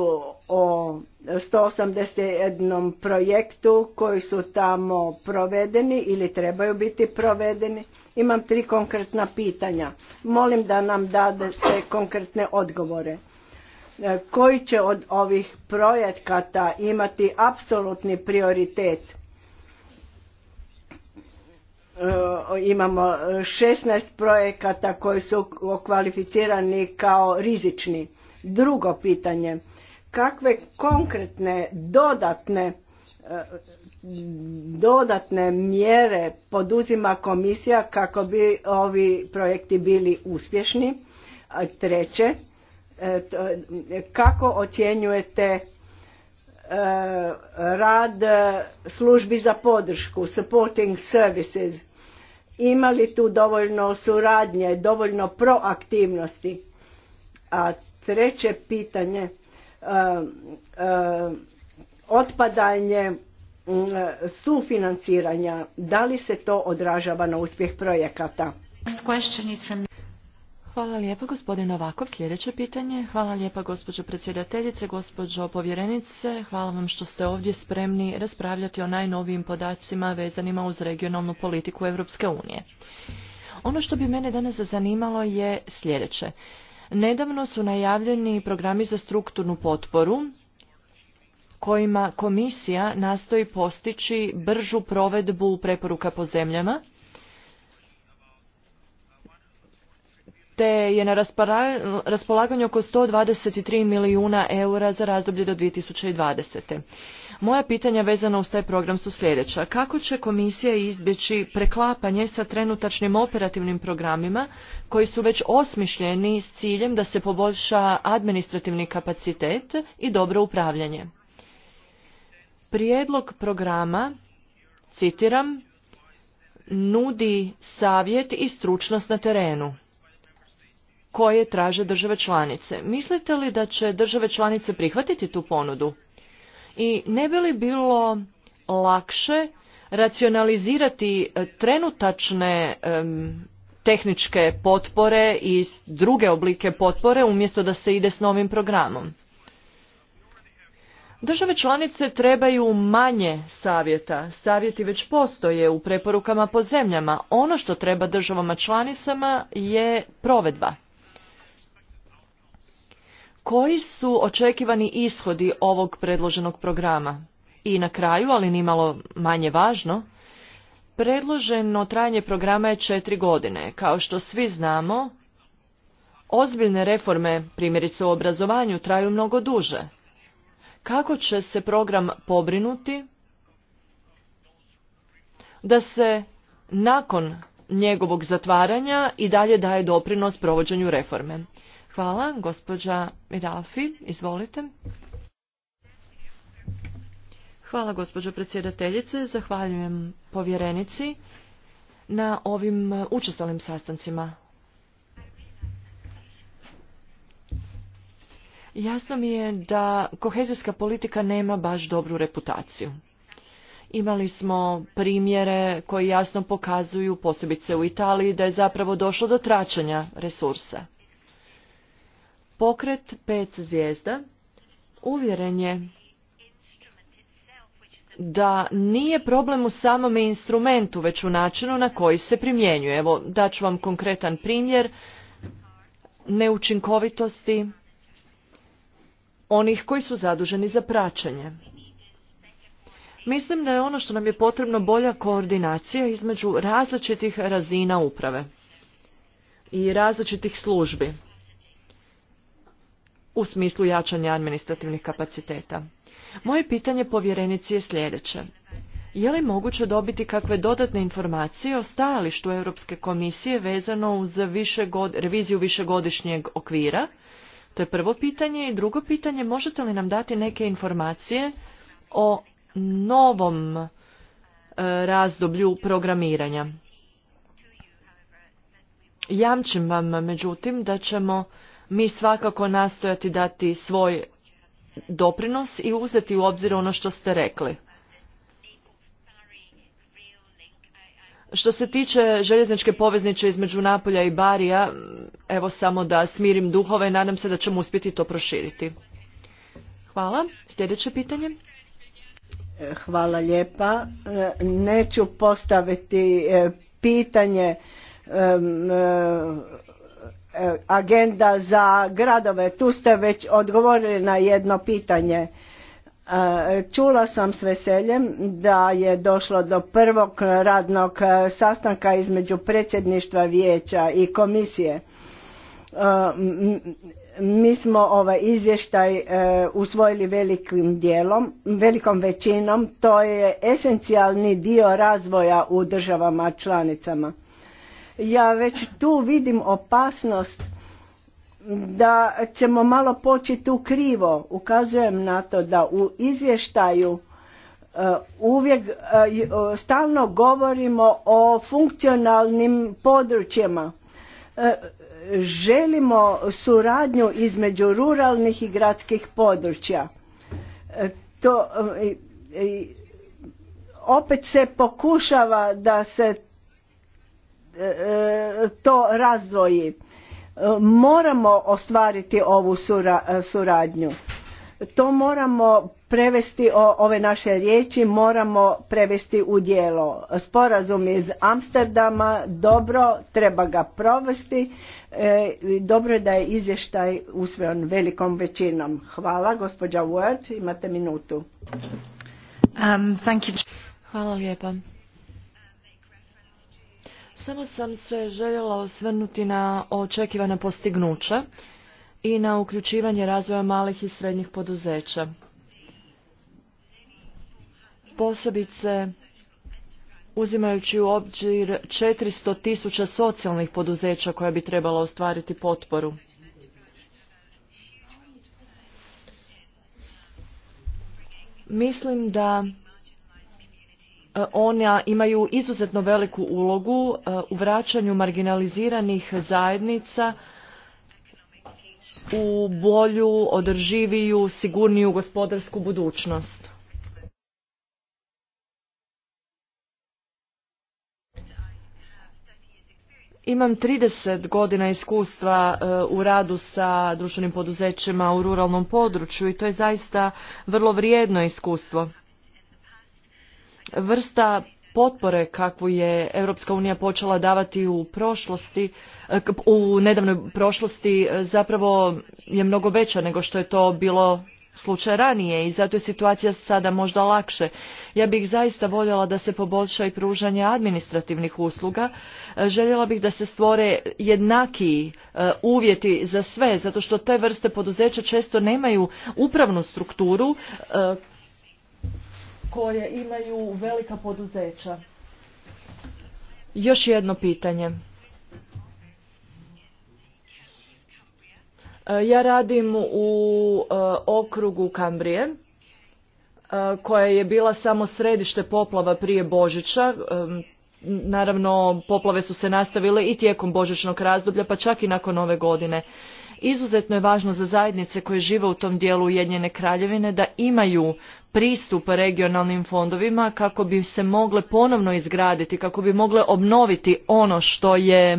o 181 projektu koji su tamo provedeni ili trebaju biti provedeni. Imam tri konkretna pitanja. Molim da nam te konkretne odgovore. E, koji će od ovih projekata imati apsolutni prioritet? E, imamo 16 e, projekata koji su kvalificirani kao rizični. Drugo pitanje, kakve konkretne dodatne e, dodatne mjere poduzima komisija kako bi ovi projekti bili uspješni? Treće, kako ocjenjujete rad službi za podršku, supporting services, ima li tu dovoljno suradnje, dovoljno proaktivnosti? A treće pitanje, e, e, otpadanje sufinanciranja, da li se to odražava na uspjeh projekata? Hvala lijepa gospodin Novakov. Sljedeće pitanje. Hvala lijepa gospođo predsjedateljice, gospođo povjerenice. Hvala vam što ste ovdje spremni raspravljati o najnovijim podacima vezanima uz regionalnu politiku Europske unije. Ono što bi mene danas zanimalo je sljedeće. Nedavno su najavljeni programi za strukturnu potporu kojima komisija nastoji postići bržu provedbu preporuka po zemljama te je na raspolaganju oko 123 milijuna eura za razdoblje do 2020. Moja pitanja vezana uz taj program su sljedeća. Kako će komisija izbjeći preklapanje sa trenutačnim operativnim programima koji su već osmišljeni s ciljem da se poboljša administrativni kapacitet i dobro upravljanje? Prijedlog programa, citiram, nudi savjet i stručnost na terenu koje traže države članice. Mislite li da će države članice prihvatiti tu ponudu? I ne bi li bilo lakše racionalizirati e, trenutačne tehničke potpore i druge oblike potpore umjesto da se ide s novim programom? Države članice trebaju manje savjeta. Savjeti već postoje u preporukama po zemljama. Ono što treba državama članicama je provedba. Koji su očekivani ishodi ovog predloženog programa? I na kraju, ali nimalo manje važno, predloženo trajanje programa je četiri godine. Kao što svi znamo, ozbiljne reforme, primjerice u obrazovanju, traju mnogo duže. Kako će se program pobrinuti da se nakon njegovog zatvaranja i dalje daje doprinos provođenju reforme? Hvala. Gospođa Mirafi, izvolite. Hvala gospođo predsjedateljice. Zahvaljujem povjerenici na ovim učestalim sastancima. Jasno mi je da kohezijska politika nema baš dobru reputaciju. Imali smo primjere koji jasno pokazuju, posebice u Italiji, da je zapravo došlo do tračanja resursa. Pokret pet zvijezda uvjeren je da nije problem u samome instrumentu, već u načinu na koji se primjenjuje. Evo, daću vam konkretan primjer neučinkovitosti onih koji su zaduženi za praćenje. Mislim da je ono što nam je potrebno bolja koordinacija između različitih razina uprave i različitih službi u smislu jačanja administrativnih kapaciteta. Moje pitanje povjerenici je sljedeće. Je li moguće dobiti kakve dodatne informacije o stajalištu Europske komisije vezano uz reviziju višegodišnjeg okvira? To je prvo pitanje. I drugo pitanje, možete li nam dati neke informacije o novom e, razdoblju programiranja? Jamčim vam, međutim, da ćemo mi svakako nastojati dati svoj doprinos i uzeti u obzir ono što ste rekli. Što se tiče željezničke poveznice između Napolja i Barija, evo samo da smirim duhove i nadam se da ćemo uspjeti to proširiti. Hvala. Sljedeće pitanje. E, hvala lijepa. E, neću postaviti e, pitanje E, agenda za gradove, tu ste već odgovorili na jedno pitanje. E, čula sam s veseljem da je došlo do prvog radnog e, sastanka između predsjedništva vijeća i komisije. Mi smo ovaj izvještaj usvojili velikim dijelom, velikom većinom. To je esencijalni dio razvoja u državama članicama ja već tu vidim opasnost da ćemo malo poći tu krivo. Ukazujem na to da u izvještaju e, uvijek e, stalno govorimo o funkcionalnim područjima. E, želimo suradnju između ruralnih i gradskih područja. To opet se pokušava da se E, to razdvoji. E, moramo ostvariti ovu e, suradnju. To moramo prevesti, ove naše riječi moramo prevesti u djelo. Sporazum iz Amsterdama, dobro, treba ga provesti. Dobro je da je izvještaj usvojen velikom većinom. Hvala, gospođa Word, imate minutu. Um, thank you. Hvala lijepa. Samo sam se željela osvrnuti na očekivana postignuća i na uključivanje razvoja malih i srednjih poduzeća. Posebice uzimajući u obzir 400 tisuća socijalnih poduzeća koja bi trebala ostvariti potporu. Mislim da E, ona imaju izuzetno veliku ulogu e, u vraćanju marginaliziranih zajednica u bolju, održiviju, sigurniju gospodarsku budućnost. Imam 30 godina iskustva e, u radu sa društvenim poduzećima u ruralnom području i to je zaista vrlo vrijedno iskustvo vrsta potpore kakvu je Europska unija počela davati u prošlosti, e, u nedavnoj prošlosti e, zapravo je mnogo veća nego što je to bilo slučaj ranije i zato je situacija sada možda lakše. Ja bih zaista voljela da se poboljša i pružanje administrativnih usluga. E, željela bih da se stvore jednakiji uvjeti za sve, zato što te vrste poduzeća često nemaju upravnu strukturu koje imaju velika poduzeća. Još jedno pitanje. E, ja radim u e, okrugu Kambrije e, koja je bila samo središte poplava prije Božića. Naravno, poplave su se nastavile i tijekom Božićnog razdoblja, pa čak i nakon ove godine. Izuzetno je važno za zajednice koje žive u tom dijelu Ujedinjene kraljevine da imaju pristup regionalnim fondovima kako bi se mogle ponovno izgraditi, kako bi mogle obnoviti ono što je e,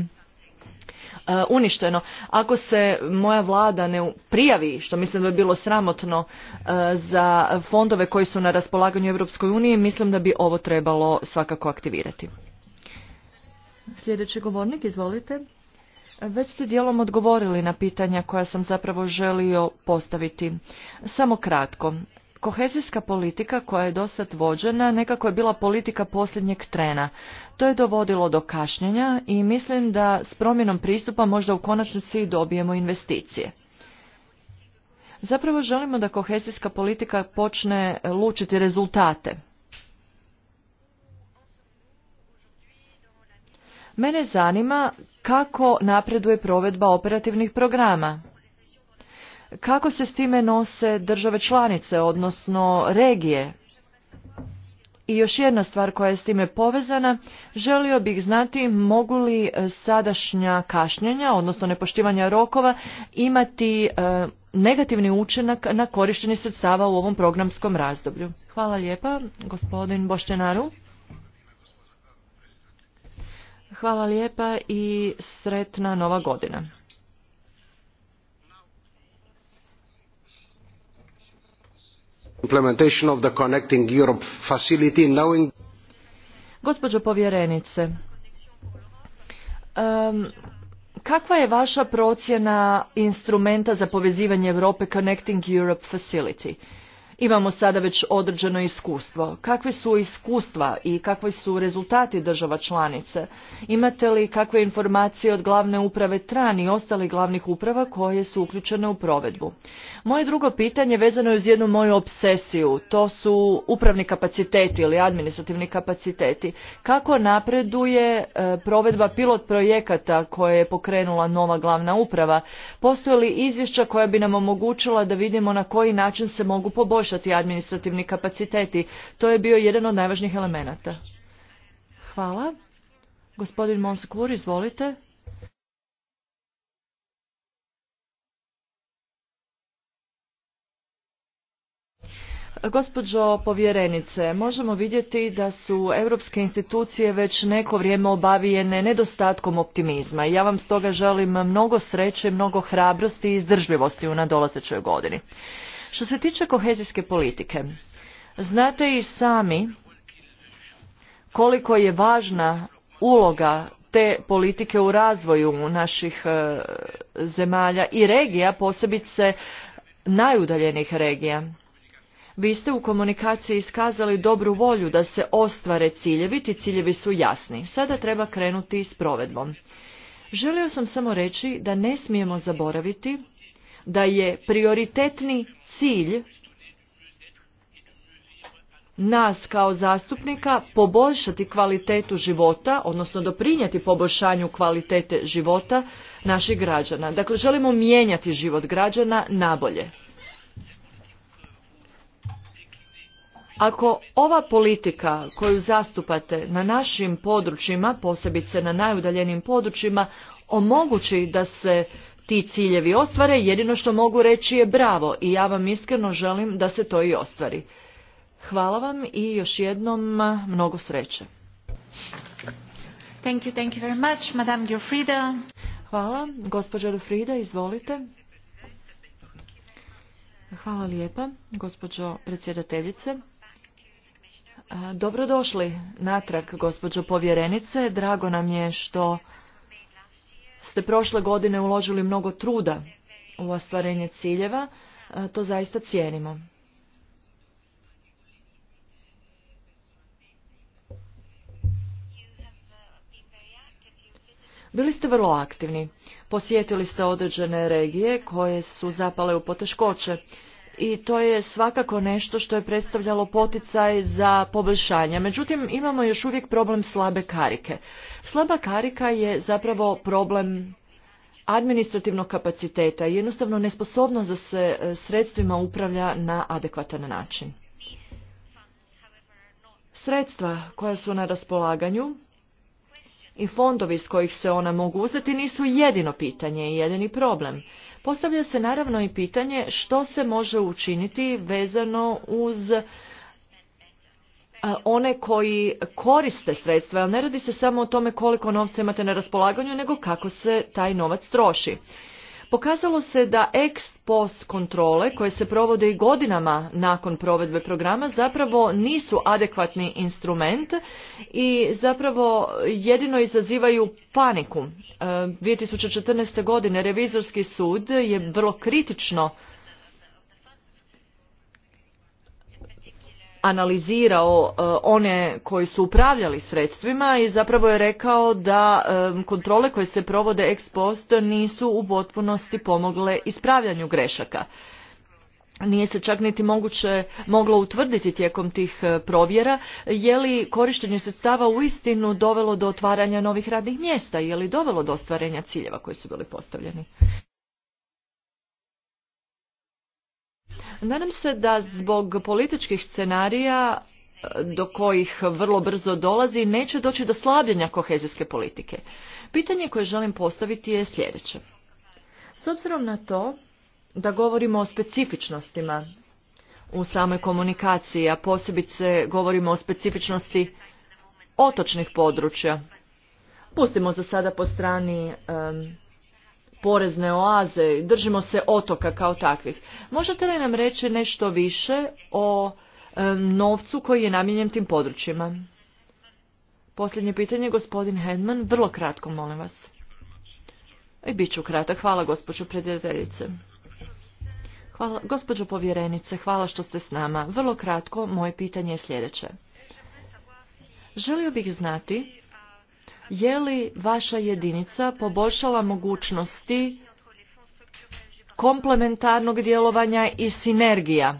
uništeno. Ako se moja vlada ne prijavi, što mislim da bi bilo sramotno e, za fondove koji su na raspolaganju Europskoj uniji, mislim da bi ovo trebalo svakako aktivirati. Sljedeći govornik, izvolite. Već ste dijelom odgovorili na pitanja koja sam zapravo želio postaviti. Samo kratko. Kohezijska politika koja je dosad vođena nekako je bila politika posljednjeg trena. To je dovodilo do kašnjenja i mislim da s promjenom pristupa možda u konačnici i dobijemo investicije. Zapravo želimo da kohezijska politika počne lučiti rezultate. Mene zanima kako napreduje provedba operativnih programa. Kako se s time nose države članice, odnosno regije? I još jedna stvar koja je s time povezana, želio bih znati mogu li e, sadašnja kašnjenja, odnosno nepoštivanja rokova, imati e, negativni učinak na korištenje sredstava u ovom programskom razdoblju. Hvala lijepa, gospodin Boštenaru. Hvala lijepa i sretna nova godina. Implementation povjerenice, kakva je vaša procjena instrumenta za povezivanje Europe Connecting Europe Facility? Imamo sada već određeno iskustvo. Kakve su iskustva i kakvi su rezultati država članice? Imate li kakve informacije od glavne uprave TRAN i ostalih glavnih uprava koje su uključene u provedbu? Moje drugo pitanje vezano je uz jednu moju obsesiju. To su upravni kapaciteti ili administrativni kapaciteti. Kako napreduje e, provedba pilot projekata koje je pokrenula nova glavna uprava? Postoje li izvješća koja bi nam omogućila da vidimo na koji način se mogu poboljšati? poboljšati administrativni kapaciteti. To je bio jedan od najvažnijih elemenata. Hvala. Gospodin Monskur, izvolite. Gospođo povjerenice, možemo vidjeti da su europske institucije već neko vrijeme obavijene nedostatkom optimizma ja vam stoga želim mnogo sreće, mnogo hrabrosti i izdržljivosti u nadolazećoj godini. Što se tiče kohezijske politike, znate i sami koliko je važna uloga te politike u razvoju naših e, zemalja i regija, posebice najudaljenih regija. Vi ste u komunikaciji iskazali dobru volju da se ostvare ciljevi, ti ciljevi su jasni. Sada treba krenuti s provedbom. Želio sam samo reći da ne smijemo zaboraviti da je prioritetni cilj nas kao zastupnika poboljšati kvalitetu života, odnosno doprinijeti poboljšanju kvalitete života naših građana. Dakle, želimo mijenjati život građana nabolje. Ako ova politika koju zastupate na našim područjima, posebice na najudaljenim područjima, omogući da se ti ciljevi ostvare, jedino što mogu reći je bravo i ja vam iskreno želim da se to i ostvari. Hvala vam i još jednom mnogo sreće. Thank you, thank you very much, Madame Hvala. Gospođa izvolite. Hvala lijepa, gospođo predsjedateljice. Dobrodošli natrag, gospođo povjerenice. Drago nam je što ste prošle godine uložili mnogo truda u ostvarenje ciljeva, e, to zaista cijenimo. Bili ste vrlo aktivni. Posjetili ste određene regije koje su zapale u poteškoće i to je svakako nešto što je predstavljalo poticaj za poboljšanje. Međutim, imamo još uvijek problem slabe karike. Slaba karika je zapravo problem administrativnog kapaciteta i jednostavno nesposobnost da se e, sredstvima upravlja na adekvatan način. Sredstva koja su na raspolaganju i fondovi iz kojih se ona mogu uzeti nisu jedino pitanje i jedini problem. Postavlja se naravno i pitanje što se može učiniti vezano uz e, one koji koriste sredstva, ali ne radi se samo o tome koliko novca imate na raspolaganju, nego kako se taj novac troši. Pokazalo se da ex post kontrole koje se provode i godinama nakon provedbe programa zapravo nisu adekvatni instrument i zapravo jedino izazivaju paniku. 2014. E, godine revizorski sud je vrlo kritično analizirao e, one koji su upravljali sredstvima i zapravo je rekao da e, kontrole koje se provode ex post nisu u potpunosti pomogle ispravljanju grešaka. Nije se čak niti moguće moglo utvrditi tijekom tih e, provjera je li korištenje sredstava u istinu dovelo do otvaranja novih radnih mjesta, je li dovelo do ostvarenja ciljeva koji su bili postavljeni. Nadam se da zbog političkih scenarija e, do kojih vrlo brzo dolazi neće doći do slabljenja kohezijske politike. Pitanje koje želim postaviti je sljedeće. S obzirom na to da govorimo o specifičnostima u samoj komunikaciji, a posebice govorimo o specifičnosti otočnih područja. Pustimo za sada po strani porezne oaze, držimo se otoka kao takvih. Možete li nam reći nešto više o e, novcu koji je namijenjen tim područjima? Posljednje pitanje, gospodin Hedman, vrlo kratko, molim vas. I e, bit ću kratak. Hvala, gospođo predsjedateljice. Hvala, gospođo povjerenice, hvala što ste s nama. Vrlo kratko, moje pitanje je sljedeće. Želio bih znati je li vaša jedinica poboljšala mogućnosti komplementarnog djelovanja i sinergija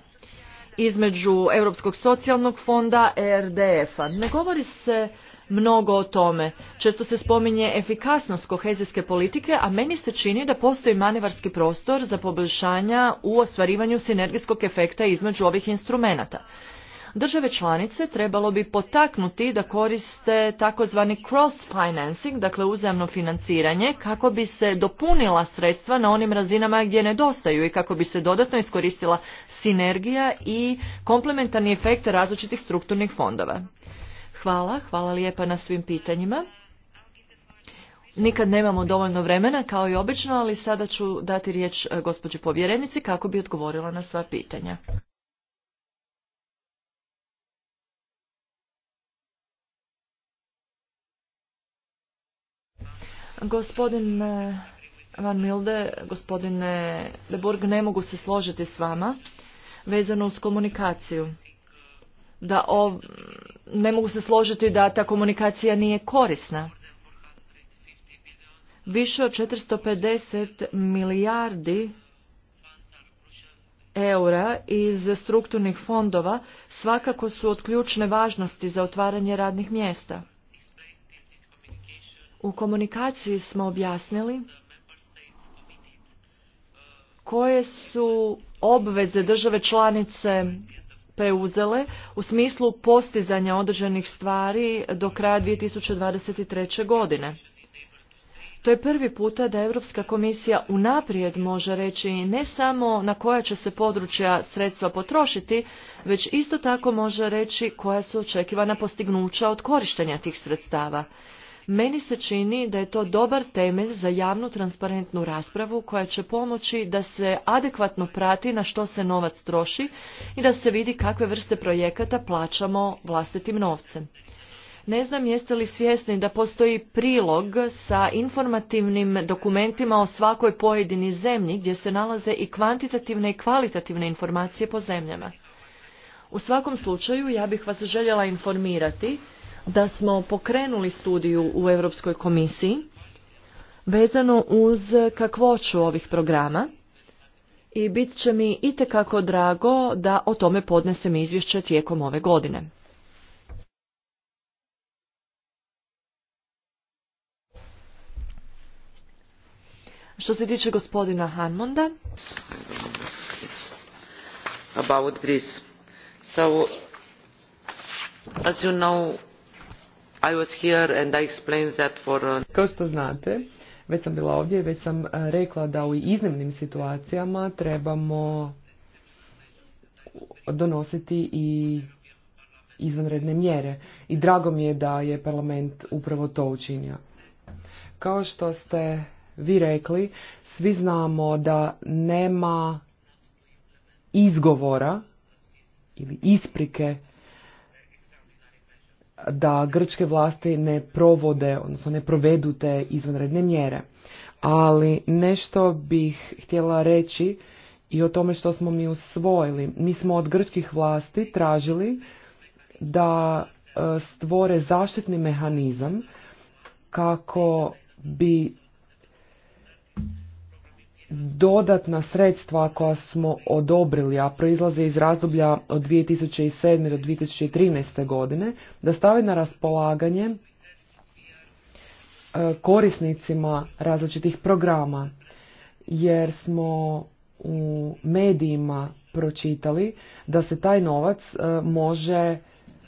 između Europskog socijalnog fonda e RDF-a? Ne govori se mnogo o tome. Često se spominje efikasnost kohezijske politike, a meni se čini da postoji manevarski prostor za poboljšanja u ostvarivanju sinergijskog efekta između ovih instrumenata. Države članice trebalo bi potaknuti da koriste takozvani cross financing, dakle uzajamno financiranje, kako bi se dopunila sredstva na onim razinama gdje nedostaju i kako bi se dodatno iskoristila sinergija i komplementarni efekt različitih strukturnih fondova. Hvala, hvala lijepa na svim pitanjima. Nikad nemamo dovoljno vremena, kao i obično, ali sada ću dati riječ e, gospođi povjerenici kako bi odgovorila na sva pitanja. Gospodin eh, Van Milde, gospodine Leborg, ne mogu se složiti s vama vezano uz komunikaciju. Da Ne mogu se složiti da ta komunikacija nije korisna. Više od 450 milijardi eura iz strukturnih fondova svakako su od ključne važnosti za otvaranje radnih mjesta. U komunikaciji smo objasnili koje su obveze države članice preuzele u smislu postizanja određenih stvari do kraja 2023. godine. To je prvi puta da Europska komisija unaprijed može reći ne samo na koja će se područja sredstva potrošiti, već isto tako može reći koja su očekivana postignuća od korištenja tih sredstava. Meni se čini da je to dobar temelj za javnu transparentnu raspravu koja će pomoći da se adekvatno prati na što se novac troši i da se vidi kakve vrste projekata plaćamo vlastitim novcem. Ne znam jeste li svjesni da postoji prilog sa informativnim dokumentima o svakoj pojedini zemlji gdje se nalaze i kvantitativne i kvalitativne informacije po zemljama. U svakom slučaju ja bih vas željela informirati da smo pokrenuli studiju u Europskoj komisiji vezano uz kakvoću ovih programa i bit će mi itekako drago da o tome podnesem izvješće tijekom ove godine. Što se tiče gospodina Hanmonda, about Greece. So, as you know, Uh, Kao što znate, već sam bila ovdje i već sam e, rekla da u iznimnim situacijama trebamo donositi i izvanredne mjere. I drago mi je da je parlament upravo to učinio. Kao što ste vi rekli, svi znamo da nema izgovora ili isprike da grčke vlasti ne provode, odnosno ne provedu te izvanredne mjere. Ali nešto bih htjela reći i o tome što smo mi usvojili. Mi smo od grčkih vlasti tražili da e, stvore zaštitni mehanizam kako bi dodatna sredstva koja smo odobrili, a proizlaze iz razdoblja od 2007. do 2013. godine, da stave na raspolaganje e, korisnicima različitih programa, jer smo u medijima pročitali da se taj novac e, može,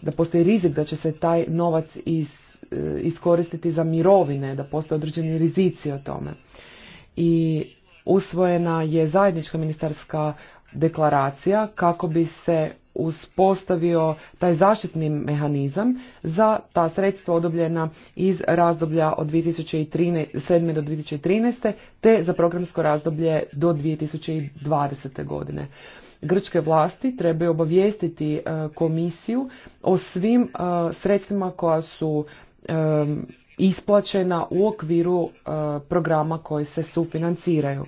da postoji rizik da će se taj novac e, iskoristiti za mirovine, da postoje određeni rizici o tome. I usvojena je zajednička ministarska deklaracija kako bi se uspostavio taj zaštitni mehanizam za ta sredstva odobljena iz razdoblja od 2007. do 2013. te za programsko razdoblje do 2020. godine. Grčke vlasti trebaju obavijestiti e, komisiju o svim e, sredstvima koja su e, isplaćena u okviru programa koji se sufinanciraju.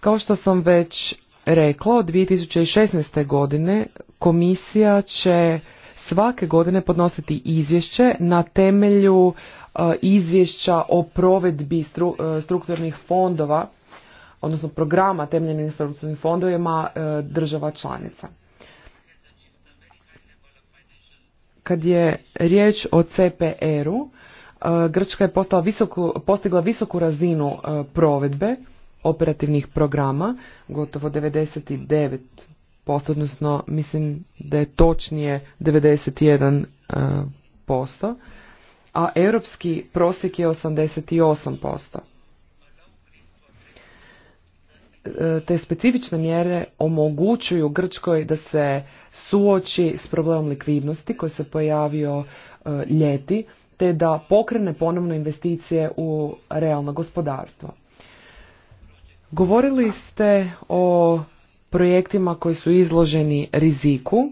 Kao što sam već rekla, od 2016. godine komisija će svake godine podnositi izvješće na temelju e, izvješća o provedbi e, strukturnih fondova, odnosno programa temeljenih strukturnim fondovima e, država članica. Kad je riječ o CPR-u, Grčka je postigla visoku razinu provedbe, operativnih programa, gotovo 99 odnosno mislim da je točnije 91 e, a europski prosjek je 88%. E, te specifične mjere omogućuju Grčkoj da se suoči s problemom likvidnosti koji se pojavio e, ljeti, te da pokrene ponovno investicije u realno gospodarstvo. Govorili ste o projektima koji su izloženi riziku. E,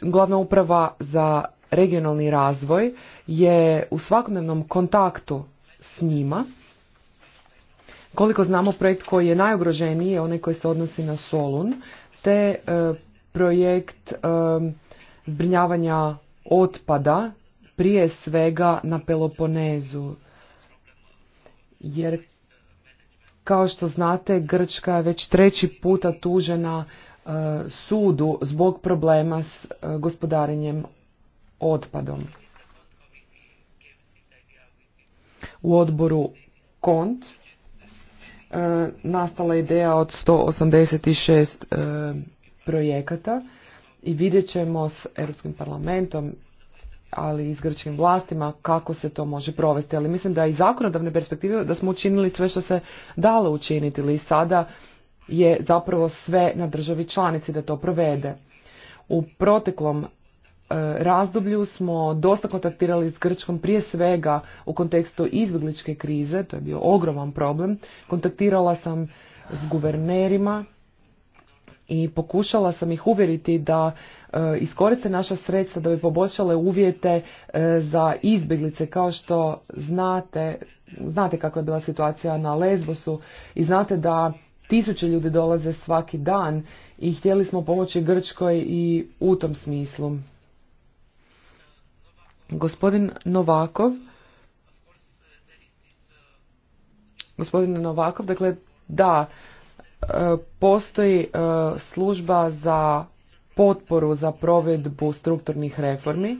glavna uprava za regionalni razvoj je u svakodnevnom kontaktu s njima. Koliko znamo, projekt koji je najugroženiji je onaj koji se odnosi na Solun, te e, projekt e, zbrinjavanja otpada prije svega na Peloponezu jer kao što znate Grčka je već treći puta tužena e, sudu zbog problema s e, gospodarenjem otpadom. U odboru KONT e, nastala nastala ideja od 186 projekata i vidjet ćemo s Europskim parlamentom ali i s grčkim vlastima kako se to može provesti. Ali mislim da iz zakonodavne perspektive da smo učinili sve što se dalo učiniti ili sada je zapravo sve na državi članici da to provede. U proteklom e, razdoblju smo dosta kontaktirali s Grčkom prije svega u kontekstu izbjegličke krize, to je bio ogroman problem. Kontaktirala sam s guvernerima i pokušala sam ih uvjeriti da e, iskoriste naša sredstva da bi poboljšale uvjete e, za izbjeglice kao što znate znate kakva je bila situacija na Lesbosu i znate da tisuće ljudi dolaze svaki dan i htjeli smo pomoći Grčkoj i u tom smislu. Gospodin Novakov Gospodin Novakov, dakle da postoji e, služba za potporu za provedbu strukturnih reformi.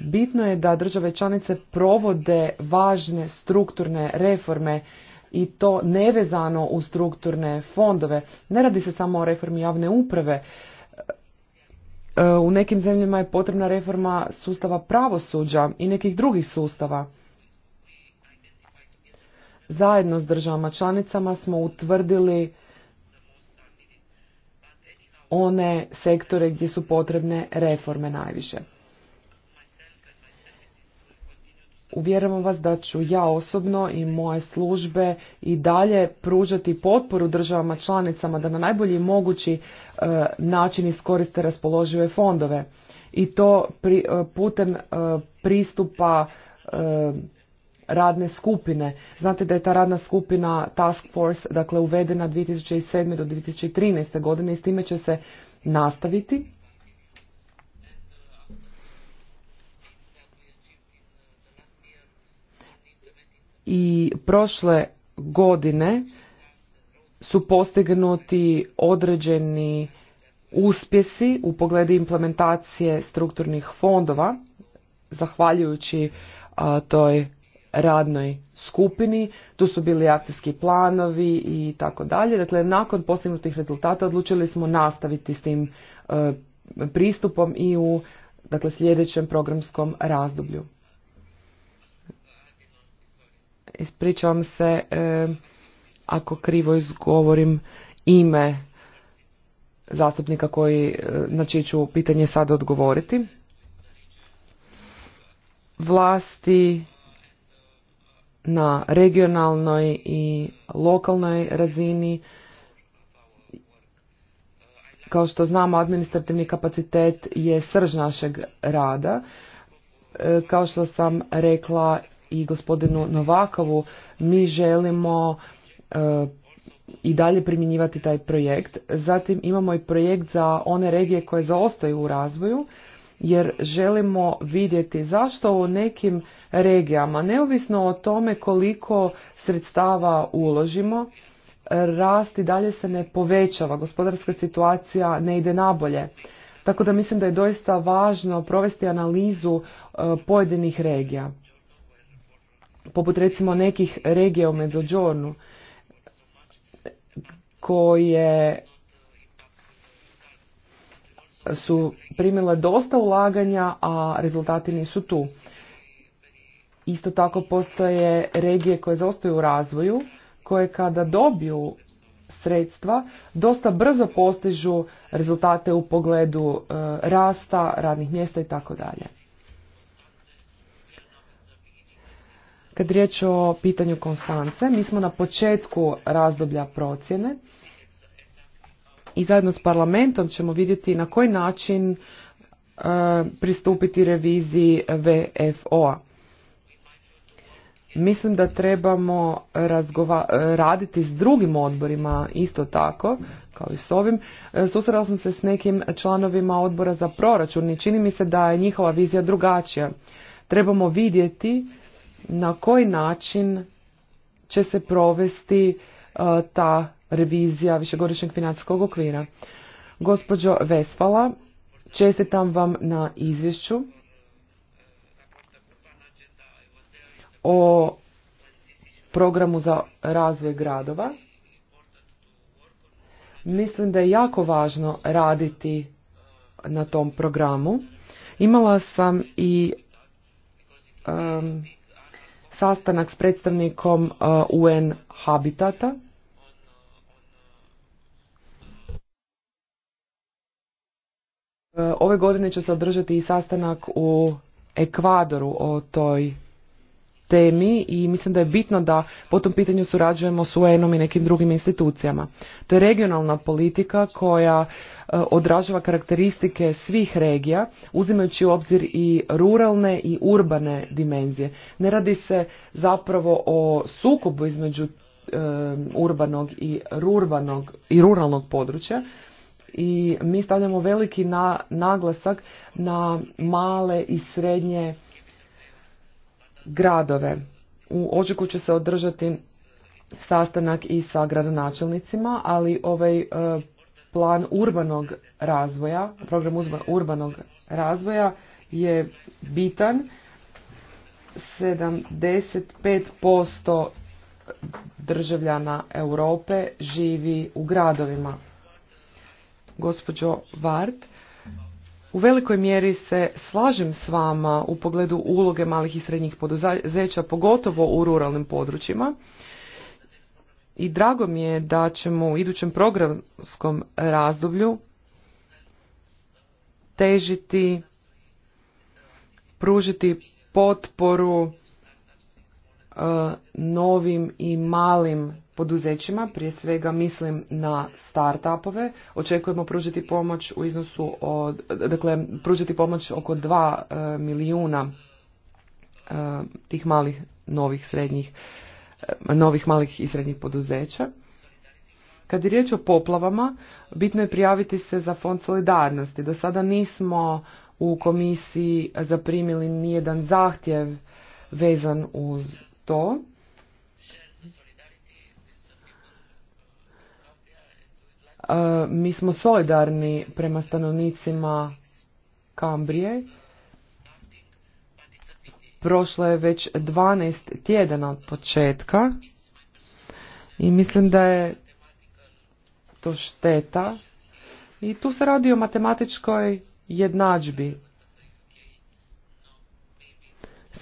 Bitno je da države članice provode važne strukturne reforme i to nevezano u strukturne fondove. Ne radi se samo o reformi javne uprave. E, u nekim zemljama je potrebna reforma sustava pravosuđa i nekih drugih sustava. Zajedno s državama članicama smo utvrdili one sektore gdje su potrebne reforme najviše. Uvjeravam vas da ću ja osobno i moje službe i dalje pružati potporu državama članicama da na najbolji mogući e, način iskoriste raspoložive fondove i to e, putem e, pristupa radne skupine. Znate da je ta radna skupina Task Force dakle, uvedena 2007. do 2013. godine i s time će se nastaviti. I prošle godine su postignuti određeni uspjesi u pogledu implementacije strukturnih fondova, zahvaljujući toj radnoj skupini, tu su bili akcijski planovi i tako dalje. Dakle, nakon postignutih rezultata odlučili smo nastaviti s tim e, pristupom i u dakle, sljedećem programskom razdoblju. Ispričavam se e, ako krivo izgovorim ime zastupnika koji, e, na čije ću pitanje sada odgovoriti. Vlasti na regionalnoj i lokalnoj razini. Kao što znamo, administrativni kapacitet je srž našeg rada. E, kao što sam rekla i gospodinu Novakovu, mi želimo e, i dalje primjenjivati taj projekt. Zatim imamo i projekt za one regije koje zaostaju u razvoju jer želimo vidjeti zašto u nekim regijama, neovisno o tome koliko sredstava uložimo, rast i dalje se ne povećava, gospodarska situacija ne ide nabolje. Tako da mislim da je doista važno provesti analizu e, pojedinih regija, poput recimo nekih regija u Međuđornu, koje su primile dosta ulaganja, a rezultati nisu tu. Isto tako postoje regije koje zaostaju u razvoju, koje kada dobiju sredstva dosta brzo postižu rezultate u pogledu e, rasta, radnih mjesta i tako dalje. Kad riječ o pitanju Konstance, mi smo na početku razdoblja procjene i zajedno s parlamentom ćemo vidjeti na koji način e, pristupiti reviziji VFO-a. Mislim da trebamo raditi s drugim odborima isto tako, kao i s ovim. E, susrela sam se s nekim članovima odbora za proračun i čini mi se da je njihova vizija drugačija. Trebamo vidjeti na koji način će se provesti e, ta revizija višegodišnjeg financijskog okvira. Gospođo Vesvala, čestitam vam na izvješću o programu za razvoj gradova. Mislim da je jako važno raditi na tom programu. Imala sam i um, sastanak s predstavnikom uh, UN Habitata E, ove godine će se održati i sastanak u Ekvadoru o toj temi i mislim da je bitno da po tom pitanju surađujemo s UN-om i nekim drugim institucijama. To je regionalna politika koja e, odražava karakteristike svih regija, uzimajući u obzir i ruralne i urbane dimenzije. Ne radi se zapravo o sukobu između e, urbanog i, rurbanog, i ruralnog područja, i mi stavljamo veliki na, naglasak na male i srednje gradove. U Ožiku će se održati sastanak i sa gradonačelnicima, ali ovaj e, plan urbanog razvoja, program urbanog razvoja je bitan. 75% državljana Europe živi u gradovima gospođo Vard. U velikoj mjeri se slažem s vama u pogledu uloge malih i srednjih poduzeća, pogotovo u ruralnim područjima. I drago mi je da ćemo u idućem programskom razdoblju težiti, pružiti potporu E, novim i malim poduzećima, prije svega mislim na startupove. Očekujemo pružiti pomoć u iznosu od, dakle, pružiti pomoć oko 2 e, milijuna e, tih malih novih srednjih, novih malih i srednjih poduzeća. Kad je riječ o poplavama, bitno je prijaviti se za fond solidarnosti. Do sada nismo u komisiji zaprimili nijedan zahtjev vezan uz to e, mi smo solidarni prema stanovnicima Kambrije. Prošlo je već 12 tjedana od početka i mislim da je to šteta. I tu se radi o matematičkoj jednadžbi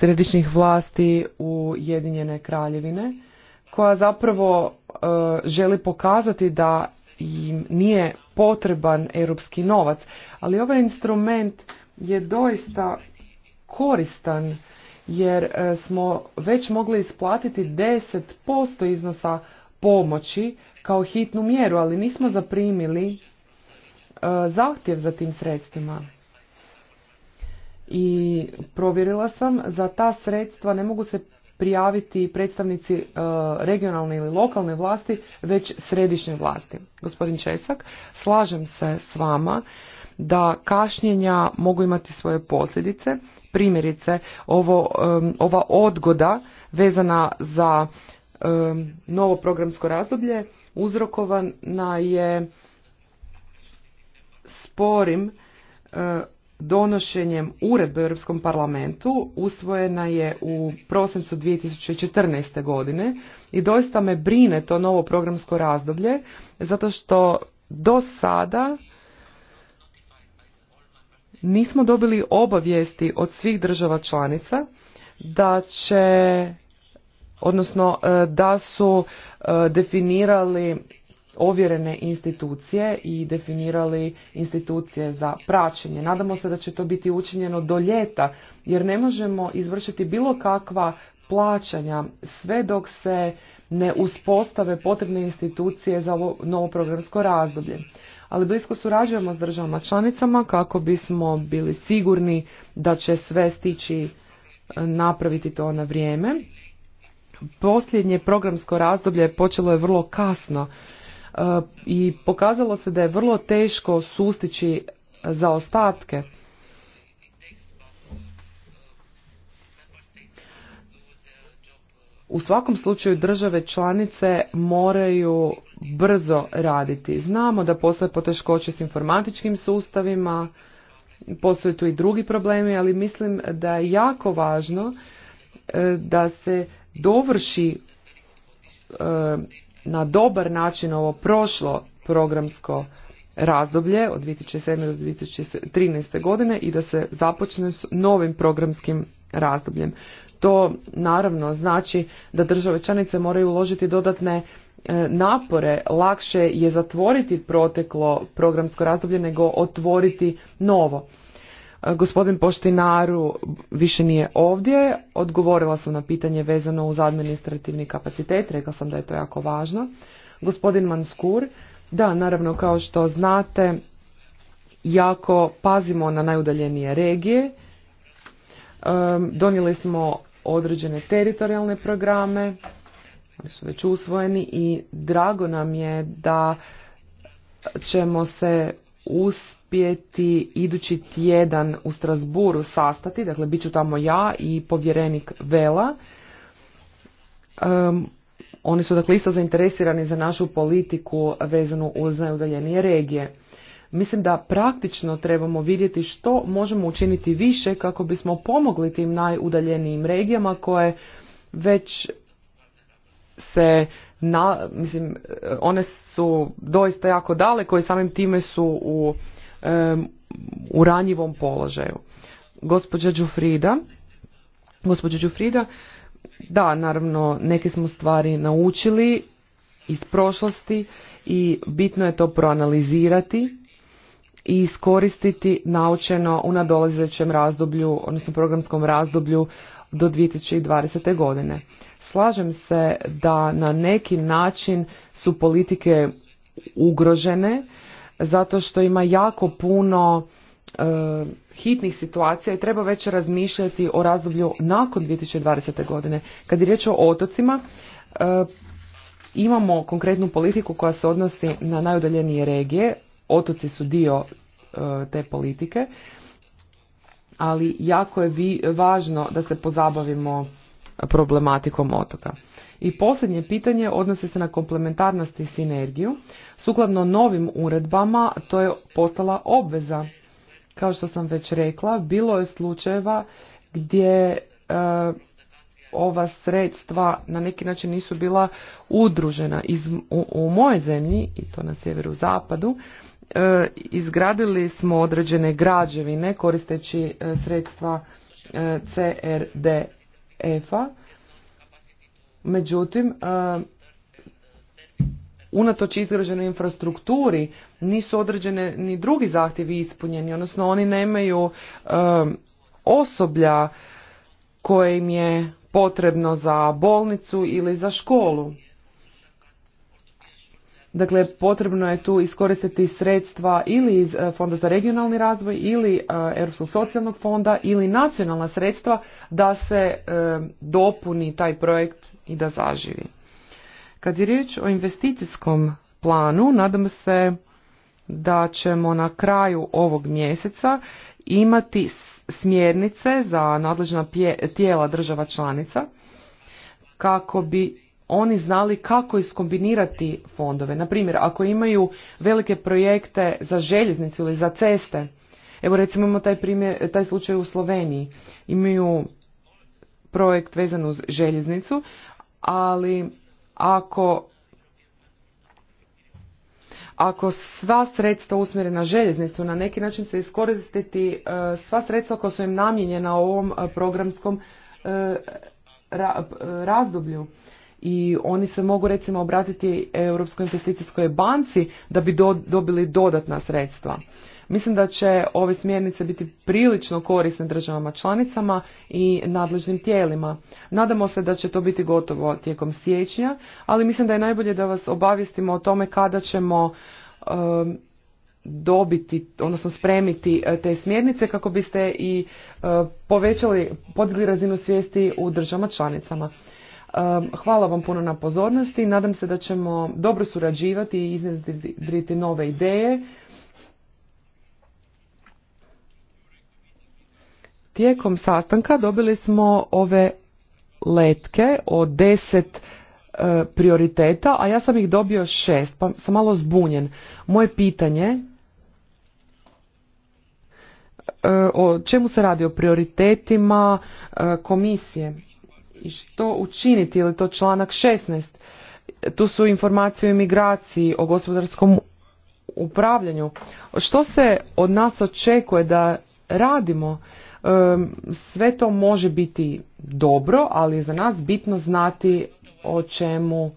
središnjih vlasti Ujedinjene kraljevine koja zapravo e, želi pokazati da im nije potreban europski novac. Ali ovaj instrument je doista koristan jer e, smo već mogli isplatiti 10% iznosa pomoći kao hitnu mjeru, ali nismo zaprimili e, zahtjev za tim sredstvima i provjerila sam, za ta sredstva ne mogu se prijaviti predstavnici e, regionalne ili lokalne vlasti, već središnje vlasti. Gospodin Česak, slažem se s vama da kašnjenja mogu imati svoje posljedice. Primjerice, ovo, e, ova odgoda vezana za e, novo programsko razdoblje uzrokovana je sporim donošenjem uredbe u Europskom parlamentu usvojena je u prosincu 2014. godine i doista me brine to novo programsko razdoblje zato što do sada nismo dobili obavijesti od svih država članica da će odnosno e, da su e, definirali ovjerene institucije i definirali institucije za praćenje. Nadamo se da će to biti učinjeno do ljeta jer ne možemo izvršiti bilo kakva plaćanja sve dok se ne uspostave potrebne institucije za ovo novo programsko razdoblje. Ali blisko surađujemo s državama članicama kako bismo bili sigurni da će sve stići e, napraviti to na vrijeme. Posljednje programsko razdoblje počelo je vrlo kasno i pokazalo se da je vrlo teško sustići zaostatke. U svakom slučaju države članice moraju brzo raditi. Znamo da postoje poteškoće s informatičkim sustavima, postoje tu i drugi problemi, ali mislim da je jako važno e, da se dovrši e, na dobar način ovo prošlo programsko razdoblje od 2007. do 2013. godine i da se započne s novim programskim razdobljem. To naravno znači da države članice moraju uložiti dodatne e, napore, lakše je zatvoriti proteklo programsko razdoblje nego otvoriti novo. Gospodin Poštinaru više nije ovdje. Odgovorila sam na pitanje vezano uz administrativni kapacitet. Rekla sam da je to jako važno. Gospodin Manskur, da, naravno, kao što znate, jako pazimo na najudaljenije regije. Donijeli smo određene teritorijalne programe, oni su već usvojeni i drago nam je da ćemo se uspjeti idući tjedan u Strasburu sastati, dakle bit ću tamo ja i povjerenik Vela. oni su dakle isto zainteresirani za našu politiku vezanu uz najudaljenije regije. Mislim da praktično trebamo vidjeti što možemo učiniti više kako bismo pomogli tim najudaljenijim regijama koje već se na, mislim, one su doista jako daleko i samim time su u, u ranjivom položaju. Gospođa Đufrida, gospođa Đufrida, da, naravno, neke smo stvari naučili iz prošlosti i bitno je to proanalizirati i iskoristiti naučeno u nadolazećem razdoblju, odnosno programskom razdoblju do 2020. godine. Slažem se da na neki način su politike ugrožene zato što ima jako puno e, hitnih situacija i treba već razmišljati o razdoblju nakon 2020. godine. Kad je riječ o otocima, e, imamo konkretnu politiku koja se odnosi na najudaljenije regije. Otoci su dio e, te politike, ali jako je vi, važno da se pozabavimo problematikom otoka. I posljednje pitanje odnosi se na komplementarnost i sinergiju. Sukladno novim uredbama to je postala obveza. Kao što sam već rekla, bilo je slučajeva gdje e, ova sredstva na neki način nisu bila udružena. Iz, u, u moje zemlji, i to na sjeveru zapadu, e, izgradili smo određene građevine koristeći e, sredstva CRD EFA, međutim, e, unatoč izgrađenoj infrastrukturi nisu određene ni drugi zahtjevi ispunjeni, odnosno oni nemaju e, osoblja koje im je potrebno za bolnicu ili za školu. Dakle, potrebno je tu iskoristiti sredstva ili iz e, Fonda za regionalni razvoj ili e, Europskog socijalnog fonda ili nacionalna sredstva da se e, dopuni taj projekt i da zaživi. Kad je riječ o investicijskom planu, nadam se da ćemo na kraju ovog mjeseca imati smjernice za nadležna tijela država članica kako bi oni znali kako iskombinirati fondove. Na primjer, ako imaju velike projekte za željeznicu ili za ceste, evo recimo imamo taj, taj slučaj u Sloveniji, imaju projekt vezan uz željeznicu, ali ako ako sva sredstva usmjere na željeznicu, na neki način se iskoristiti e, sva sredstva koja su im namijenjena u ovom e, programskom e, razdoblju i oni se mogu recimo obratiti Europskoj investicijskoj banci da bi dobili dodatna sredstva. Mislim da će ove smjernice biti prilično korisne državama članicama i nadležnim tijelima. Nadamo se da će to biti gotovo tijekom siječnja, ali mislim da je najbolje da vas obavijestimo o tome kada ćemo um, dobiti, odnosno spremiti e, te smjernice kako biste i e, povećali, podigli razinu svijesti u državama članicama. Hvala vam puno na pozornosti. Nadam se da ćemo dobro surađivati i iznedriti nove ideje. Tijekom sastanka dobili smo ove letke o deset e, prioriteta, a ja sam ih dobio šest, pa sam malo zbunjen. Moje pitanje, e, o čemu se radi, o prioritetima e, komisije? i što učiniti, ili to članak 16. Tu su informacije o imigraciji, o gospodarskom upravljanju. Što se od nas očekuje da radimo? Sve to može biti dobro, ali je za nas bitno znati o čemu,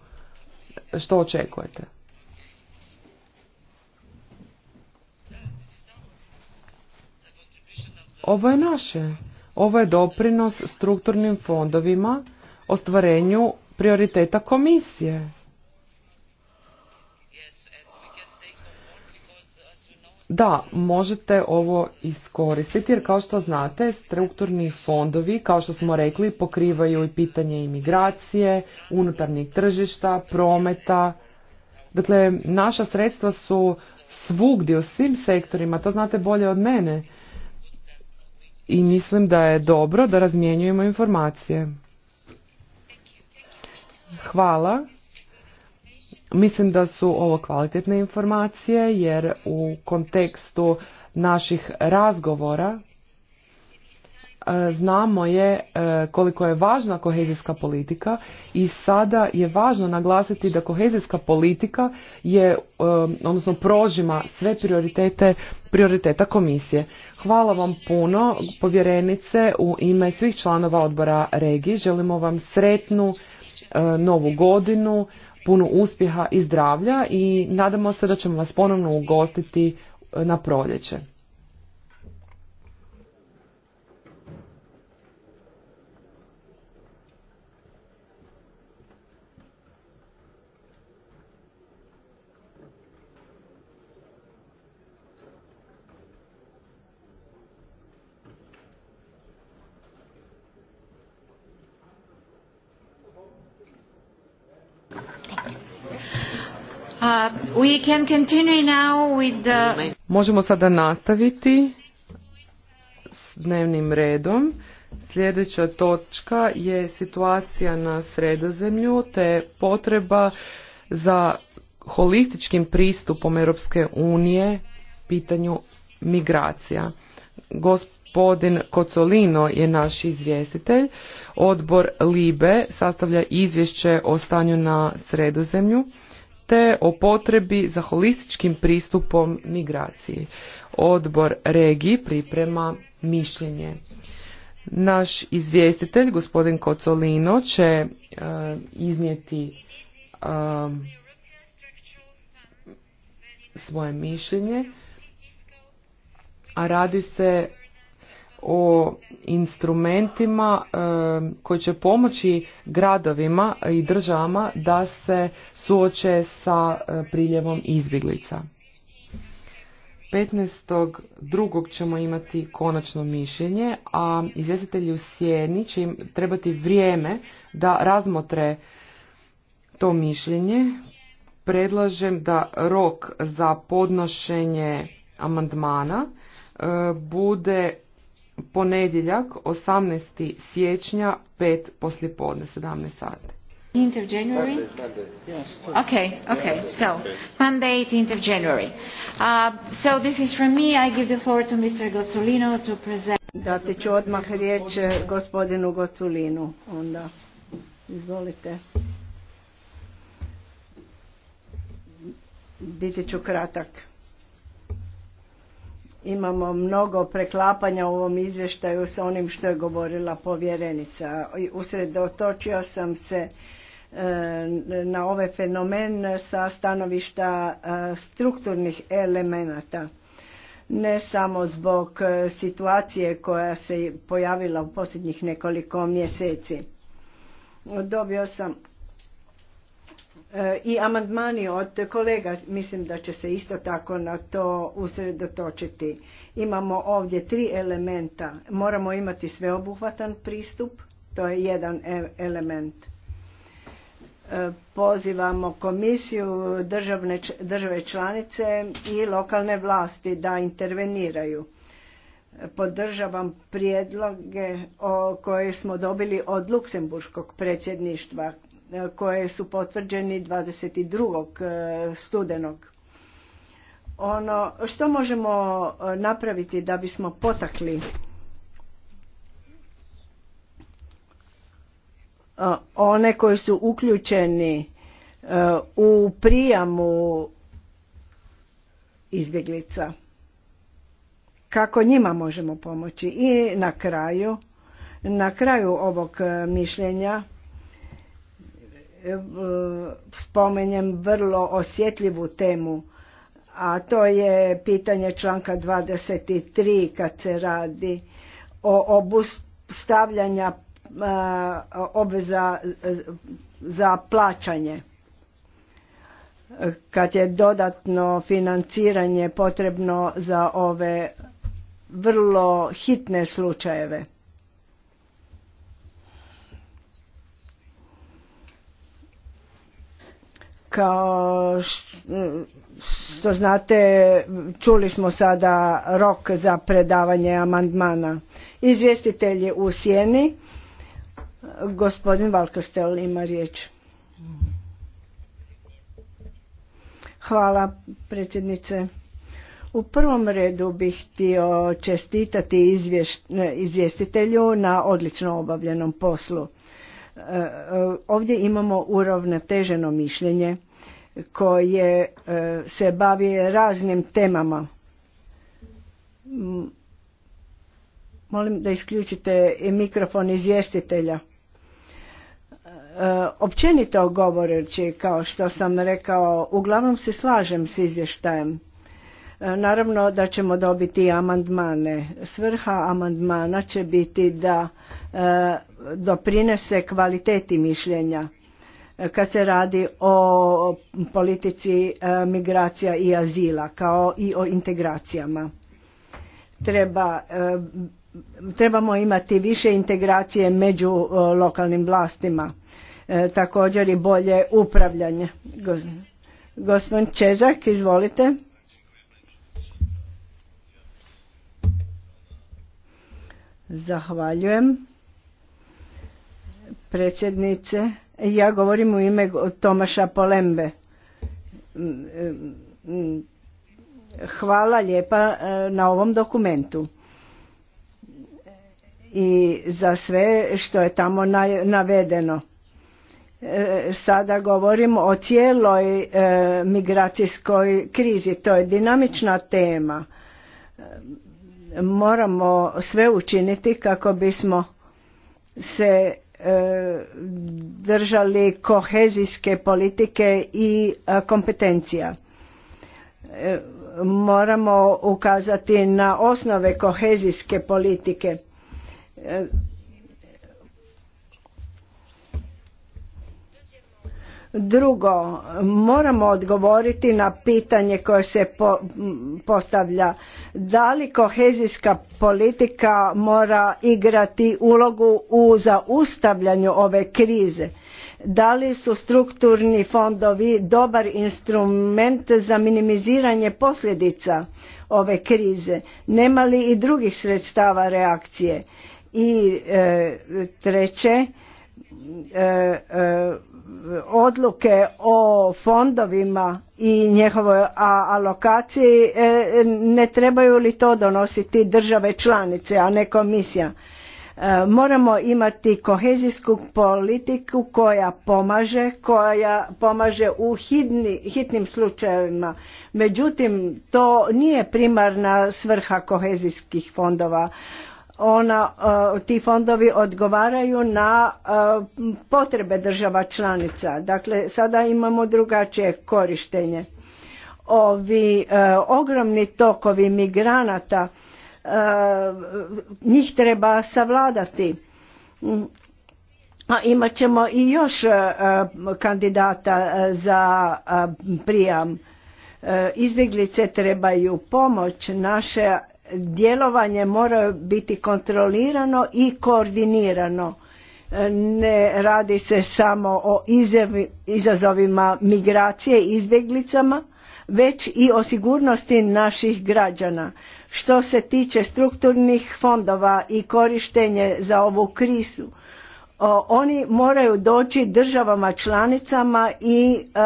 što očekujete. Ovo je naše ovo je doprinos strukturnim fondovima ostvarenju prioriteta komisije. Da, možete ovo iskoristiti jer kao što znate strukturni fondovi, kao što smo rekli, pokrivaju i pitanje imigracije, unutarnjeg tržišta, prometa. Dakle, naša sredstva su svugdje u svim sektorima, to znate bolje od mene i mislim da je dobro da razmjenjujemo informacije. Hvala. Mislim da su ovo kvalitetne informacije jer u kontekstu naših razgovora E, znamo je e, koliko je važna kohezijska politika i sada je važno naglasiti da kohezijska politika je e, odnosno prožima sve prioritete prioriteta komisije. Hvala vam puno povjerenice u ime svih članova odbora regiji. Želimo vam sretnu novu godinu, puno uspjeha i zdravlja i nadamo se da ćemo vas ponovno ugostiti na proljeće. Uh, Možemo sada nastaviti s dnevnim redom. Sljedeća točka je situacija na sredozemlju te potreba za holističkim pristupom Europske unije pitanju migracija. Gospodin Kocolino je naš izvjestitelj. Odbor LIBE sastavlja izvješće o stanju na sredozemlju te o potrebi za holističkim pristupom migraciji. Odbor regiji priprema mišljenje. Naš izvjestitelj, gospodin Kocolino, će e, iznijeti e, svoje mišljenje, a radi se o instrumentima e, koji će pomoći gradovima i državama da se suoče sa e, priljevom izbjeglica. 15.2. ćemo imati konačno mišljenje, a izvjestitelji u Sjeni će im trebati vrijeme da razmotre to mišljenje. Predlažem da rok za podnošenje amandmana e, bude ponedjeljak 18. siječnja 5 poslijepodne 17 sati. 18th of January? Okay, okay. So, Monday, 18th of January. Uh, so this is from me. I give the floor to Mr. Gozzolino to present. Dati ću odmah riječ eh, gospodinu Goculinu. Onda, izvolite. Biti ću kratak. Imamo mnogo preklapanja u ovom izvještaju sa onim što je govorila povjerenica. Usredotočio sam se e, na ovaj fenomen sa stanovišta e, strukturnih elemenata. Ne samo zbog e, situacije koja se pojavila u posljednjih nekoliko mjeseci. Dobio sam E, i amandmani od kolega mislim da će se isto tako na to usredotočiti. Imamo ovdje tri elementa. Moramo imati sveobuhvatan pristup, to je jedan e, element. E, pozivamo komisiju, državne, države članice i lokalne vlasti da interveniraju. Podržavam prijedloge koje smo dobili od luksemburskog predsjedništva koje su potvrđeni 22. E, studenog. Ono što možemo e, napraviti da bismo potakli e, one koji su uključeni u prijamu izbjeglica kako njima možemo pomoći i na kraju na kraju ovog mišljenja E, spomenjem vrlo osjetljivu temu, a to je pitanje članka 23 kad se radi o obustavljanja e, obveza e, za plaćanje kad je dodatno financiranje potrebno za ove vrlo hitne slučajeve. kao što znate čuli smo sada rok za predavanje amandmana je u sjeni gospodin Valkostel ima riječ hvala predsjednice u prvom redu bih htio čestitati izvjestitelju na odlično obavljenom poslu E, e, ovdje imamo uravnoteženo mišljenje koje e, se bavi raznim temama. Molim da isključite mikrofon izvjestitelja. Općenito govoreći, kao što sam rekao, uglavnom se slažem s izvještajem E, naravno da ćemo dobiti amandmane. Svrha amandmana će biti da e, doprinese kvaliteti mišljenja e, kad se radi o politici migracija i azila kao i o integracijama. Treba, trebamo imati više integracije među lokalnim vlastima, također i bolje upravljanje. Gospodin Čezak, izvolite. Zahvaljujem. Predsjednice, ja govorim u ime Tomaša Polembe. Hvala lijepa e, na ovom dokumentu i za sve što je tamo navedeno. E, sada govorimo o cijeloj e, migracijskoj krizi. To je dinamična tema moramo sve učiniti kako bismo se e, držali kohezijske politike i e, kompetencija. E, moramo ukazati na osnove kohezijske politike Drugo, moramo odgovoriti na pitanje koje se postavlja. Da li kohezijska politika mora igrati ulogu u zaustavljanju ove krize? Da li su strukturni fondovi dobar instrument za minimiziranje posljedica ove krize? Nema li i drugih sredstava reakcije? I e, treće, e, e, odluke o fondovima i njihovoj alokaciji e, ne trebaju li to donositi države članice a ne komisija e, moramo imati kohezijsku politiku koja pomaže koja pomaže u hitnim slučajevima međutim to nije primarna svrha kohezijskih fondova ona, e, ti fondovi odgovaraju na e, potrebe država članica. Dakle, sada imamo drugačije korištenje. Ovi e, ogromni tokovi migranata, njih treba savladati. A imat ćemo i još kandidata za prijam. Izbjeglice trebaju pomoć, naše djelovanje mora biti kontrolirano i koordinirano. Ne radi se samo o izazovima migracije i izbjeglicama, već i o sigurnosti naših građana. Što se tiče strukturnih fondova i korištenje za ovu krizu, oni moraju doći državama članicama i e,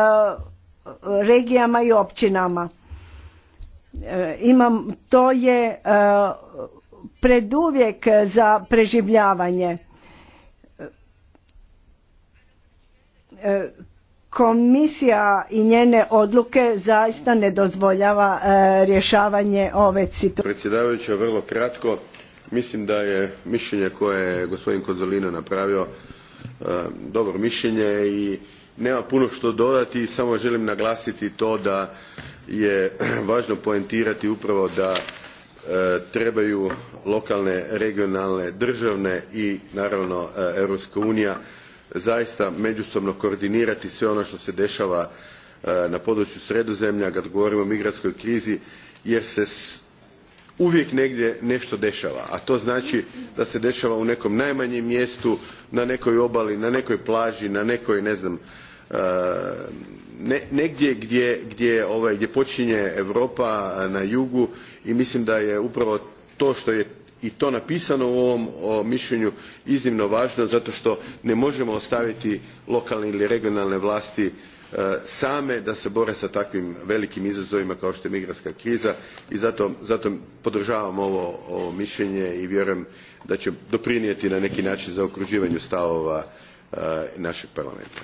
regijama i općinama E, imam, to je e, preduvijek za preživljavanje. E, komisija i njene odluke zaista ne dozvoljava rješavanje ove situacije. Predsjedavajuća, vrlo kratko. Mislim da je mišljenje koje je gospodin Kozolino napravio dobro mišljenje i nema puno što dodati. Samo želim naglasiti to da je važno poentirati upravo da e, trebaju lokalne regionalne državne i naravno e, europska unija zaista međusobno koordinirati sve ono što se dešava e, na području sredozemlja kad govorimo o migrantskoj krizi jer se uvijek negdje nešto dešava a to znači da se dešava u nekom najmanjem mjestu na nekoj obali na nekoj plaži na nekoj ne znam negdje ovaj, gdje, počinje europa na jugu i mislim da je upravo to što je i to napisano u ovom mišljenju iznimno važno zato što ne možemo ostaviti lokalne ili regionalne vlasti e, same da se bore sa takvim velikim izazovima kao što je migrantska kriza i zato, podržavam ovo, mišljenje i vjerujem da će doprinijeti na neki način zaokruživanju stavova e, našeg parlamenta.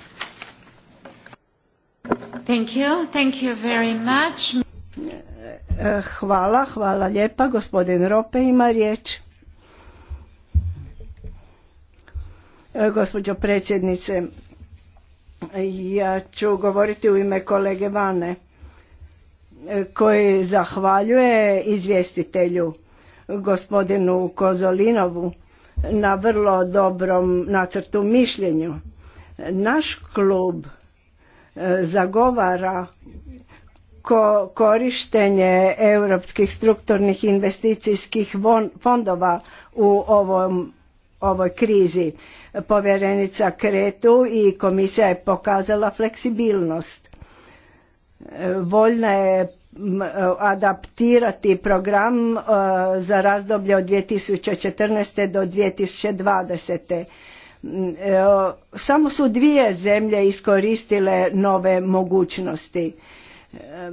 E, hvala, hvala lijepa. Gospodin Rope ima riječ. E, gospođo predsjednice, ja ću govoriti u ime kolege Vane e, koji zahvaljuje izvjestitelju gospodinu Kozolinovu na vrlo dobrom nacrtu mišljenju. Naš klub zagovara ko korištenje europskih strukturnih investicijskih fondova u ovom, ovoj krizi. Povjerenica Kretu i komisija je pokazala fleksibilnost. Voljna je adaptirati program e, za razdoblje od 2014. do 2020 samo su dvije zemlje iskoristile nove mogućnosti. E,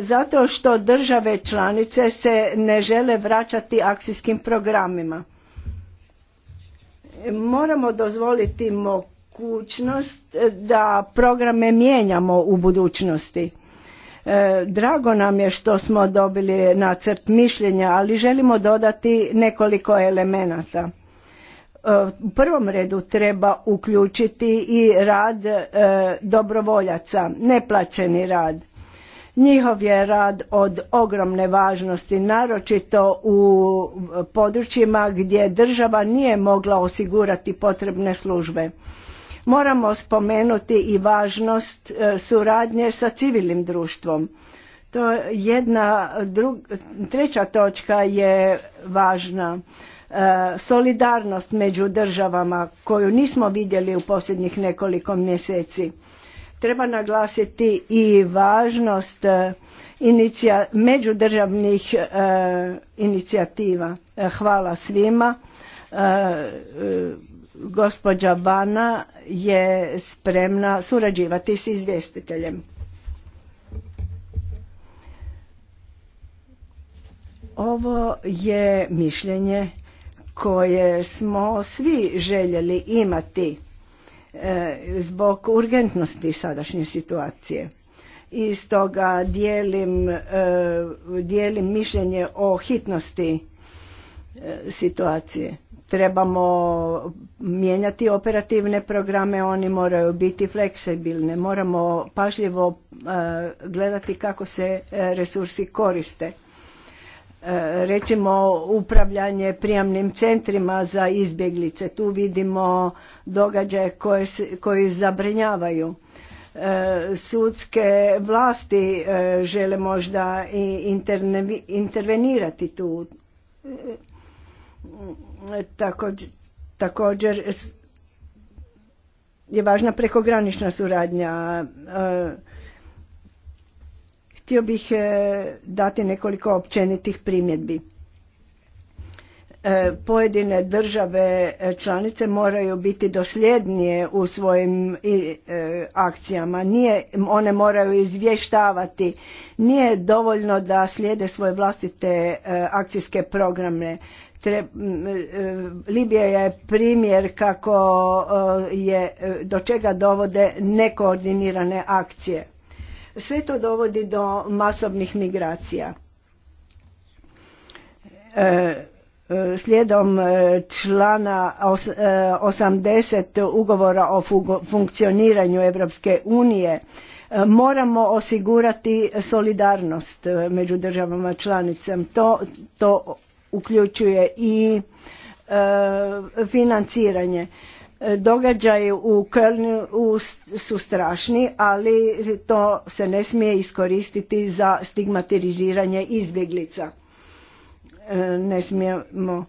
zato što države članice se ne žele vraćati akcijskim programima. Moramo dozvoliti mogućnost da programe mijenjamo u budućnosti. E, drago nam je što smo dobili nacrt mišljenja, ali želimo dodati nekoliko elemenata E, u prvom redu treba uključiti i rad e, dobrovoljaca, neplaćeni rad. Njihov je rad od ogromne važnosti, naročito u područjima gdje država nije mogla osigurati potrebne službe. Moramo spomenuti i važnost e, suradnje sa civilnim društvom. To jedna treća točka je važna E, solidarnost među državama koju nismo vidjeli u posljednjih nekoliko mjeseci. Treba naglasiti i važnost e, međudržavnih e, inicijativa. Hvala svima. Gospođa Bana je spremna surađivati s izvjestiteljem. Ovo je mišljenje koje smo svi željeli imati e, zbog urgentnosti sadašnje situacije. I stoga dijelim, e, dijelim mišljenje o hitnosti e, situacije. Trebamo mijenjati operativne programe, oni moraju biti fleksibilni. Moramo pažljivo gledati kako se resursi koriste E, recimo upravljanje prijamnim centrima za izbjeglice. Tu vidimo događaje koje, koji zabrinjavaju. E, sudske vlasti e, žele možda i intervenirati tu. Također, također je važna prekogranična suradnja Htio bih e, dati nekoliko općenitih primjedbi. E, pojedine države e, članice moraju biti dosljednije u svojim akcijama. Nije, one moraju izvještavati. Nije dovoljno da slijede svoje vlastite akcijske programe. Libija je primjer kako je do čega dovode nekoordinirane akcije. Sve to dovodi do masovnih migracija. E, e slijedom e, člana 80 e, ugovora o funkcioniranju Europske unije moramo osigurati solidarnost među državama članicama. To, to uključuje i financiranje. E, događaji u Kölnju su strašni, ali to se ne smije iskoristiti za stigmatiziranje izbjeglica. E, ne smijemo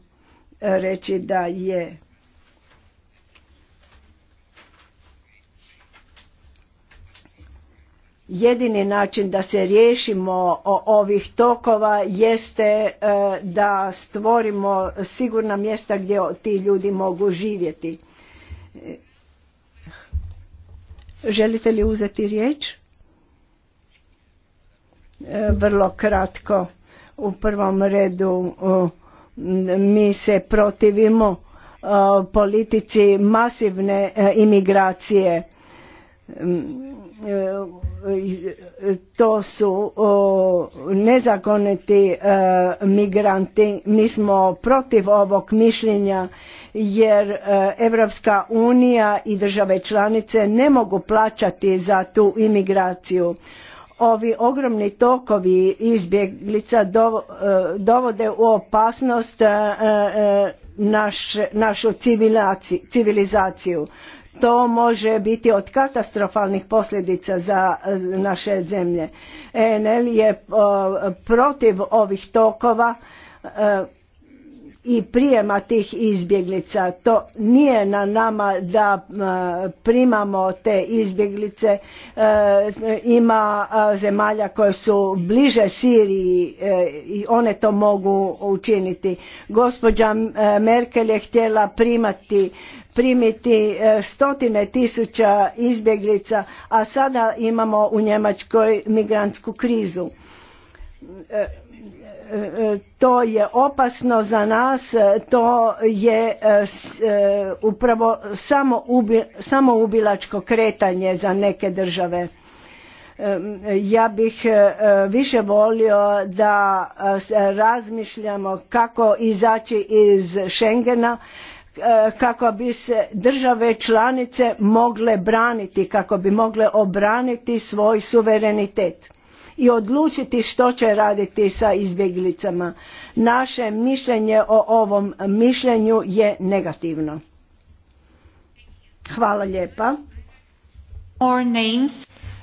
reći da je jedini način da se riješimo ovih tokova jeste e, da stvorimo sigurna mjesta gdje ti ljudi mogu živjeti Želite li uzeti riječ? E, vrlo kratko. U prvom redu mi se protivimo politici masivne e, imigracije. Mm, e, to su nezakoniti migranti. Mi smo protiv ovog mišljenja jer e, Evropska unija i države članice ne mogu plaćati za tu imigraciju. Ovi ogromni tokovi izbjeglica e, dovode u opasnost e, našu civilizaciju. To može biti od katastrofalnih posljedica za naše zemlje. ENL je protiv ovih tokova i prijema tih izbjeglica. To nije na nama da e, primamo te izbjeglice. E, ima e, zemalja koje su bliže Siriji i one to mogu učiniti. Gospođa Merkel je htjela primati primiti stotine tisuća izbjeglica, a sada imamo u Njemačkoj migrantsku krizu to je opasno za nas, to je e, e, upravo samo, ubilačko kretanje za neke države. E, ja bih više volio da razmišljamo kako izaći iz Schengena, kako bi se države članice mogle braniti, kako bi mogle obraniti svoj suverenitet i odlučiti što će raditi sa izbjeglicama. Naše mišljenje o ovom mišljenju je negativno. Hvala lijepa.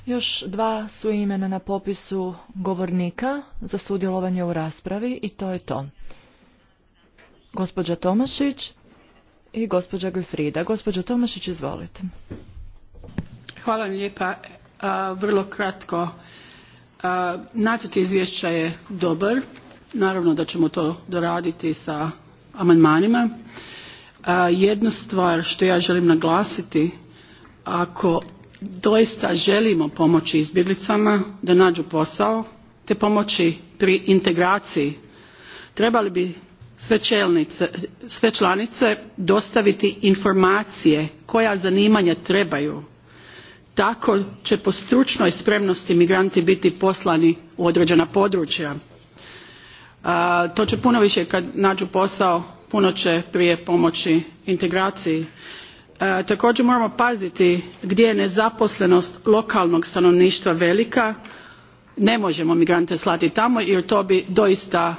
Još dva su imena na popisu govornika za sudjelovanje u raspravi i to je to. Gospođa Tomašić i gospođa Gofrida. Gospođa Tomašić, izvolite. Hvala lijepa. Vrlo kratko nacrt izvješća je dobar naravno da ćemo to doraditi sa amandmanima jednu stvar što ja želim naglasiti ako doista želimo pomoći izbjeglicama da nađu posao te pomoći pri integraciji trebali bi sve članice dostaviti informacije koja zanimanja trebaju tako će po stručnoj spremnosti migranti biti poslani u određena područja. to će puno više kad nađu posao, puno će prije pomoći integraciji. također moramo paziti gdje je nezaposlenost lokalnog stanovništva velika, ne možemo migrante slati tamo jer to bi doista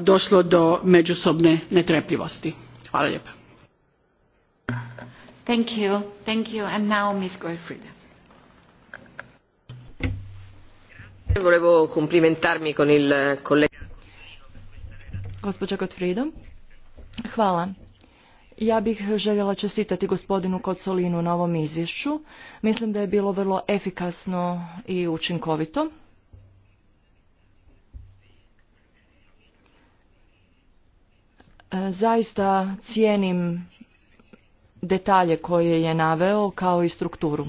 došlo do međusobne netrpeljivosti. Hvala lijepa. Thank Volevo complimentarmi con il collega. Gospođa gottfried hvala. Ja bih željela čestitati gospodinu Kocolinu na ovom izvješću. Mislim da je bilo vrlo efikasno i učinkovito. E, zaista cijenim detalje koje je naveo kao i strukturu.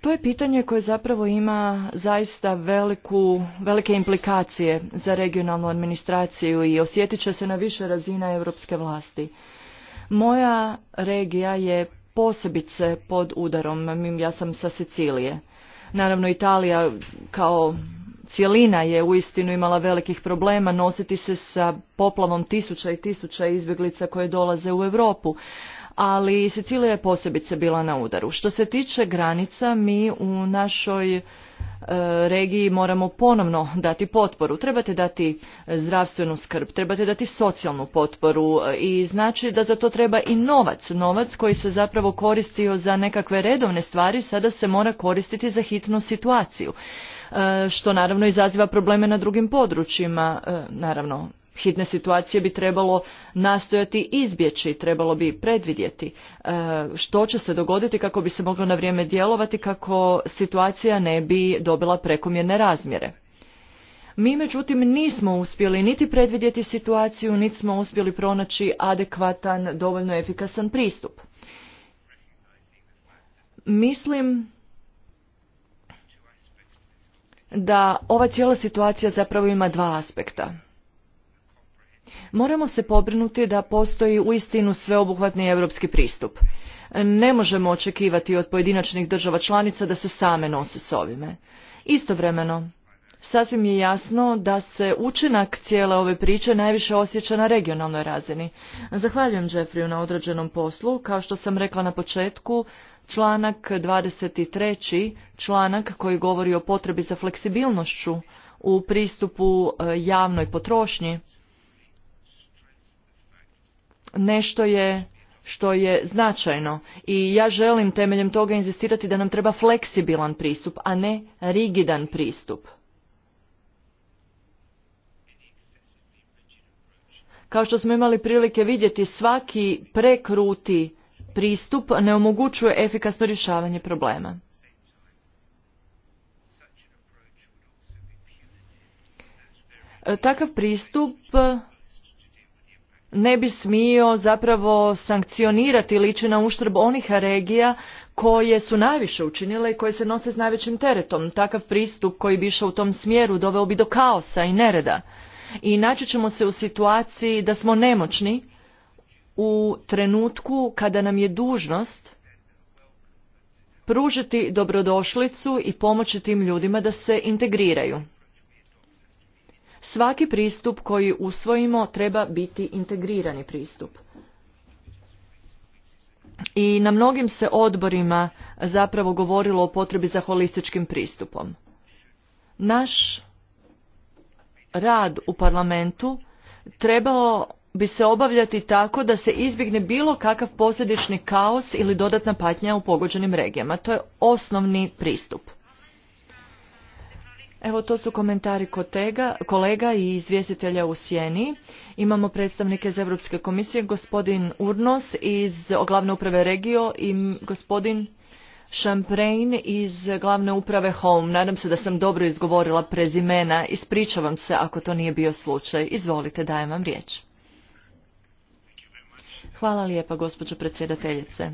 To je pitanje koje zapravo ima zaista veliku, velike implikacije za regionalnu administraciju i osjetit će se na više razina europske vlasti. Moja regija je posebice pod udarom, ja sam sa Sicilije. Naravno Italija kao cjelina je uistinu imala velikih problema nositi se sa poplavom tisuća i tisuća izbjeglica koje dolaze u Europu ali Sicilija je posebice bila na udaru. Što se tiče granica, mi u našoj e, regiji moramo ponovno dati potporu. Trebate dati zdravstvenu skrb, trebate dati socijalnu potporu e, i znači da za to treba i novac. Novac koji se zapravo koristio za nekakve redovne stvari sada se mora koristiti za hitnu situaciju. E, što naravno izaziva probleme na drugim područjima. E, naravno, hitne situacije bi trebalo nastojati izbjeći, trebalo bi predvidjeti e, što će se dogoditi kako bi se moglo na vrijeme djelovati kako situacija ne bi dobila prekomjerne razmjere. Mi međutim nismo uspjeli niti predvidjeti situaciju, niti smo uspjeli pronaći adekvatan, dovoljno efikasan pristup. Mislim da ova cijela situacija zapravo ima dva aspekta. Moramo se pobrinuti da postoji uistinu sveobuhvatni europski pristup. Ne možemo očekivati od pojedinačnih država članica da se same nose s ovime. Istovremeno, sasvim je jasno da se učinak cijele ove priče najviše osjeća na regionalnoj razini. Zahvaljujem Jeffreyu na odrađenom poslu. Kao što sam rekla na početku, Članak 23. članak koji govori o potrebi za fleksibilnošću u pristupu e, javnoj potrošnji. Nešto je što je značajno i ja želim temeljem toga inzistirati da nam treba fleksibilan pristup, a ne rigidan pristup. Kao što smo imali prilike vidjeti, svaki prekruti pristup ne omogućuje efikasno rješavanje problema. E, takav pristup ne bi smio zapravo sankcionirati ličena na uštrb onih regija koje su najviše učinile i koje se nose s najvećim teretom. Takav pristup koji bi išao u tom smjeru doveo bi do kaosa i nereda. I naći ćemo se u situaciji da smo nemoćni u trenutku kada nam je dužnost pružiti dobrodošlicu i pomoći tim ljudima da se integriraju. Svaki pristup koji usvojimo treba biti integrirani pristup. I na mnogim se odborima zapravo govorilo o potrebi za holističkim pristupom. Naš rad u parlamentu trebao bi se obavljati tako da se izbjegne bilo kakav posljedični kaos ili dodatna patnja u pogođenim regijama. To je osnovni pristup. Evo to su komentari kotega, kolega i izvjestitelja u Sjeni. Imamo predstavnike iz Europske komisije, gospodin Urnos iz glavne uprave Regio i gospodin Šamprejn iz glavne uprave Home. Nadam se da sam dobro izgovorila prezimena. Ispričavam se ako to nije bio slučaj. Izvolite, dajem vam riječ. Hvala lijepa, gospođo predsjedateljice.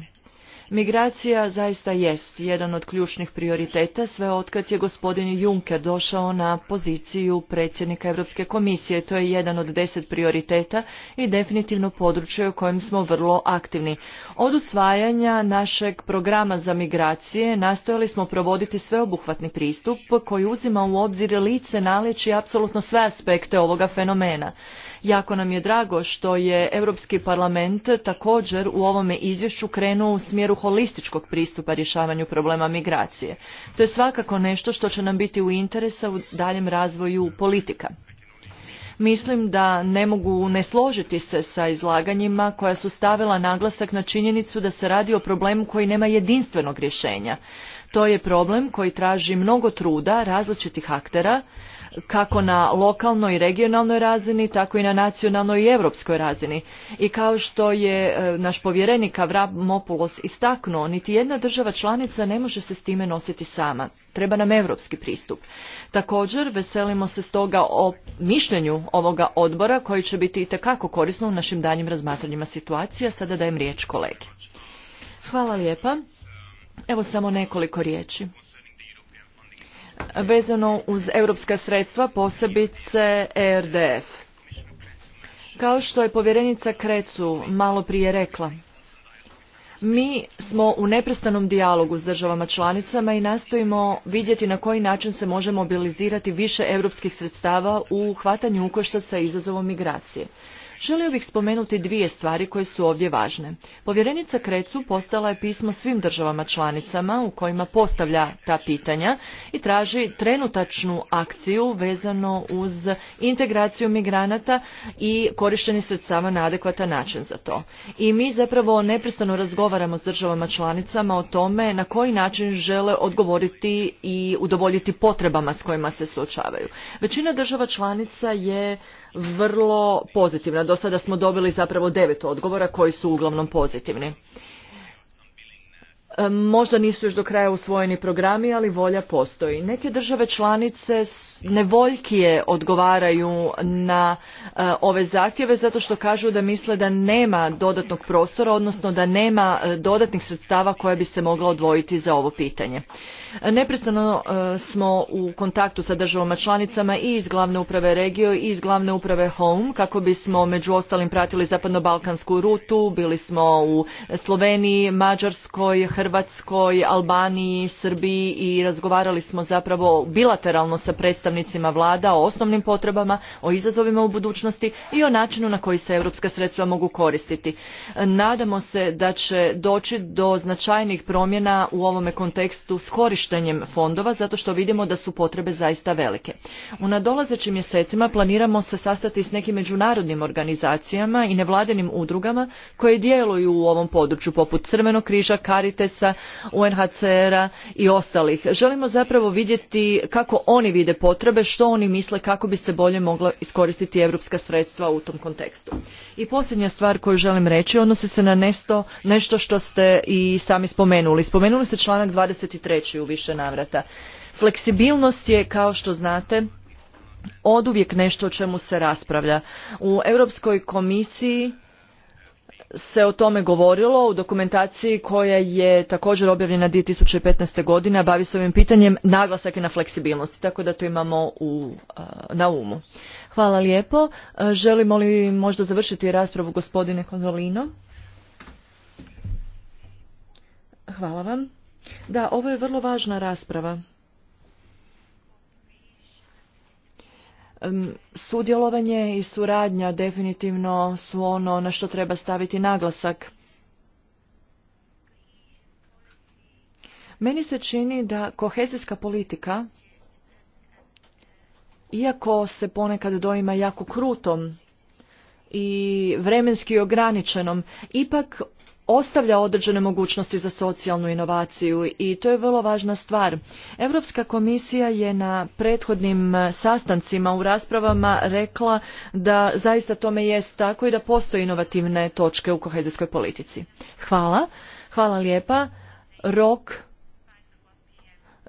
Migracija zaista jest jedan od ključnih prioriteta sve otkad je gospodin Juncker došao na poziciju predsjednika Europske komisije. To je jedan od deset prioriteta i definitivno područje u kojem smo vrlo aktivni. Od usvajanja našeg programa za migracije nastojali smo provoditi sveobuhvatni pristup koji uzima u obzir lice naleći apsolutno sve aspekte ovoga fenomena. Jako nam je drago što je Europski parlament također u ovome izvješću krenuo u smjeru holističkog pristupa rješavanju problema migracije. To je svakako nešto što će nam biti u interesa u daljem razvoju politika. Mislim da ne mogu ne složiti se sa izlaganjima koja su stavila naglasak na činjenicu da se radi o problemu koji nema jedinstvenog rješenja. To je problem koji traži mnogo truda različitih aktera, kako na lokalnoj i regionalnoj razini, tako i na nacionalnoj i europskoj razini. I kao što je e, naš povjerenik Mopulos istaknuo, niti jedna država članica ne može se s time nositi sama. Treba nam europski pristup. Također, veselimo se stoga o mišljenju ovoga odbora koji će biti itekako korisno u našim danjim razmatranjima situacija. Sada dajem riječ kolegi. Hvala lijepa. Evo samo nekoliko riječi vezano uz europska sredstva, posebice ERDF. Kao što je povjerenica Krecu malo prije rekla, mi smo u neprestanom dijalogu s državama članicama i nastojimo vidjeti na koji način se može mobilizirati više europskih sredstava u hvatanju ukošta sa izazovom migracije. Želio bih spomenuti dvije stvari koje su ovdje važne. Povjerenica Krecu postala je pismo svim državama članicama u kojima postavlja ta pitanja i traži trenutačnu akciju vezano uz integraciju migranata i korištenje sredstava na adekvatan način za to. I mi zapravo neprestano razgovaramo s državama članicama o tome na koji način žele odgovoriti i udovoljiti potrebama s kojima se suočavaju. Većina država članica je vrlo pozitivna. Do sada smo dobili zapravo devet odgovora koji su uglavnom pozitivni. E, možda nisu još do kraja usvojeni programi, ali volja postoji. Neke države članice nevoljkije odgovaraju na e, ove zahtjeve zato što kažu da misle da nema dodatnog prostora, odnosno da nema e, dodatnih sredstava koja bi se mogla odvojiti za ovo pitanje. Neprestano e, smo u kontaktu sa državama članicama i iz glavne uprave regio i iz glavne uprave home kako bismo među ostalim pratili zapadno-balkansku rutu. Bili smo u Sloveniji, Mađarskoj, Hrvatskoj, Albaniji, Srbiji i razgovarali smo zapravo bilateralno sa predstavnicima vlada o osnovnim potrebama, o izazovima u budućnosti i o načinu na koji se europska sredstva mogu koristiti. Nadamo se da će doći do značajnih promjena u ovome kontekstu skori korištenjem fondova zato što vidimo da su potrebe zaista velike. U nadolazećim mjesecima planiramo se sastati s nekim međunarodnim organizacijama i nevladinim udrugama koje djeluju u ovom području poput Crvenog križa, Caritesa, UNHCR-a i ostalih. Želimo zapravo vidjeti kako oni vide potrebe, što oni misle kako bi se bolje mogla iskoristiti europska sredstva u tom kontekstu. I posljednja stvar koju želim reći odnosi se na nešto, nešto što ste i sami spomenuli. Spomenuli ste članak 23. u više navrata. Fleksibilnost je, kao što znate, oduvijek nešto o čemu se raspravlja. U Europskoj komisiji se o tome govorilo u dokumentaciji koja je također objavljena 2015. godine, bavi se ovim pitanjem, naglasak je na fleksibilnosti, tako da to imamo u, na umu. Hvala lijepo. E, želimo li možda završiti raspravu gospodine Konzolino? Hvala vam. Da, ovo je vrlo važna rasprava. Sudjelovanje i suradnja definitivno su ono na što treba staviti naglasak. Meni se čini da kohezijska politika iako se ponekad doima jako krutom i vremenski ograničenom, ipak ostavlja određene mogućnosti za socijalnu inovaciju i to je vrlo važna stvar. Europska komisija je na prethodnim sastancima u raspravama rekla da zaista tome jest tako i da postoje inovativne točke u kohezijskoj politici. Hvala. Hvala lijepa. Rok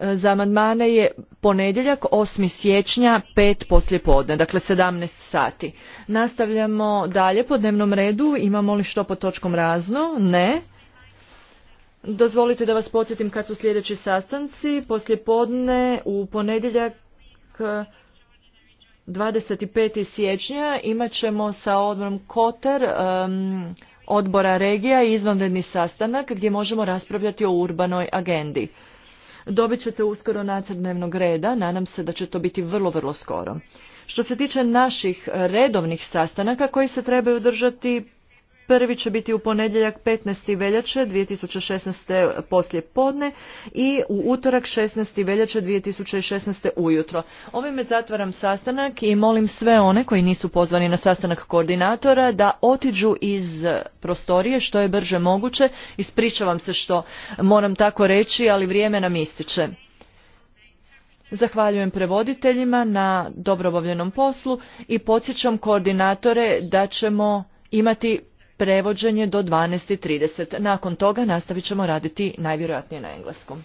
E, za amandmane je ponedjeljak 8. siječnja 5 poslje dakle 17 sati. Nastavljamo dalje po dnevnom redu, imamo li što po točkom razno? Ne. Dozvolite da vas podsjetim kad su sljedeći sastanci. Poslje podne u ponedjeljak 25. siječnja imat ćemo sa odborom Koter odbora regija i izvanredni sastanak gdje možemo raspravljati o urbanoj agendi. Dobit ćete uskoro nacrt dnevnog reda, nadam se da će to biti vrlo, vrlo skoro. Što se tiče naših redovnih sastanaka koji se trebaju držati Prvi će biti u ponedjeljak 15. veljače 2016. poslije podne i u utorak 16. veljače 2016. ujutro. Ovime zatvaram sastanak i molim sve one koji nisu pozvani na sastanak koordinatora da otiđu iz prostorije što je brže moguće. Ispričavam se što moram tako reći, ali vrijeme nam ističe. Zahvaljujem prevoditeljima na dobro poslu i podsjećam koordinatore da ćemo imati prevođenje do 12.30. Nakon toga nastavit ćemo raditi najvjerojatnije na engleskom.